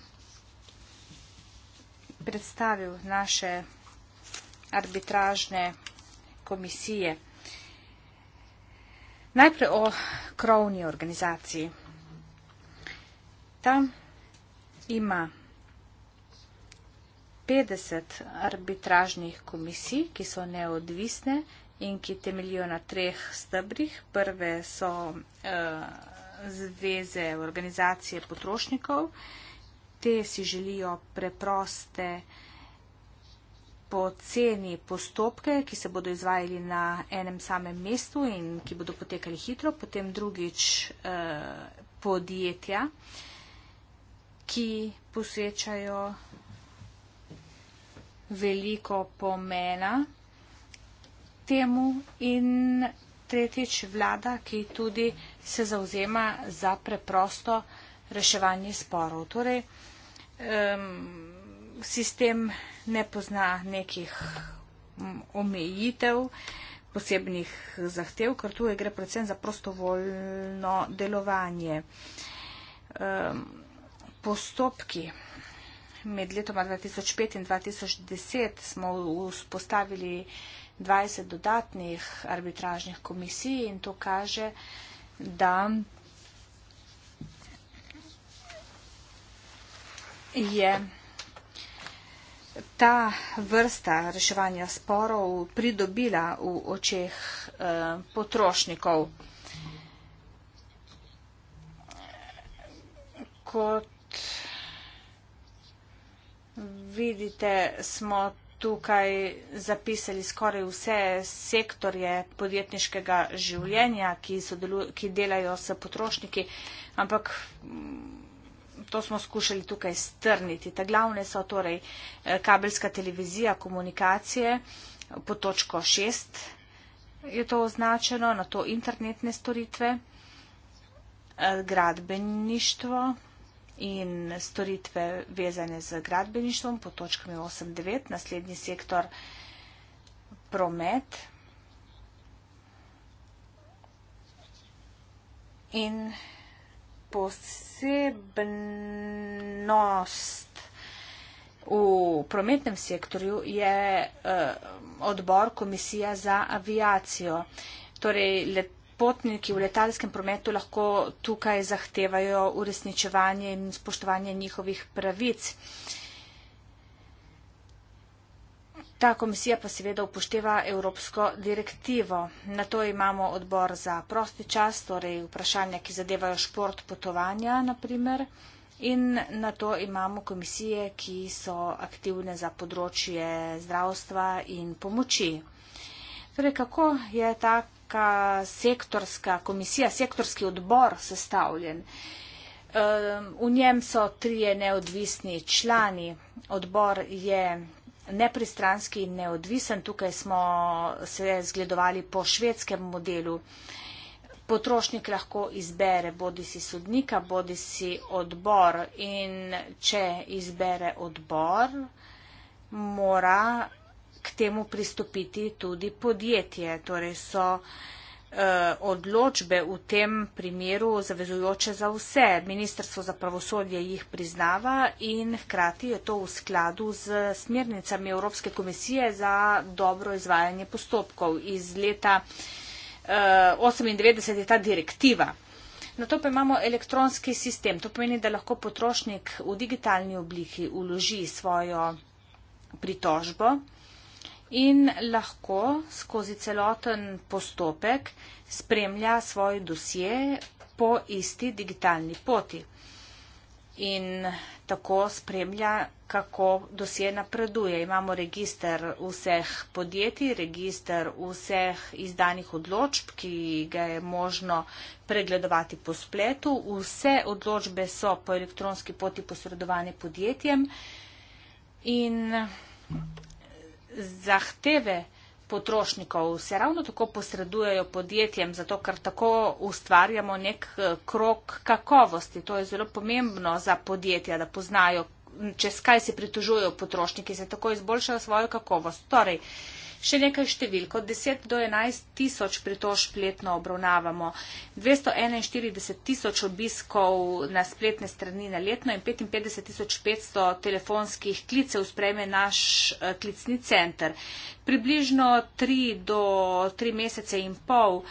predstavil naše arbitražne komisije. Najprej o krovni organizaciji. Tam ima 50 arbitražnih komisij, ki so neodvisne in ki temeljijo na treh stebrih. Prve so uh, zveze organizacije potrošnikov. Te si želijo preproste poceni postopke, ki se bodo izvajali na enem samem mestu in ki bodo potekali hitro. Potem drugič uh, podjetja, ki posvečajo veliko pomena temu in tretjič vlada, ki tudi se zauzema za preprosto reševanje sporov. Torej, um, sistem ne pozna nekih omejitev, posebnih zahtev, ker tu gre predvsem za prostovoljno delovanje. Um, postopki med letoma 2005 in 2010 smo vzpostavili 20 dodatnih arbitražnih komisij in to kaže, da je ta vrsta reševanja sporov pridobila v očeh eh, potrošnikov. Kot vidite, smo tukaj tukaj zapisali skoraj vse sektorje podjetniškega življenja, ki, ki delajo s potrošniki, ampak mm, to smo skušali tukaj strniti. Ta glavne so torej eh, kabelska televizija, komunikacije po točko 6 je to označeno, na to internetne storitve, eh, gradbeništvo, in storitve vezane z gradbeništvom pod točkami 8.9. Naslednji sektor promet in posebnost v prometnem sektorju je eh, odbor Komisija za aviacijo. Torej, let, potniki v letalskem prometu lahko tukaj zahtevajo uresničevanje in spoštovanje njihovih pravic. Ta komisija pa seveda upošteva evropsko direktivo. Na to imamo odbor za prosti čas, torej vprašanja, ki zadevajo šport, potovanja naprimer. In na to imamo komisije, ki so aktivne za področje zdravstva in pomoči. Torej, kako je ta neka sektorska komisija, sektorski odbor sestavljen. V njem so trije neodvisni člani. Odbor je nepristranski in neodvisen. Tukaj smo se zgledovali po švedskem modelu. Potrošnik lahko izbere bodi si sodnika, bodi si odbor in če izbere odbor, mora k temu pristopiti tudi podjetje. Torej so eh, odločbe v tem primeru zavezujoče za vse. Ministrstvo za pravosodje jih priznava in hkrati je to v skladu z smernicami Evropske komisije za dobro izvajanje postopkov. Iz leta 1998 eh, je ta direktiva. Na to pa imamo elektronski sistem. To pomeni, da lahko potrošnik v digitalni obliki uloži svojo pritožbo in lahko skozi celoten postopek spremlja svoj dosje po isti digitalni poti. In tako spremlja, kako dosje napreduje. Imamo registr vseh podjetij, registr vseh izdanih odločb, ki ga je možno pregledovati po spletu. Vse odločbe so po elektronski poti posredovane podjetjem. In zahteve potrošnikov se ravno tako posredujejo podjetjem, zato ker tako ustvarjamo nek eh, krok kakovosti. To je zelo pomembno za podjetja, da poznajo, čez kaj se pritožujejo potrošniki, se tako izboljšajo svojo kakovost. Torej, Še nekaj številk. Od 10 do 11 tisoč pritožb letno obravnavamo. 241 tisoč obiskov na spletne strani na letno in 55 tisoč 500 telefonskih klicev spreme naš eh, klicni center. Približno 3 do 3 mesece in pol.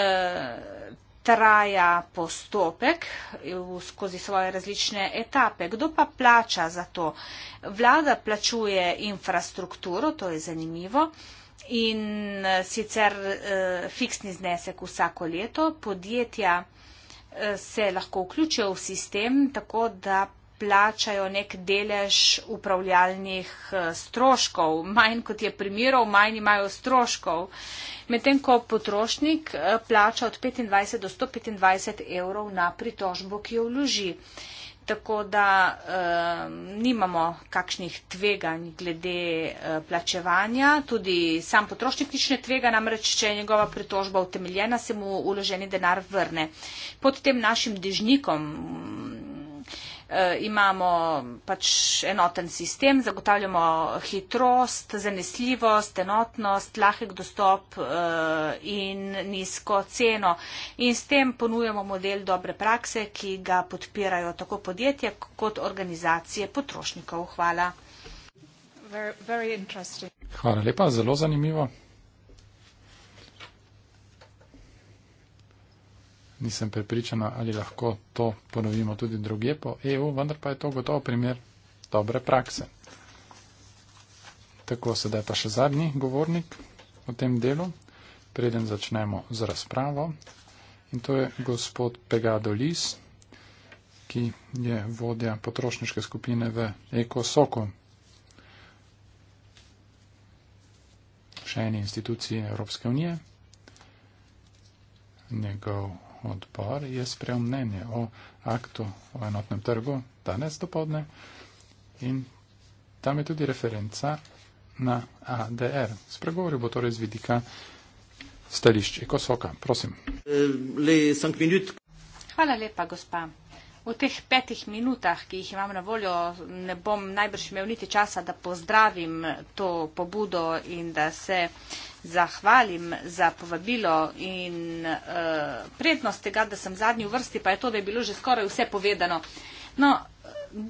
Eh, traja postopek skozi svoje različne etape. Kdo pa plača za to? Vlada plačuje infrastrukturo, to je zanimivo, in eh, sicer eh, fiksni znesek vsako leto. Podjetja eh, se lahko vključijo v sistem tako, da plačajo nek delež upravljalnih eh, stroškov. Manj kot je primerov, manj imajo stroškov. Medtem ko potrošnik eh, plača od 25 do 125 evrov na pritožbo, ki jo vloži. Tako da eh, nimamo kakšnih tveganj glede eh, plačevanja. Tudi sam potrošnik nič ne tvega, namreč, če je njegova pritožba utemeljena, se mu uloženi denar vrne. Pod tem našim dežnikom. Eh, imamo pač enoten sistem, zagotavljamo hitrost, zanesljivost, enotnost, lahek dostop eh, in nizko ceno. In s tem ponujamo model dobre prakse, ki ga podpirajo tako podjetje kot organizacije potrošnikov. Hvala. Very, very Hvala lepa, zelo zanimivo. nisem prepričana, ali lahko to ponovimo tudi druge po EU, vendar pa je to gotovo primer dobre prakse. Tako, sedaj pa še zadnji govornik v tem delu, preden začnemo z razpravo. In to je gospod Pegado Lis, ki je vodja potrošniške skupine v EkoSoko. Še eni instituciji Evropske unije. Njegov odbor je sprejel mnenje o aktu o enotnem trgu danes dopoledne in tam je tudi referenca na ADR. Spregovoril bo torej z vidika stališč Ekosoka. Prosim. Eh, Hvala lepa, gospa. V teh petih minutah, ki jih imam na voljo, ne bom najbrž imel niti časa, da pozdravim to pobudo in da se zahvalim za povabilo. In uh, prednost tega, da sem zadnji v vrsti, pa je to, da je bilo že skoraj vse povedano. No,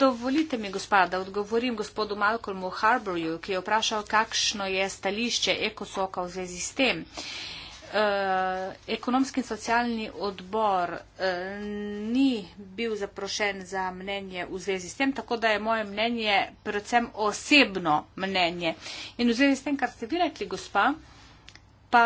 dovolite mi, gospa, da odgovorim gospodu Malcolmu Harborju, ki je vprašal, kakšno je stališče ekosoka v zvezi s tem. Uh, Eh, ekonomski in socialni odbor eh, ni bil zaprošen za mnenje v zvezi s tem, tako da je moje mnenje predvsem osebno mnenje. In v zvezi s tem, kar ste vi rekli, gospa, pa.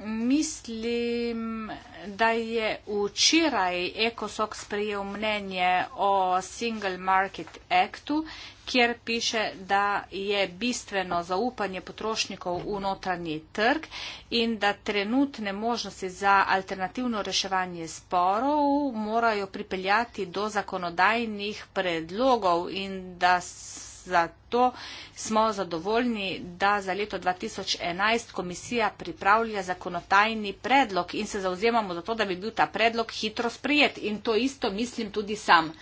Mislim, da je včeraj Ecosoc sprejel mnenje o Single Market Actu, kjer piše, da je bistveno zaupanje potrošnikov v notranji trg in da trenutne možnosti za alternativno reševanje sporov morajo pripeljati do zakonodajnih predlogov in da. So Zato smo zadovoljni, da za leto 2011 komisija pripravlja zakonotajni predlog in se zauzemamo za to, da bi bil ta predlog hitro sprijet. In to isto mislim tudi sam.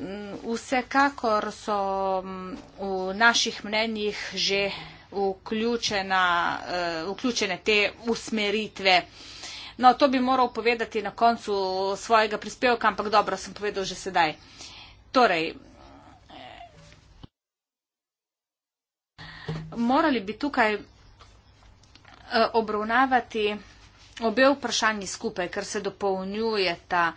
Mm, vsekakor so mm, v naših mnenjih že vključena, eh, vključene te usmeritve. No, to bi moral povedati na koncu svojega prispevka, ampak dobro sem povedal že sedaj. Torej, morali bi tukaj eh, obravnavati obe vprašanji skupaj, ker se dopolnjujeta.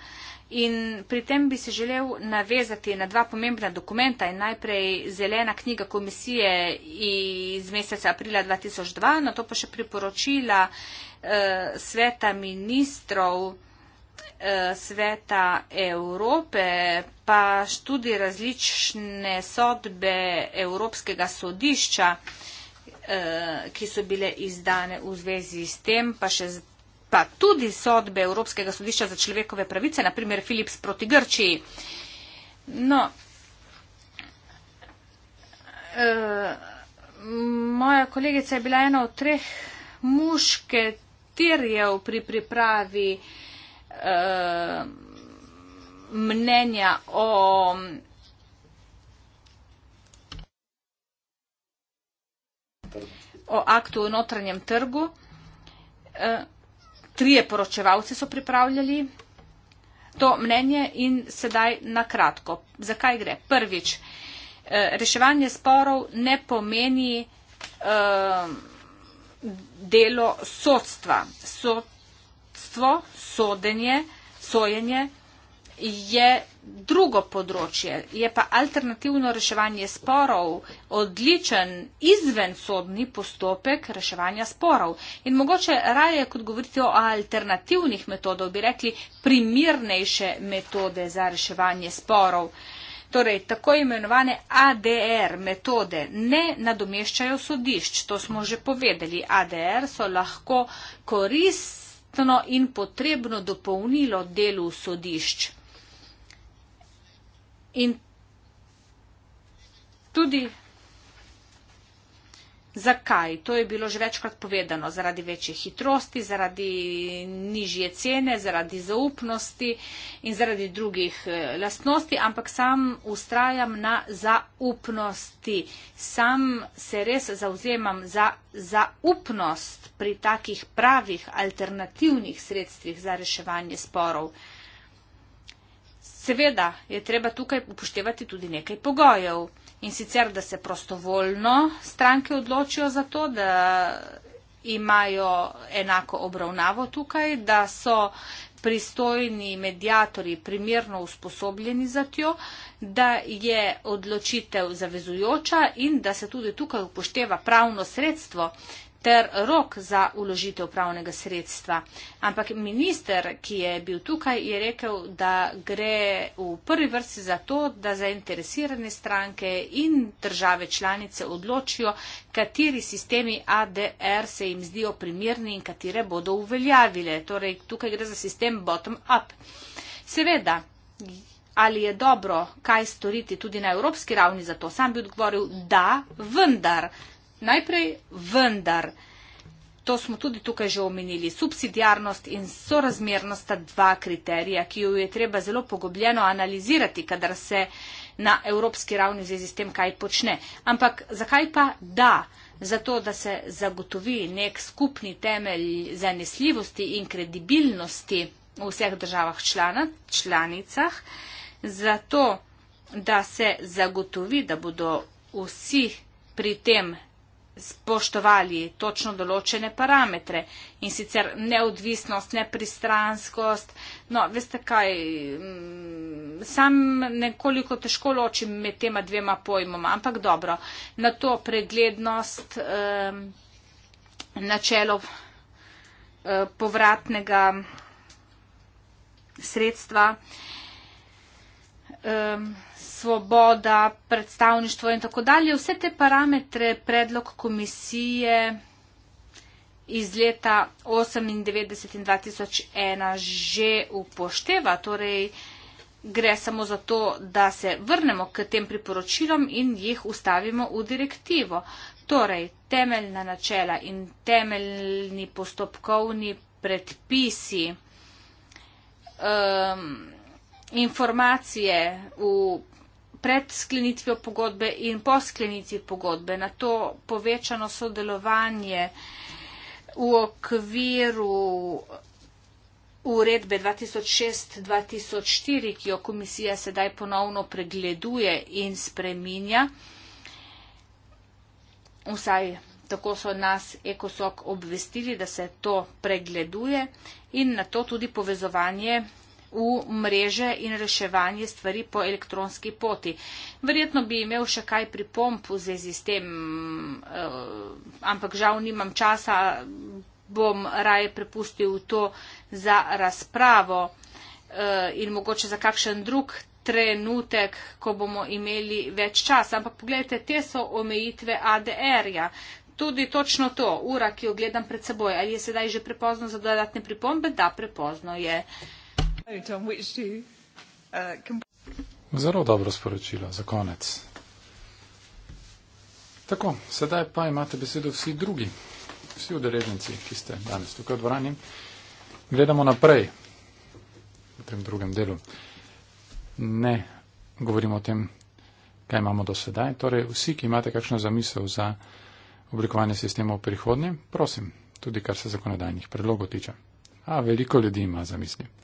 In pri tem bi se želel navezati na dva pomembna dokumenta in najprej zelena knjiga komisije iz meseca aprila 2002, na to pa še priporočila eh, sveta ministrov Eh, sveta Evrope, pa tudi različne sodbe Evropskega sodišča, eh, ki so bile izdane v zvezi s tem, pa, še, pa tudi sodbe Evropskega sodišča za človekove pravice, naprimer Philips proti Grčiji. No, eh, moja kolegica je bila ena od treh mušketirjev pri pripravi Eh, mnenja o o aktu v notranjem trgu. Eh, trije poročevalci so pripravljali to mnenje in sedaj na kratko. Zakaj gre? Prvič, eh, reševanje sporov ne pomeni delo sodstva. Sod, sodstvo, sodenje, sojenje je drugo področje. Je pa alternativno reševanje sporov odličen izvensodni postopek reševanja sporov. In mogoče raje, kot govorite o alternativnih metodah, bi rekli primirnejše metode za reševanje sporov. Torej, tako imenovane ADR metode ne nadomeščajo sodišč, to smo že povedali. ADR so lahko koristne nujno in potrebno dopolnilo delu sodišč. In tudi Zakaj? To je bilo že večkrat povedano. Zaradi večje hitrosti, zaradi nižje cene, zaradi zaupnosti in zaradi drugih eh, lastnosti, ampak sam ustrajam na zaupnosti. Sam se res zauzemam za zaupnost pri takih pravih alternativnih sredstvih za reševanje sporov. Seveda je treba tukaj upoštevati tudi nekaj pogojev. In sicer, da se prostovoljno stranke odločijo za to, da imajo enako obravnavo tukaj, da so pristojni medijatori primerno usposobljeni za tjo, da je odločitev zavezujoča in da se tudi tukaj upošteva pravno sredstvo, ter rok za uložitev pravnega sredstva. Ampak minister, ki je bil tukaj, je rekel, da gre v prvi vrsti za to, da zainteresirane stranke in države članice odločijo, kateri sistemi ADR se jim zdijo primirni in katere bodo uveljavile. Torej, tukaj gre za sistem bottom-up. Seveda, ali je dobro kaj storiti tudi na evropski ravni za to, sam bi odgovoril, da vendar najprej vendar, to smo tudi tukaj že omenili, subsidijarnost in sorazmernost sta dva kriterija, ki jo je treba zelo pogobljeno analizirati, kadar se na evropski ravni v zvezi s tem, kaj počne. Ampak zakaj pa da? Zato, da se zagotovi nek skupni temelj zanesljivosti in kredibilnosti v vseh državah člana, članicah, zato, da se zagotovi, da bodo vsi pri tem spoštovali točno določene parametre in sicer neodvisnost, nepristranskost. No, veste kaj, mm, sam nekoliko težko ločim med tema dvema pojmoma, ampak dobro, na to preglednost, načelo e, povratnega sredstva svoboda, predstavništvo in tako dalje. Vse te parametre predlog komisije iz leta 98 in 2001 že upošteva. Torej, gre samo za to, da se vrnemo k tem priporočilom in jih ustavimo v direktivo. Torej, temeljna načela in temeljni postopkovni predpisi, um, informacije v pred sklenitvijo pogodbe in po sklenitvi pogodbe, na to povečano sodelovanje v okviru uredbe 2006-2004, ki jo komisija sedaj ponovno pregleduje in spreminja. Vsaj tako so nas ekosok obvestili, da se to pregleduje in na to tudi povezovanje v mreže in reševanje stvari po elektronski poti. Verjetno bi imel še kaj pri pompu v zvezi s tem, eh, ampak žal nimam časa, bom raje prepustil to za razpravo eh, in mogoče za kakšen drug trenutek, ko bomo imeli več časa. Ampak pogledajte, te so omejitve ADR-ja. Tudi točno to, ura, ki jo gledam pred seboj, ali je sedaj že prepozno za dodatne pripombe, da prepozno je. Uh, Zelo dobro sporočilo za konec. Tako, sedaj pa imate besedo vsi drugi, vsi udeleženci, ki ste danes tukaj v dvorani. Gledamo naprej v tem drugem delu. Ne govorimo o tem, kaj imamo do sedaj. Torej, vsi, ki imate kakšno zamisel za oblikovanje sistemov v prihodnje, prosim, tudi kar se zakonodajnih predlogov tiče. A veliko ljudi ima zamisli.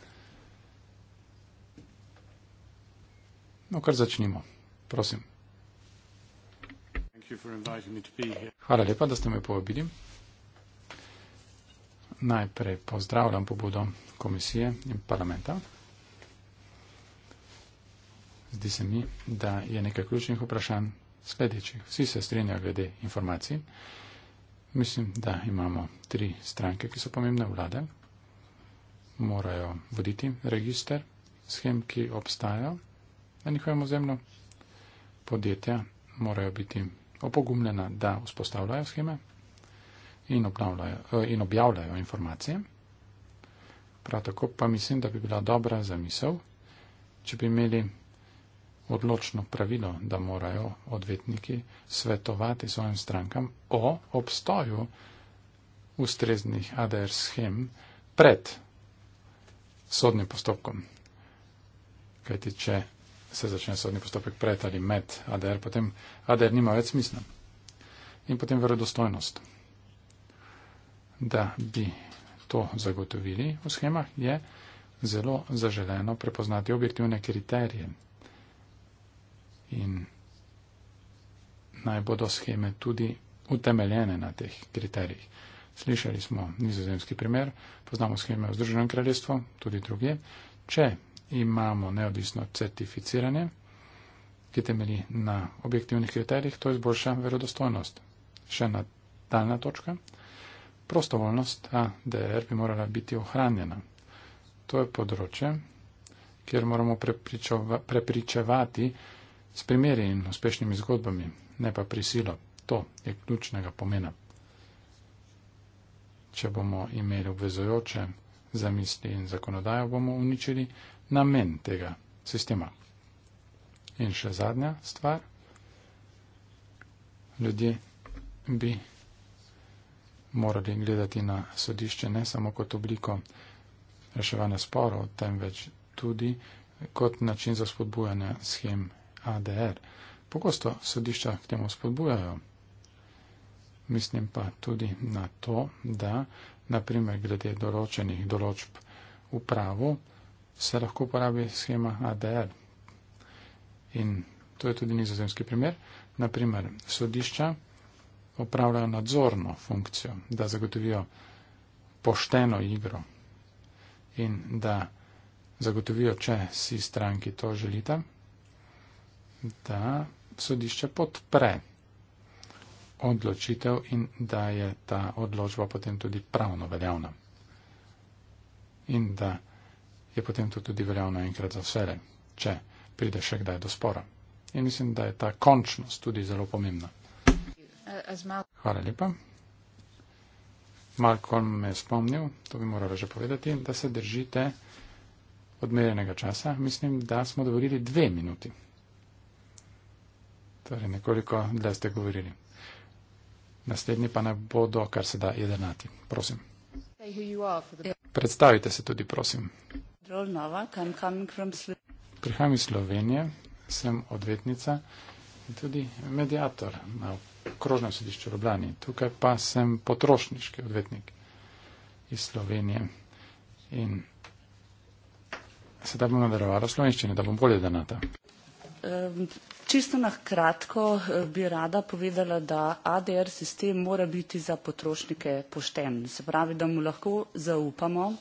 No, kar začnimo. Prosim. Hvala lepa, da ste me povabili. Najprej pozdravljam pobudo komisije in parlamenta. Zdi se mi, da je nekaj ključnih vprašanj sledečih. Vsi se strinjajo glede informacij. Mislim, da imamo tri stranke, ki so pomembne vlade. Morajo voditi register schem, ki obstajajo na njihovem ozemlju. Podjetja morajo biti opogumljena, da vzpostavljajo scheme in, eh, in objavljajo informacije. Prav tako pa mislim, da bi bila dobra zamisel, če bi imeli odločno pravilo, da morajo odvetniki svetovati svojim strankam o obstoju ustreznih ADR schem pred sodnim postopkom. Kajti, če se začne sodni postopek pred ali med ADR, potem ADR nima več smisla. In potem verodostojnost. Da bi to zagotovili v schemah, je zelo zaželeno prepoznati objektivne kriterije. In naj bodo scheme tudi utemeljene na teh kriterijih. Slišali smo nizozemski primer, poznamo scheme v Združenem kraljestvu, tudi druge. Če imamo neodvisno certificiranje, ki temelji na objektivnih kriterijih, to izboljša verodostojnost. Še ena daljna točka. Prostovoljnost ADR bi morala biti ohranjena. To je področje, kjer moramo prepričevati s primeri in uspešnimi zgodbami, ne pa prisilo. To je ključnega pomena. Če bomo imeli obvezojoče zamisli in zakonodajo, bomo uničili namen tega sistema. In še zadnja stvar. Ljudje bi morali gledati na sodišče ne samo kot obliko reševanja sporov, temveč tudi kot način za spodbujanje schem ADR. Pogosto sodišča k temu spodbujajo. Mislim pa tudi na to, da naprimer glede določenih določb v pravu, se lahko uporabi schema ADR. In to je tudi nizozemski primer. Naprimer, sodišča opravljajo nadzorno funkcijo, da zagotovijo pošteno igro in da zagotovijo, če si stranki to želite, da sodišče podpre odločitev in da je ta odločba potem tudi pravno veljavna. In da je potem to tudi veljavno enkrat za vse, če pride še kdaj do spora. In mislim, da je ta končnost tudi zelo pomembna. Hvala lepa. Marko me je spomnil, to bi moralo že povedati, da se držite odmerjenega časa. Mislim, da smo dovolili dve minuti. Torej, nekoliko dlje ste govorili. Naslednji pa ne bodo, kar se da, jedenati. Prosim. Predstavite se tudi, prosim. Prihajam iz Slovenije, sem odvetnica in tudi medijator na okrožnem sodišču v Ljubljani. Tukaj pa sem potrošniški odvetnik iz Slovenije. In sedaj bom nadaljevala slovenščine, da bom bolje danata. Ehm, čisto na kratko eh, bi rada povedala, da ADR sistem mora biti za potrošnike pošten. Se pravi, da mu lahko zaupamo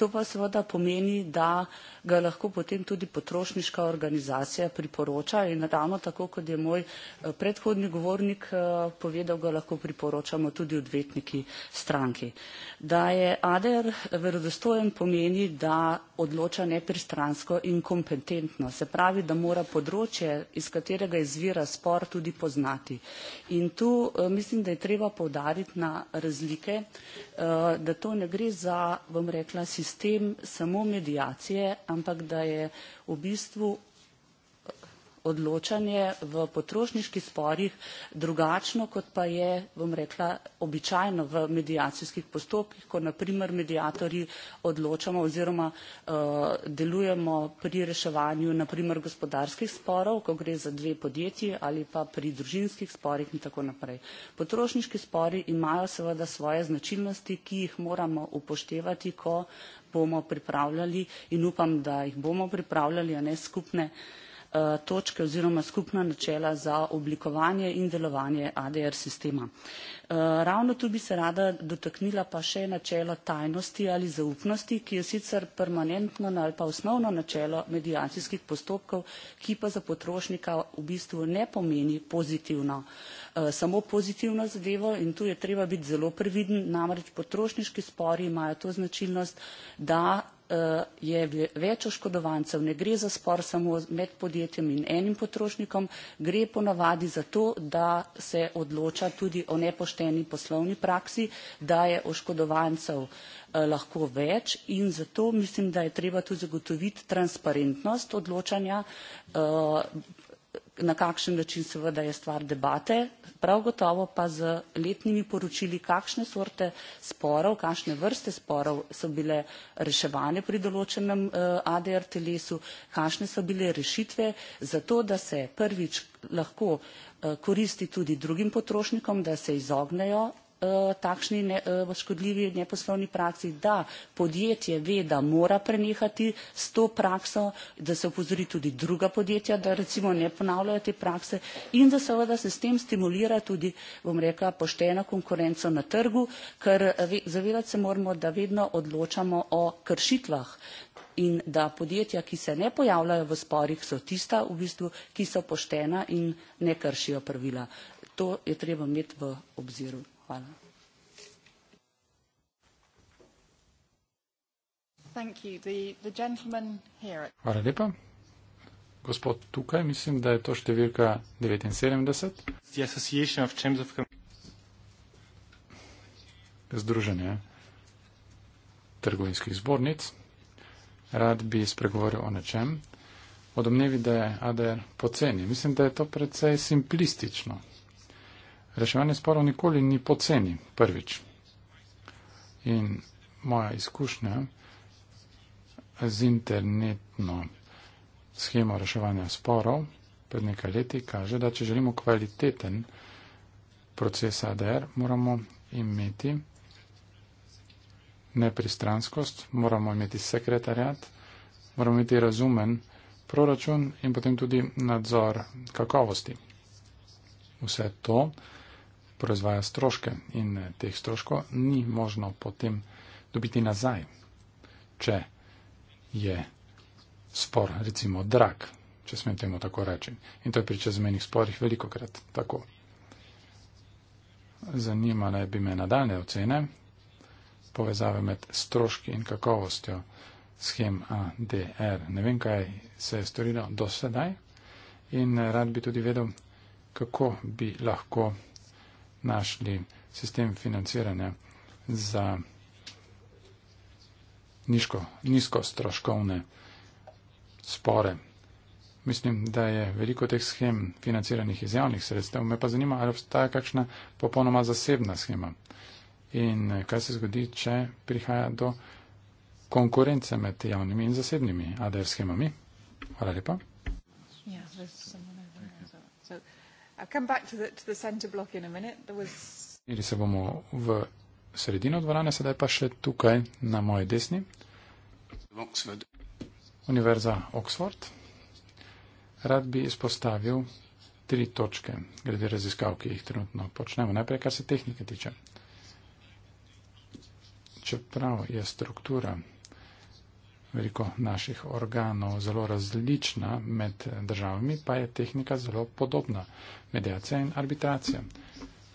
To pa seveda pomeni, da ga lahko potem tudi potrošniška organizacija priporoča in ravno tako, kot je moj eh, predhodni govornik eh, povedal, ga lahko priporočamo tudi odvetniki stranki. Da je ADR verodostojen pomeni, da odloča nepristransko in kompetentno. Se pravi, da mora področje, iz katerega izvira spor, tudi poznati. In tu eh, mislim, da je treba povdariti na razlike, da to ne gre za, bom rekla, sistemske sistem samo medijacije, ampak da je v bistvu odločanje v potrošniških sporih drugačno, kot pa je, bom rekla, običajno v medijacijskih postopkih, ko naprimer medijatorji odločamo oziroma eh, delujemo pri reševanju naprimer gospodarskih sporov, ko gre za dve podjetji ali pa pri družinskih sporih in tako naprej. Potrošniški spori imajo seveda svoje značilnosti, ki jih moramo upoštevati, ko bomo pripravljali in upam, da jih bomo pripravljali, a ne skupne, Eh, točke oziroma skupna načela za oblikovanje in delovanje ADR sistema. Eh, ravno tu bi se rada dotaknila pa še načelo tajnosti ali zaupnosti, ki je sicer permanentno ali pa osnovno načelo medijacijskih postopkov, ki pa za potrošnika v bistvu ne pomeni pozitivno, eh, samo pozitivno zadevo in tu je treba biti zelo previden, namreč potrošniški spori imajo to značilnost, da Eh, je več oškodovancev. Ne gre za spor samo med podjetjem in enim potrošnikom, gre ponavadi za to, da se odloča tudi o nepošteni poslovni praksi, da je oškodovancev eh, lahko več in zato mislim, da je treba tudi zagotoviti transparentnost odločanja eh, na kakšen način seveda je stvar debate, prav gotovo pa z letnimi poročili, kakšne sorte sporov, kakšne vrste sporov so bile reševane pri določenem eh, ADR telesu, kakšne so bile rešitve za to, da se prvič lahko eh, koristi tudi drugim potrošnikom, da se izognejo Eh, takšni ne, uh, škodljivi neposlovni praksi, da podjetje ve, da mora prenehati s to prakso, da se upozori tudi druga podjetja, da recimo ne ponavljajo te prakse in da seveda se s tem stimulira tudi, bom rekla, pošteno konkurenco na trgu, ker eh, zavedati se moramo, da vedno odločamo o kršitvah in da podjetja, ki se ne pojavljajo v sporih, so tista v bistvu, ki so poštena in ne kršijo pravila. To je treba imeti v obziru. Hvala. Hvala lepa. Gospod tukaj, mislim, da je to številka 79. Združenje trgovinskih zbornic. Rad bi spregovoril o nečem. O domnevi, da je ADR poceni. Mislim, da je to precej simplistično reševanje sporov nikoli ni poceni, prvič. In moja izkušnja z internetno schemo reševanja sporov pred nekaj leti kaže, da če želimo kvaliteten proces ADR, moramo imeti nepristranskost, moramo imeti sekretarjat, moramo imeti razumen proračun in potem tudi nadzor kakovosti. Vse to proizvaja stroške in eh, teh stroškov ni možno potem dobiti nazaj, če je spor recimo drag, če smem temu tako reči. In to je pri čezmenih sporih veliko krat tako. Zanimale bi me nadaljne ocene, povezave med stroški in kakovostjo schem ADR. Ne vem, kaj se je storilo do sedaj in eh, rad bi tudi vedel, kako bi lahko našli sistem financiranja za nizko, nizko stroškovne spore. Mislim, da je veliko teh schem financiranih iz javnih sredstev. Me pa zanima, ali obstaja kakšna popolnoma zasebna schema. In kaj se zgodi, če prihaja do konkurence med javnimi in zasebnimi ADR schemami? Hvala lepa. Ja, Merili se bomo v sredino dvorane, sedaj pa še tukaj na moji desni. Oxford. Univerza Oxford. Rad bi izpostavil tri točke glede raziskav, ki jih trenutno počnemo. Najprej, kar se tehnike tiče. Čeprav je struktura veliko naših organov zelo različna med državami, pa je tehnika zelo podobna medijacija in arbitracija.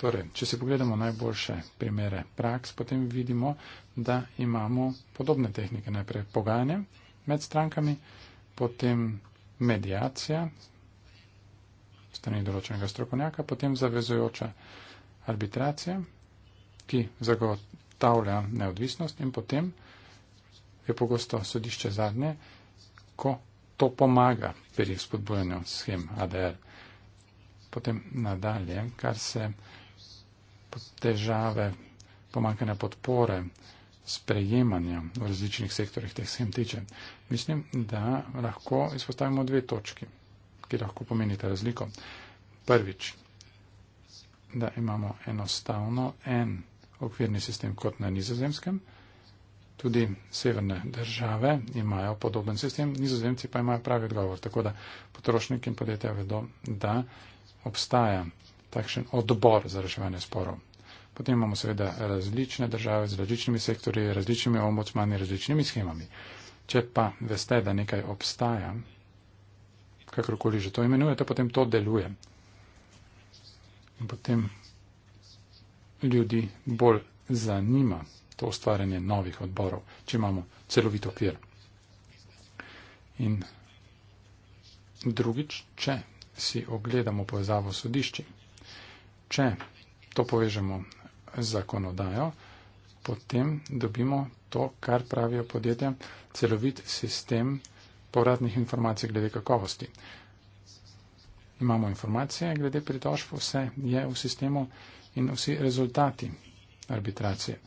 Torej, če si pogledamo najboljše primere praks, potem vidimo, da imamo podobne tehnike. Najprej pogajanje med strankami, potem medijacija strani določenega strokovnjaka, potem zavezujoča arbitracija, ki zagotavlja neodvisnost in potem je pogosto sodišče zadnje, ko to pomaga pri spodbujanju schem ADR. Potem nadalje, kar se težave pomankanja podpore sprejemanja v različnih sektorjih teh schem tiče. Mislim, da lahko izpostavimo dve točki, ki lahko pomenite razliko. Prvič, da imamo enostavno en okvirni sistem kot na nizozemskem, tudi severne države imajo podoben sistem, nizozemci pa imajo pravi odgovor. Tako da potrošniki in podjetja vedo, da obstaja takšen odbor za reševanje sporov. Potem imamo seveda različne države z različnimi sektorji, različnimi ombudsmani, različnimi schemami. Če pa veste, da nekaj obstaja, kakorkoli že to imenujete, potem to deluje. In potem ljudi bolj zanima to ustvarjanje novih odborov, če imamo celovit okvir. In drugič, če si ogledamo povezavo sodišči, če to povežemo z zakonodajo, potem dobimo to, kar pravijo podjetja, celovit sistem povratnih informacij glede kakovosti. Imamo informacije glede pritožb, vse je v sistemu in vsi rezultati arbitracije.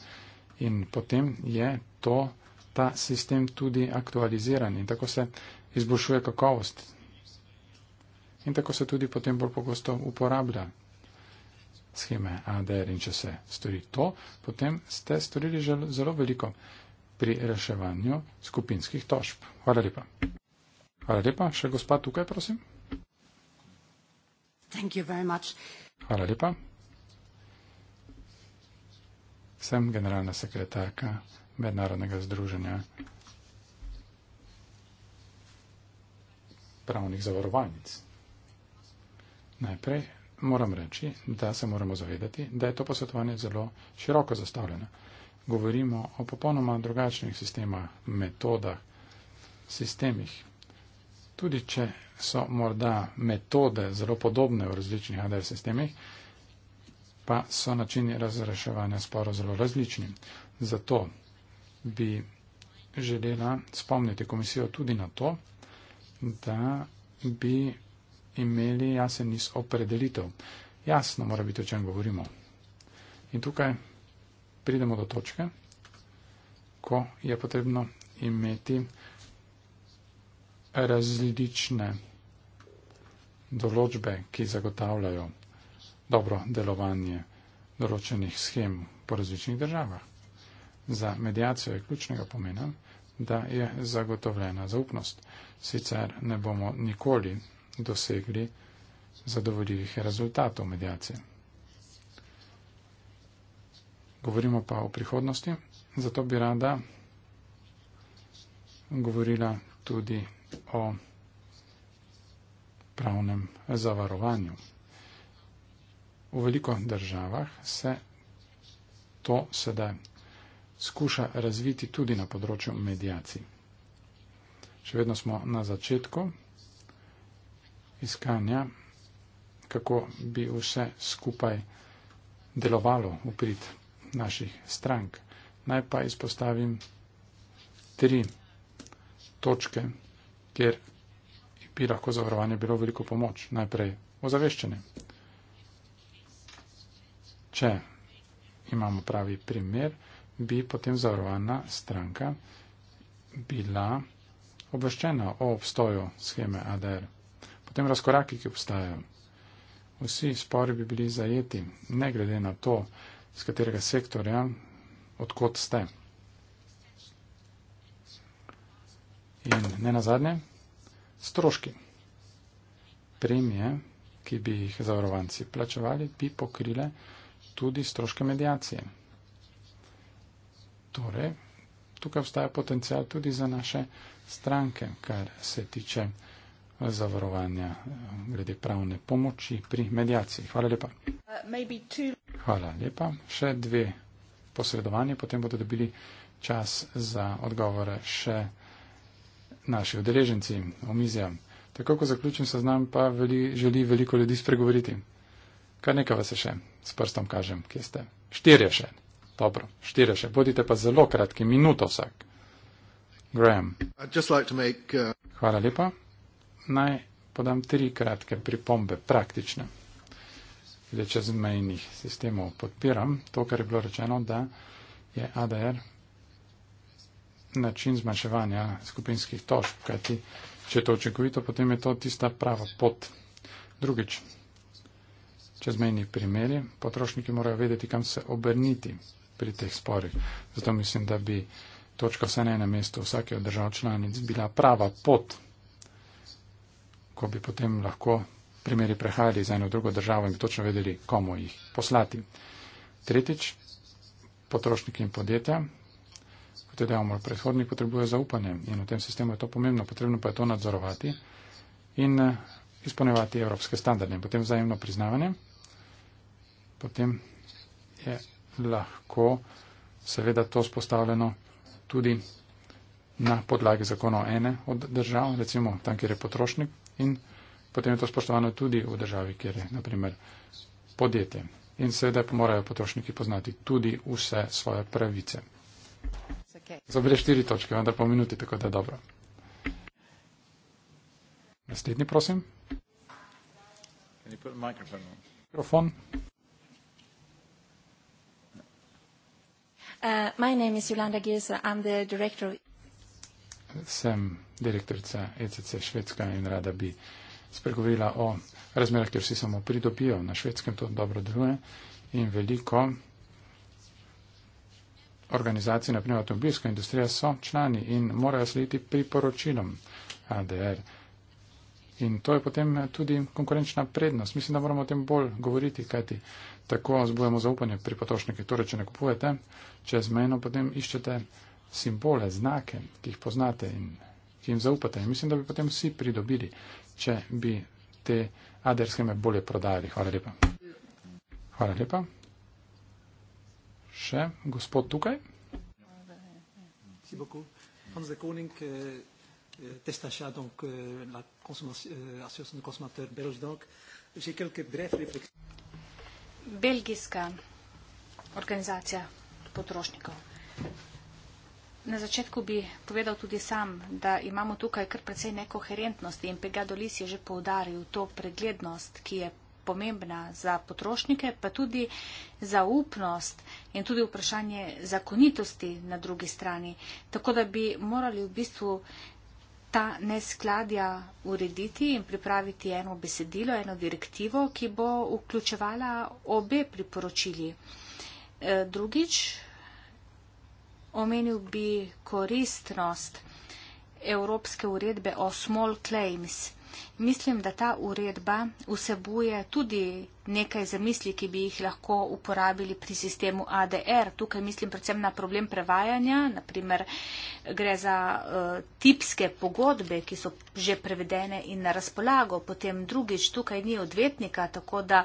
In potem je to, ta sistem tudi aktualiziran in tako se izboljšuje kakovost. In tako se tudi potem bolj pogosto uporablja scheme ADR in če se stori to, potem ste storili zelo veliko pri reševanju skupinskih tožb. Hvala lepa. Hvala lepa. Še gospod tukaj, prosim. Hvala lepa. Sem generalna sekretarka Mednarodnega združenja pravnih zavarovalnic. Najprej moram reči, da se moramo zavedati, da je to posvetovanje zelo široko zastavljeno. Govorimo o popolnoma drugačnih sistemah, metodah, sistemih. Tudi če so morda metode zelo podobne v različnih ADR sistemih, pa so načini razreševanja sporo zelo različni. Zato bi želela spomniti komisijo tudi na to, da bi imeli jasen niz opredelitev. Jasno mora biti, o čem govorimo. In tukaj pridemo do točke, ko je potrebno imeti različne določbe, ki zagotavljajo dobro delovanje določenih schem po različnih državah. Za medijacijo je ključnega pomena, da je zagotovljena zaupnost. Sicer ne bomo nikoli dosegli zadovoljivih rezultatov medijacije. Govorimo pa o prihodnosti, zato bi rada govorila tudi o pravnem zavarovanju v veliko državah se to sedaj skuša razviti tudi na področju medijacij. Še vedno smo na začetku iskanja, kako bi vse skupaj delovalo v prid naših strank. Naj pa izpostavim tri točke, kjer bi lahko zavarovanje bilo veliko pomoč. Najprej ozaveščanje če imamo pravi primer, bi potem zavarovana stranka bila obveščena o obstoju scheme ADR. Potem razkoraki, ki obstajajo. Vsi spori bi bili zajeti, ne glede na to, iz katerega sektorja, odkot ste. In ne nazadnje, stroški. Premije, ki bi jih zavarovanci plačevali, bi pokrile tudi stroške medijacije. Torej, tukaj obstaja potencial tudi za naše stranke, kar se tiče eh, zavarovanja eh, glede pravne pomoči pri medijaciji. Hvala lepa. Hvala lepa. Še dve posredovanje, potem bodo dobili čas za odgovore še naši udeleženci omizja. Tako, ko zaključim seznam, pa veli, želi veliko ljudi spregovoriti. Kar nekaj vas je še, s prstom kažem, kje ste. Štirje še. Dobro, štirje še. Bodite pa zelo kratki, minuto vsak. Graham. Like make, uh... Hvala lepa. Naj podam tri kratke pripombe, praktične. Glede čezmejnih sistemov podpiram to, kar je bilo rečeno, da je ADR način zmanjševanja skupinskih tožb, kajti če je to očekovito, potem je to tista prava pot. Drugič, čezmejni primeri. Potrošniki morajo vedeti, kam se obrniti pri teh sporih. Zato mislim, da bi točka vse na enem mestu vsake od držav članic bila prava pot, ko bi potem lahko primeri prehajali za eno drugo državo in bi točno vedeli, komu jih poslati. Tretjič, potrošniki in podjetja, kot je dejal moj predhodnik, potrebuje zaupanje in v tem sistemu je to pomembno, potrebno pa je to nadzorovati in eh, izpolnjevati evropske standarde in potem vzajemno priznavanje potem je lahko seveda to spostavljeno tudi na podlagi zakonov ene od držav, recimo tam, kjer je potrošnik in potem je to spoštovano tudi v državi, kjer je naprimer podjetje. In seveda morajo potrošniki poznati tudi vse svoje pravice. So bile štiri točke, vendar po minuti, tako da je dobro. Naslednji, prosim. Mikrofon. Uh, my name is Jolanda Gilsa, I'm the director. Sem direktorica ECC Švedska in rada bi spregovorila o razmerah, kjer si samo pridobijo. Na švedskem to dobro deluje in veliko organizacij, naprimer avtomobilska industrija, so člani in morajo slediti priporočilom ADR. In to je potem tudi konkurenčna prednost. Mislim, da moramo o tem bolj govoriti, kajti tako zbujamo zaupanje pri potrošnike. Torej, če ne kupujete, čez mejno potem iščete simbole, znake, ki jih poznate in ki jim zaupate. In mislim, da bi potem vsi pridobili, če bi te ADR scheme bolje prodajali. Hvala lepa. Hvala lepa. Še gospod tukaj. Hvala lepa. Hvala lepa. Eh, consommateur, consommateur belge. Donc, j'ai quelques brefs réflexions. Belgijska organizacija potrošnikov. Na začetku bi povedal tudi sam, da imamo tukaj kar precej nekoherentnosti in Pegadolis je že poudaril to preglednost, ki je pomembna za potrošnike, pa tudi za upnost in tudi vprašanje zakonitosti na drugi strani. Tako da bi morali v bistvu ta neskladja urediti in pripraviti eno besedilo, eno direktivo, ki bo vključevala obe priporočili. E, drugič, omenil bi koristnost Evropske uredbe o small claims. Mislim, da ta uredba vsebuje tudi nekaj zamisli, ki bi jih lahko uporabili pri sistemu ADR. Tukaj mislim predvsem na problem prevajanja, naprimer gre za uh, tipske pogodbe, ki so že prevedene in na razpolago. Potem drugič, tukaj ni odvetnika, tako da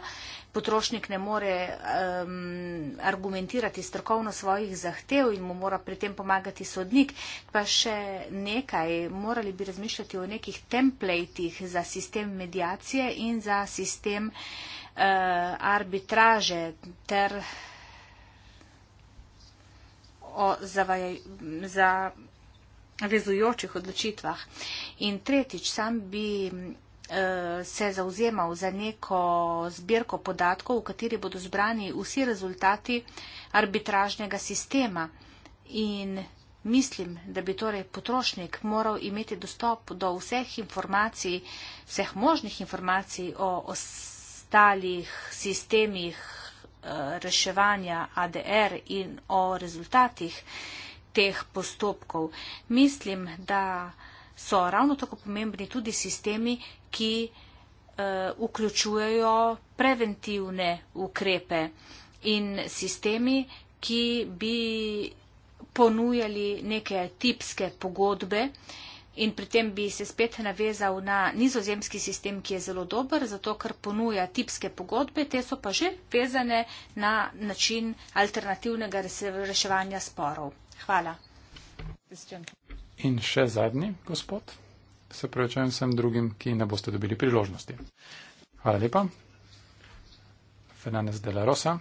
potrošnik ne more um, argumentirati strokovno svojih zahtev in mu mora pri tem pomagati sodnik. Pa še nekaj, morali bi razmišljati o nekih templatih za sistem medijacije in za sistem uh, uh, arbitraže ter o zavaj, za vezujočih odločitvah. In tretjič, sam bi eh, se zauzemal za neko zbirko podatkov, v kateri bodo zbrani vsi rezultati arbitražnega sistema. In mislim, da bi torej potrošnik moral imeti dostop do vseh informacij, vseh možnih informacij o osebi ostalih sistemih eh, reševanja ADR in o rezultatih teh postopkov. Mislim, da so ravno tako pomembni tudi sistemi, ki eh, vključujejo preventivne ukrepe in sistemi, ki bi ponujali neke tipske pogodbe, uh, In pri tem bi se spet navezal na nizozemski sistem, ki je zelo dober, zato ker ponuja tipske pogodbe, te so pa že vezane na način alternativnega reševanja sporov. Hvala. In še zadnji gospod. Se prevečujem vsem drugim, ki ne boste dobili priložnosti. Hvala lepa. Fernandez de la Rosa,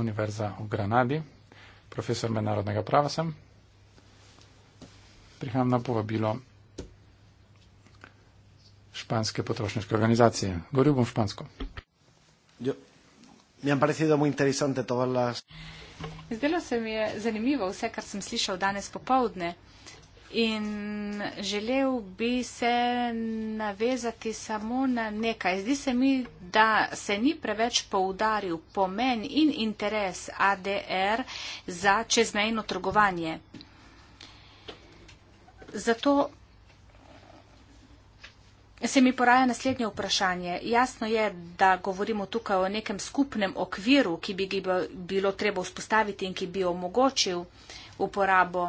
Univerza v Granadi, profesor mednarodnega prava sem prihajam na povabilo španske potrošniške organizacije. Govoril bom špansko. Jo. Mi han parecido muy interesante todas las... Zdelo se mi je zanimivo vse, kar sem slišal danes popovdne. In želel bi se navezati samo na nekaj. Zdi se mi, da se ni preveč poudaril pomen in interes ADR za čezmejno trgovanje zato se mi poraja naslednje vprašanje. Jasno je, da govorimo tukaj o nekem skupnem okviru, ki bi bilo treba vzpostaviti in ki bi omogočil uporabo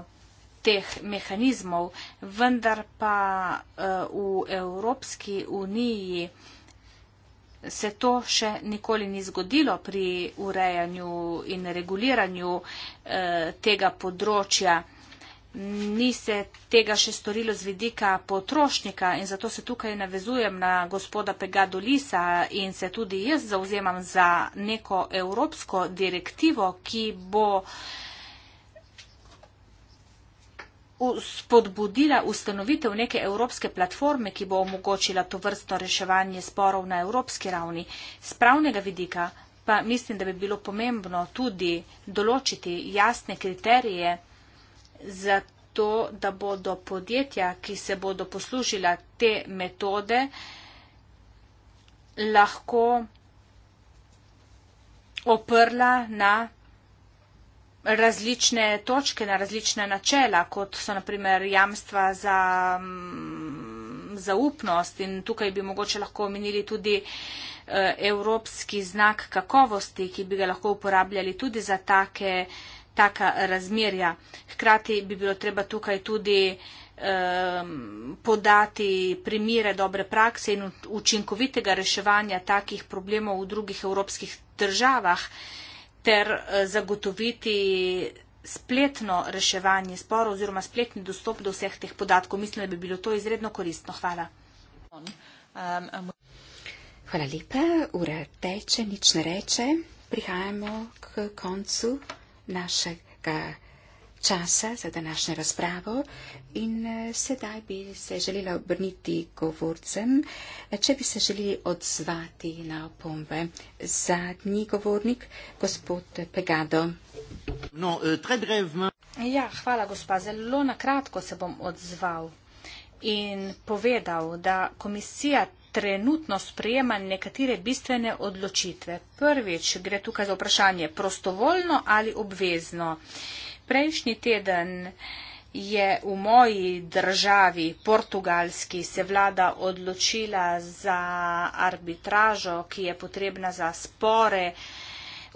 teh mehanizmov, vendar pa eh, v Evropski uniji se to še nikoli ni zgodilo pri urejanju in reguliranju eh, tega področja ni se tega še storilo z vidika potrošnika in zato se tukaj navezujem na gospoda Pegado Lisa in se tudi jaz zauzemam za neko evropsko direktivo, ki bo spodbudila ustanovitev neke evropske platforme, ki bo omogočila to vrsto reševanje sporov na evropski ravni. Z pravnega vidika pa mislim, da bi bilo pomembno tudi določiti jasne kriterije, zato da bodo podjetja, ki se bodo poslužila te metode, lahko oprla na različne točke, na različna načela, kot so naprimer jamstva za mm, zaupnost in tukaj bi mogoče lahko omenili tudi eh, evropski znak kakovosti, ki bi ga lahko uporabljali tudi za take eh, taka razmerja. Hkrati bi bilo treba tukaj tudi podati primire dobre prakse in učinkovitega reševanja takih problemov v drugih evropskih državah ter eh, zagotoviti spletno reševanje sporov oziroma spletni dostop do vseh teh podatkov. Mislim, da bi bilo to izredno koristno. Hvala. Hvala lepa. Ura teče, nič ne reče. Prihajamo k koncu našega časa za današnjo razpravo in eh, sedaj bi se želela obrniti govorcem, če bi se želi odzvati na opombe. Zadnji govornik, gospod Pegado. No, eh, très brevement. Ja, hvala, gospa. Zelo na kratko se bom odzval in povedal, da komisija trenutno sprejema nekatere bistvene odločitve. Prvič gre tukaj za vprašanje prostovoljno ali obvezno. Prejšnji teden je v moji državi, portugalski, se vlada odločila za arbitražo, ki je potrebna za spore,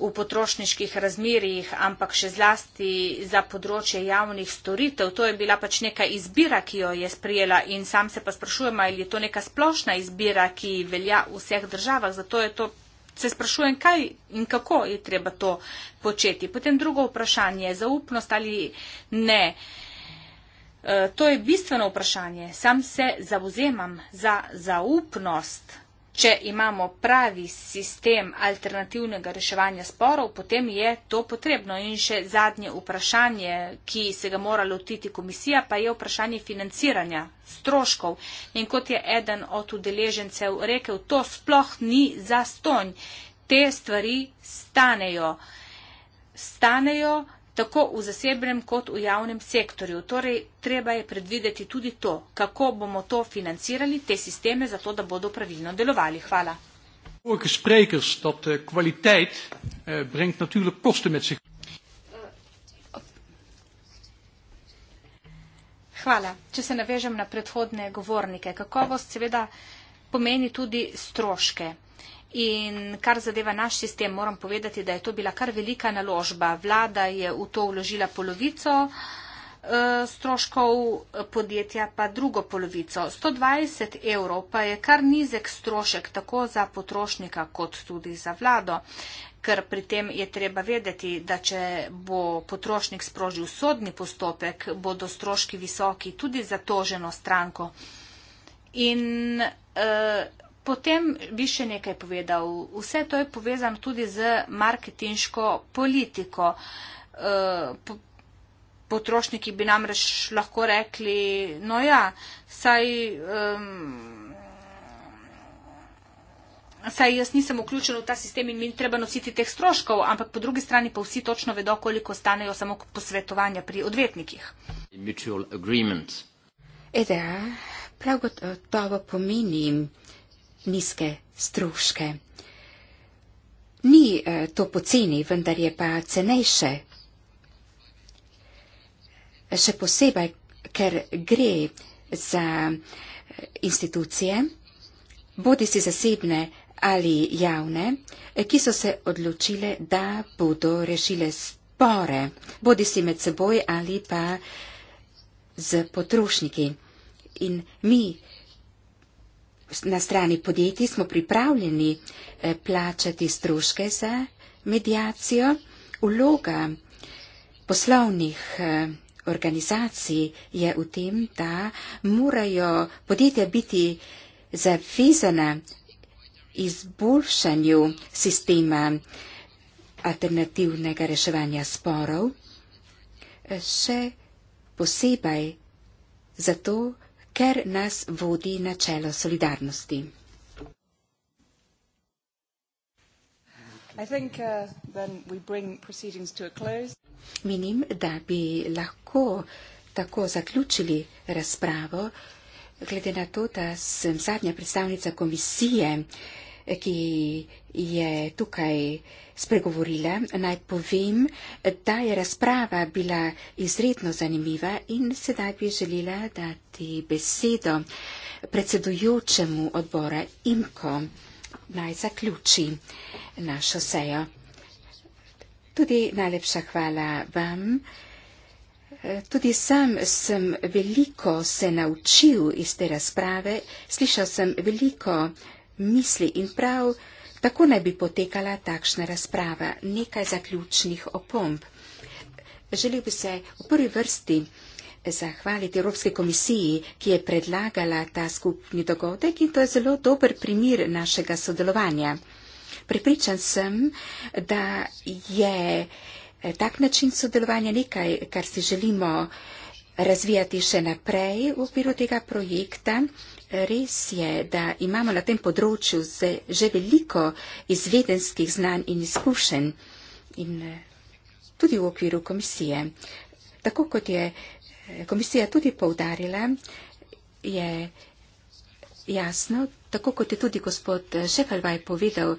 v potrošniških razmerjih, ampak še zlasti za področje javnih storitev. To je bila pač neka izbira, ki jo je sprijela in sam se pa sprašujem, ali je to neka splošna izbira, ki velja v vseh državah. Zato to, se sprašujem, kaj in kako je treba to početi. Potem drugo vprašanje, zaupnost ali ne. E, to je bistveno vprašanje. Sam se zauzemam za zaupnost. Če imamo pravi sistem alternativnega reševanja sporov, potem je to potrebno. In še zadnje vprašanje, ki se ga mora lotiti komisija, pa je vprašanje financiranja stroškov. In kot je eden od udeležencev rekel, to sploh ni zastonj. Te stvari stanejo. Stanejo tako v zasebnem kot v javnem sektorju. Torej, treba je predvideti tudi to, kako bomo to financirali, te sisteme, zato da bodo pravilno delovali. Hvala. Eh, Hvala. Če se navežem na predhodne govornike, kakovost seveda pomeni tudi stroške. In kar zadeva naš sistem, moram povedati, da je to bila kar velika naložba. Vlada je v to vložila polovico eh, stroškov podjetja pa drugo polovico. 120 evrov pa je kar nizek strošek tako za potrošnika kot tudi za vlado, ker pri tem je treba vedeti, da če bo potrošnik sprožil sodni postopek, bodo stroški visoki tudi za toženo stranko. In eh, Potem bi še nekaj povedal. Vse to je povezano tudi z marketinško politiko. Eh, potrošniki bi namreč lahko rekli, no ja, saj, um, saj jaz nisem vključen v ta sistem in mi treba nositi teh stroškov, ampak po drugi strani pa vsi točno vedo, koliko stanejo samo posvetovanja pri odvetnikih. E, prav gotovo pomenim nizke stroške. Ni eh, to poceni, vendar je pa cenejše. Še posebej, ker gre za eh, institucije, bodi si zasebne ali javne, eh, ki so se odločile, da bodo rešile spore, bodi si med seboj ali pa z potrošniki. In mi na strani podjetij smo pripravljeni eh, plačati stroške za medijacijo. Uloga poslovnih eh, organizacij je v tem, da morajo podjetja biti zavezana izboljšanju sistema alternativnega reševanja sporov, eh, še posebej zato, ker nas vodi načelo solidarnosti. Think, uh, close... Menim, da bi lahko tako zaključili razpravo, glede na to, da sem zadnja predstavnica komisije. Uh, ki je tukaj spregovorila, naj povem, da je razprava bila izredno zanimiva in sedaj bi želela dati besedo predsedujočemu odbora IMKO, naj zaključi našo sejo. Tudi najlepša hvala vam. Tudi sam sem veliko se naučil iz te razprave, slišal sem veliko misli in prav, tako naj bi potekala takšna razprava. Nekaj zaključnih opomb. Želel bi se v prvi vrsti zahvaliti Evropske komisiji, ki je predlagala ta skupni dogodek in to je zelo dober primir našega sodelovanja. Pripričan sem, da je eh, tak način sodelovanja nekaj, kar si želimo razvijati še naprej v okviru tega projekta Res je, da imamo na tem področju že veliko izvedenskih znanj in izkušenj in eh, tudi v okviru komisije. Tako kot je eh, komisija tudi povdarila, je jasno, tako kot je tudi gospod eh, Šefalvaj povedal,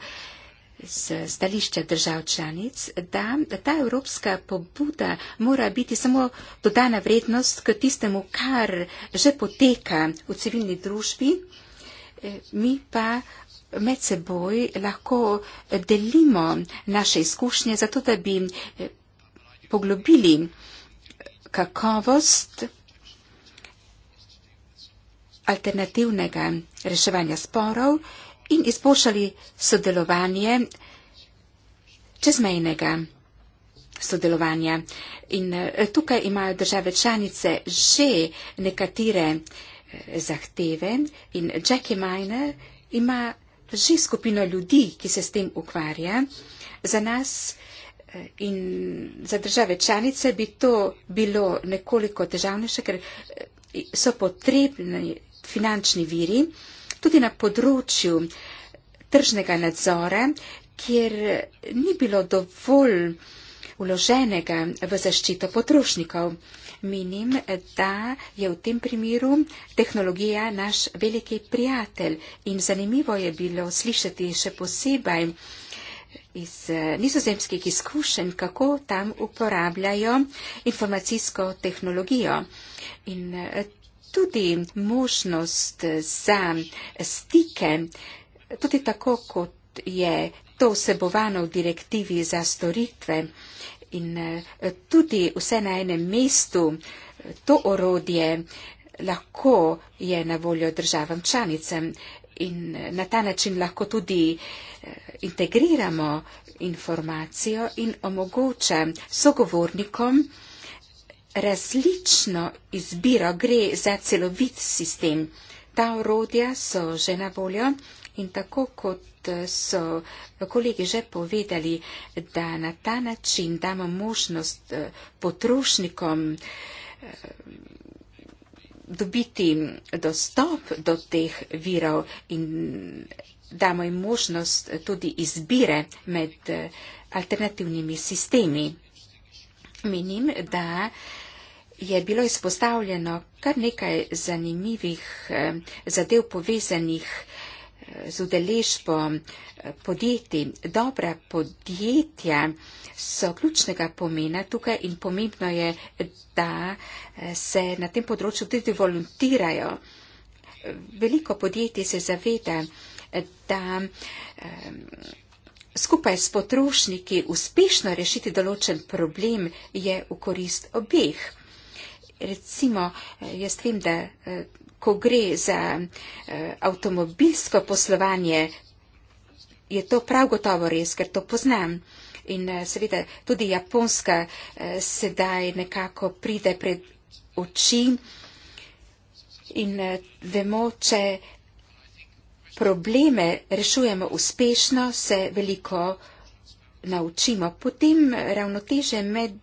z stališča držav članic, da ta evropska pobuda mora biti samo dodana vrednost k tistemu, kar že poteka v civilni družbi. E, mi pa med seboj lahko delimo naše izkušnje, zato da bi e, poglobili kakovost alternativnega reševanja sporov in izboljšali sodelovanje čezmejnega sodelovanja. In eh, tukaj imajo države članice že nekatere eh, zahteve in Jackie Miner ima že skupino ljudi, ki se s tem ukvarja. Za nas eh, in za države članice bi to bilo nekoliko težavnejše, ker so potrebni finančni viri tudi na področju tržnega nadzora, kjer ni bilo dovolj uloženega v zaščito potrošnikov. Menim, da je v tem primeru tehnologija naš veliki prijatelj in zanimivo je bilo slišati še posebej iz eh, nizozemskih izkušenj, kako tam uporabljajo informacijsko tehnologijo. In eh, tudi možnost za stike, tudi tako, kot je to vsebovano v direktivi za storitve in eh, tudi vse na enem mestu eh, to orodje lahko je na voljo državam članicam in eh, na ta način lahko tudi integriramo informacijo in omogoča sogovornikom, različno izbiro, gre za celovit sistem. Ta orodja so že na voljo in tako kot eh, so kolegi že povedali, da na ta način damo možnost eh, potrošnikom eh, dobiti dostop do teh virov in damo jim možnost tudi izbire med alternativnimi sistemi. Menim, da je bilo izpostavljeno kar nekaj zanimivih eh, zadev povezanih eh, z udeležbo eh, podjetij. Dobra podjetja so ključnega pomena tukaj in pomembno je, da se na tem področju tudi volontirajo. Veliko podjetij se zaveda, da skupaj s potrošniki uspešno rešiti določen problem je v korist obeh recimo, eh, jaz vem, da eh, ko gre za eh, avtomobilsko poslovanje, je to prav gotovo res, ker to poznam. In seveda tudi Japonska sedaj nekako pride pred oči in vemo, če probleme rešujemo uspešno, se veliko naučimo. Potem ravnoteže med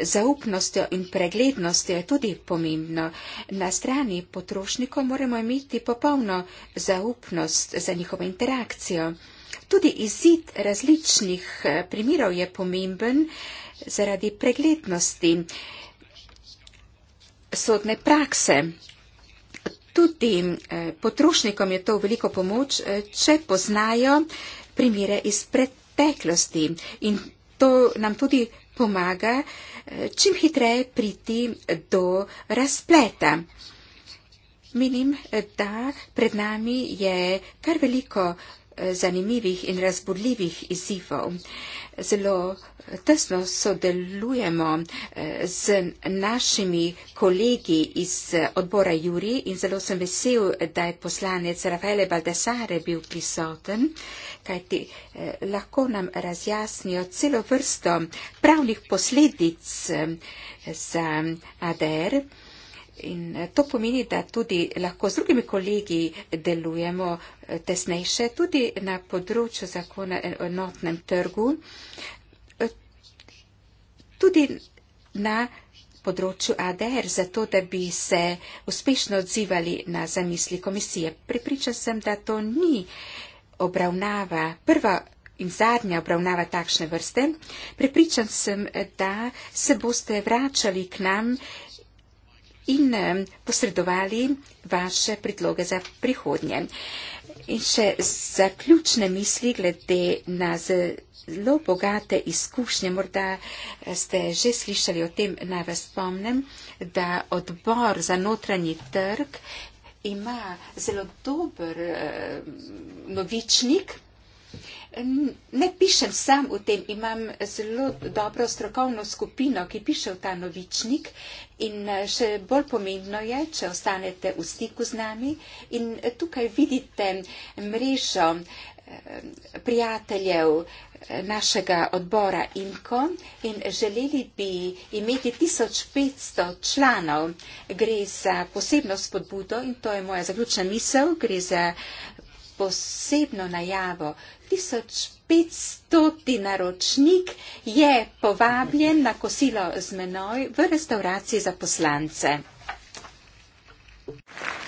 zaupnostjo in preglednostjo je tudi pomembno. Na strani potrošnikov moramo imeti popolno zaupnost za njihovo interakcijo. Tudi izid različnih eh, primerov je pomemben zaradi preglednosti sodne prakse. Tudi eh, potrošnikom je to veliko pomoč, eh, če poznajo primere iz preteklosti preteklosti in to nam tudi pomaga eh, čim hitreje priti do razpleta. Menim, eh, da pred nami je kar veliko eh, zanimivih in razburljivih izzivov. Zelo tesno sodelujemo eh, z našimi kolegi iz eh, odbora Juri in zelo sem vesel, da je poslanec Rafaele Baldesare bil prisoten, kajti eh, lahko nam razjasnijo celo vrsto pravnih posledic za ADR. In to pomeni, da tudi lahko z drugimi kolegi delujemo tesnejše, tudi na področju zakona o enotnem trgu tudi na področju ADR, zato da bi se uspešno odzivali na zamisli komisije. Pripričan sem, da to ni obravnava, prva in zadnja obravnava takšne vrste. Pripričan sem, da se boste vračali k nam in eh, posredovali vaše predloge za prihodnje. In še zaključne misli glede na zelo bogate izkušnje. Morda eh, ste že slišali o tem, naj vas spomnem, da odbor za notranji trg ima zelo dober eh, novičnik. Ne pišem sam v tem, imam zelo dobro strokovno skupino, ki piše v ta novičnik in eh, še bolj pomembno je, če ostanete v stiku z nami in tukaj vidite mrežo eh, prijateljev, našega odbora IMCO in želeli bi imeti 1500 članov. Gre za posebno spodbudo in to je moja zaključna misel, gre za posebno najavo. 1500 naročnik je povabljen na kosilo z menoj v restauraciji za poslance. Thank you.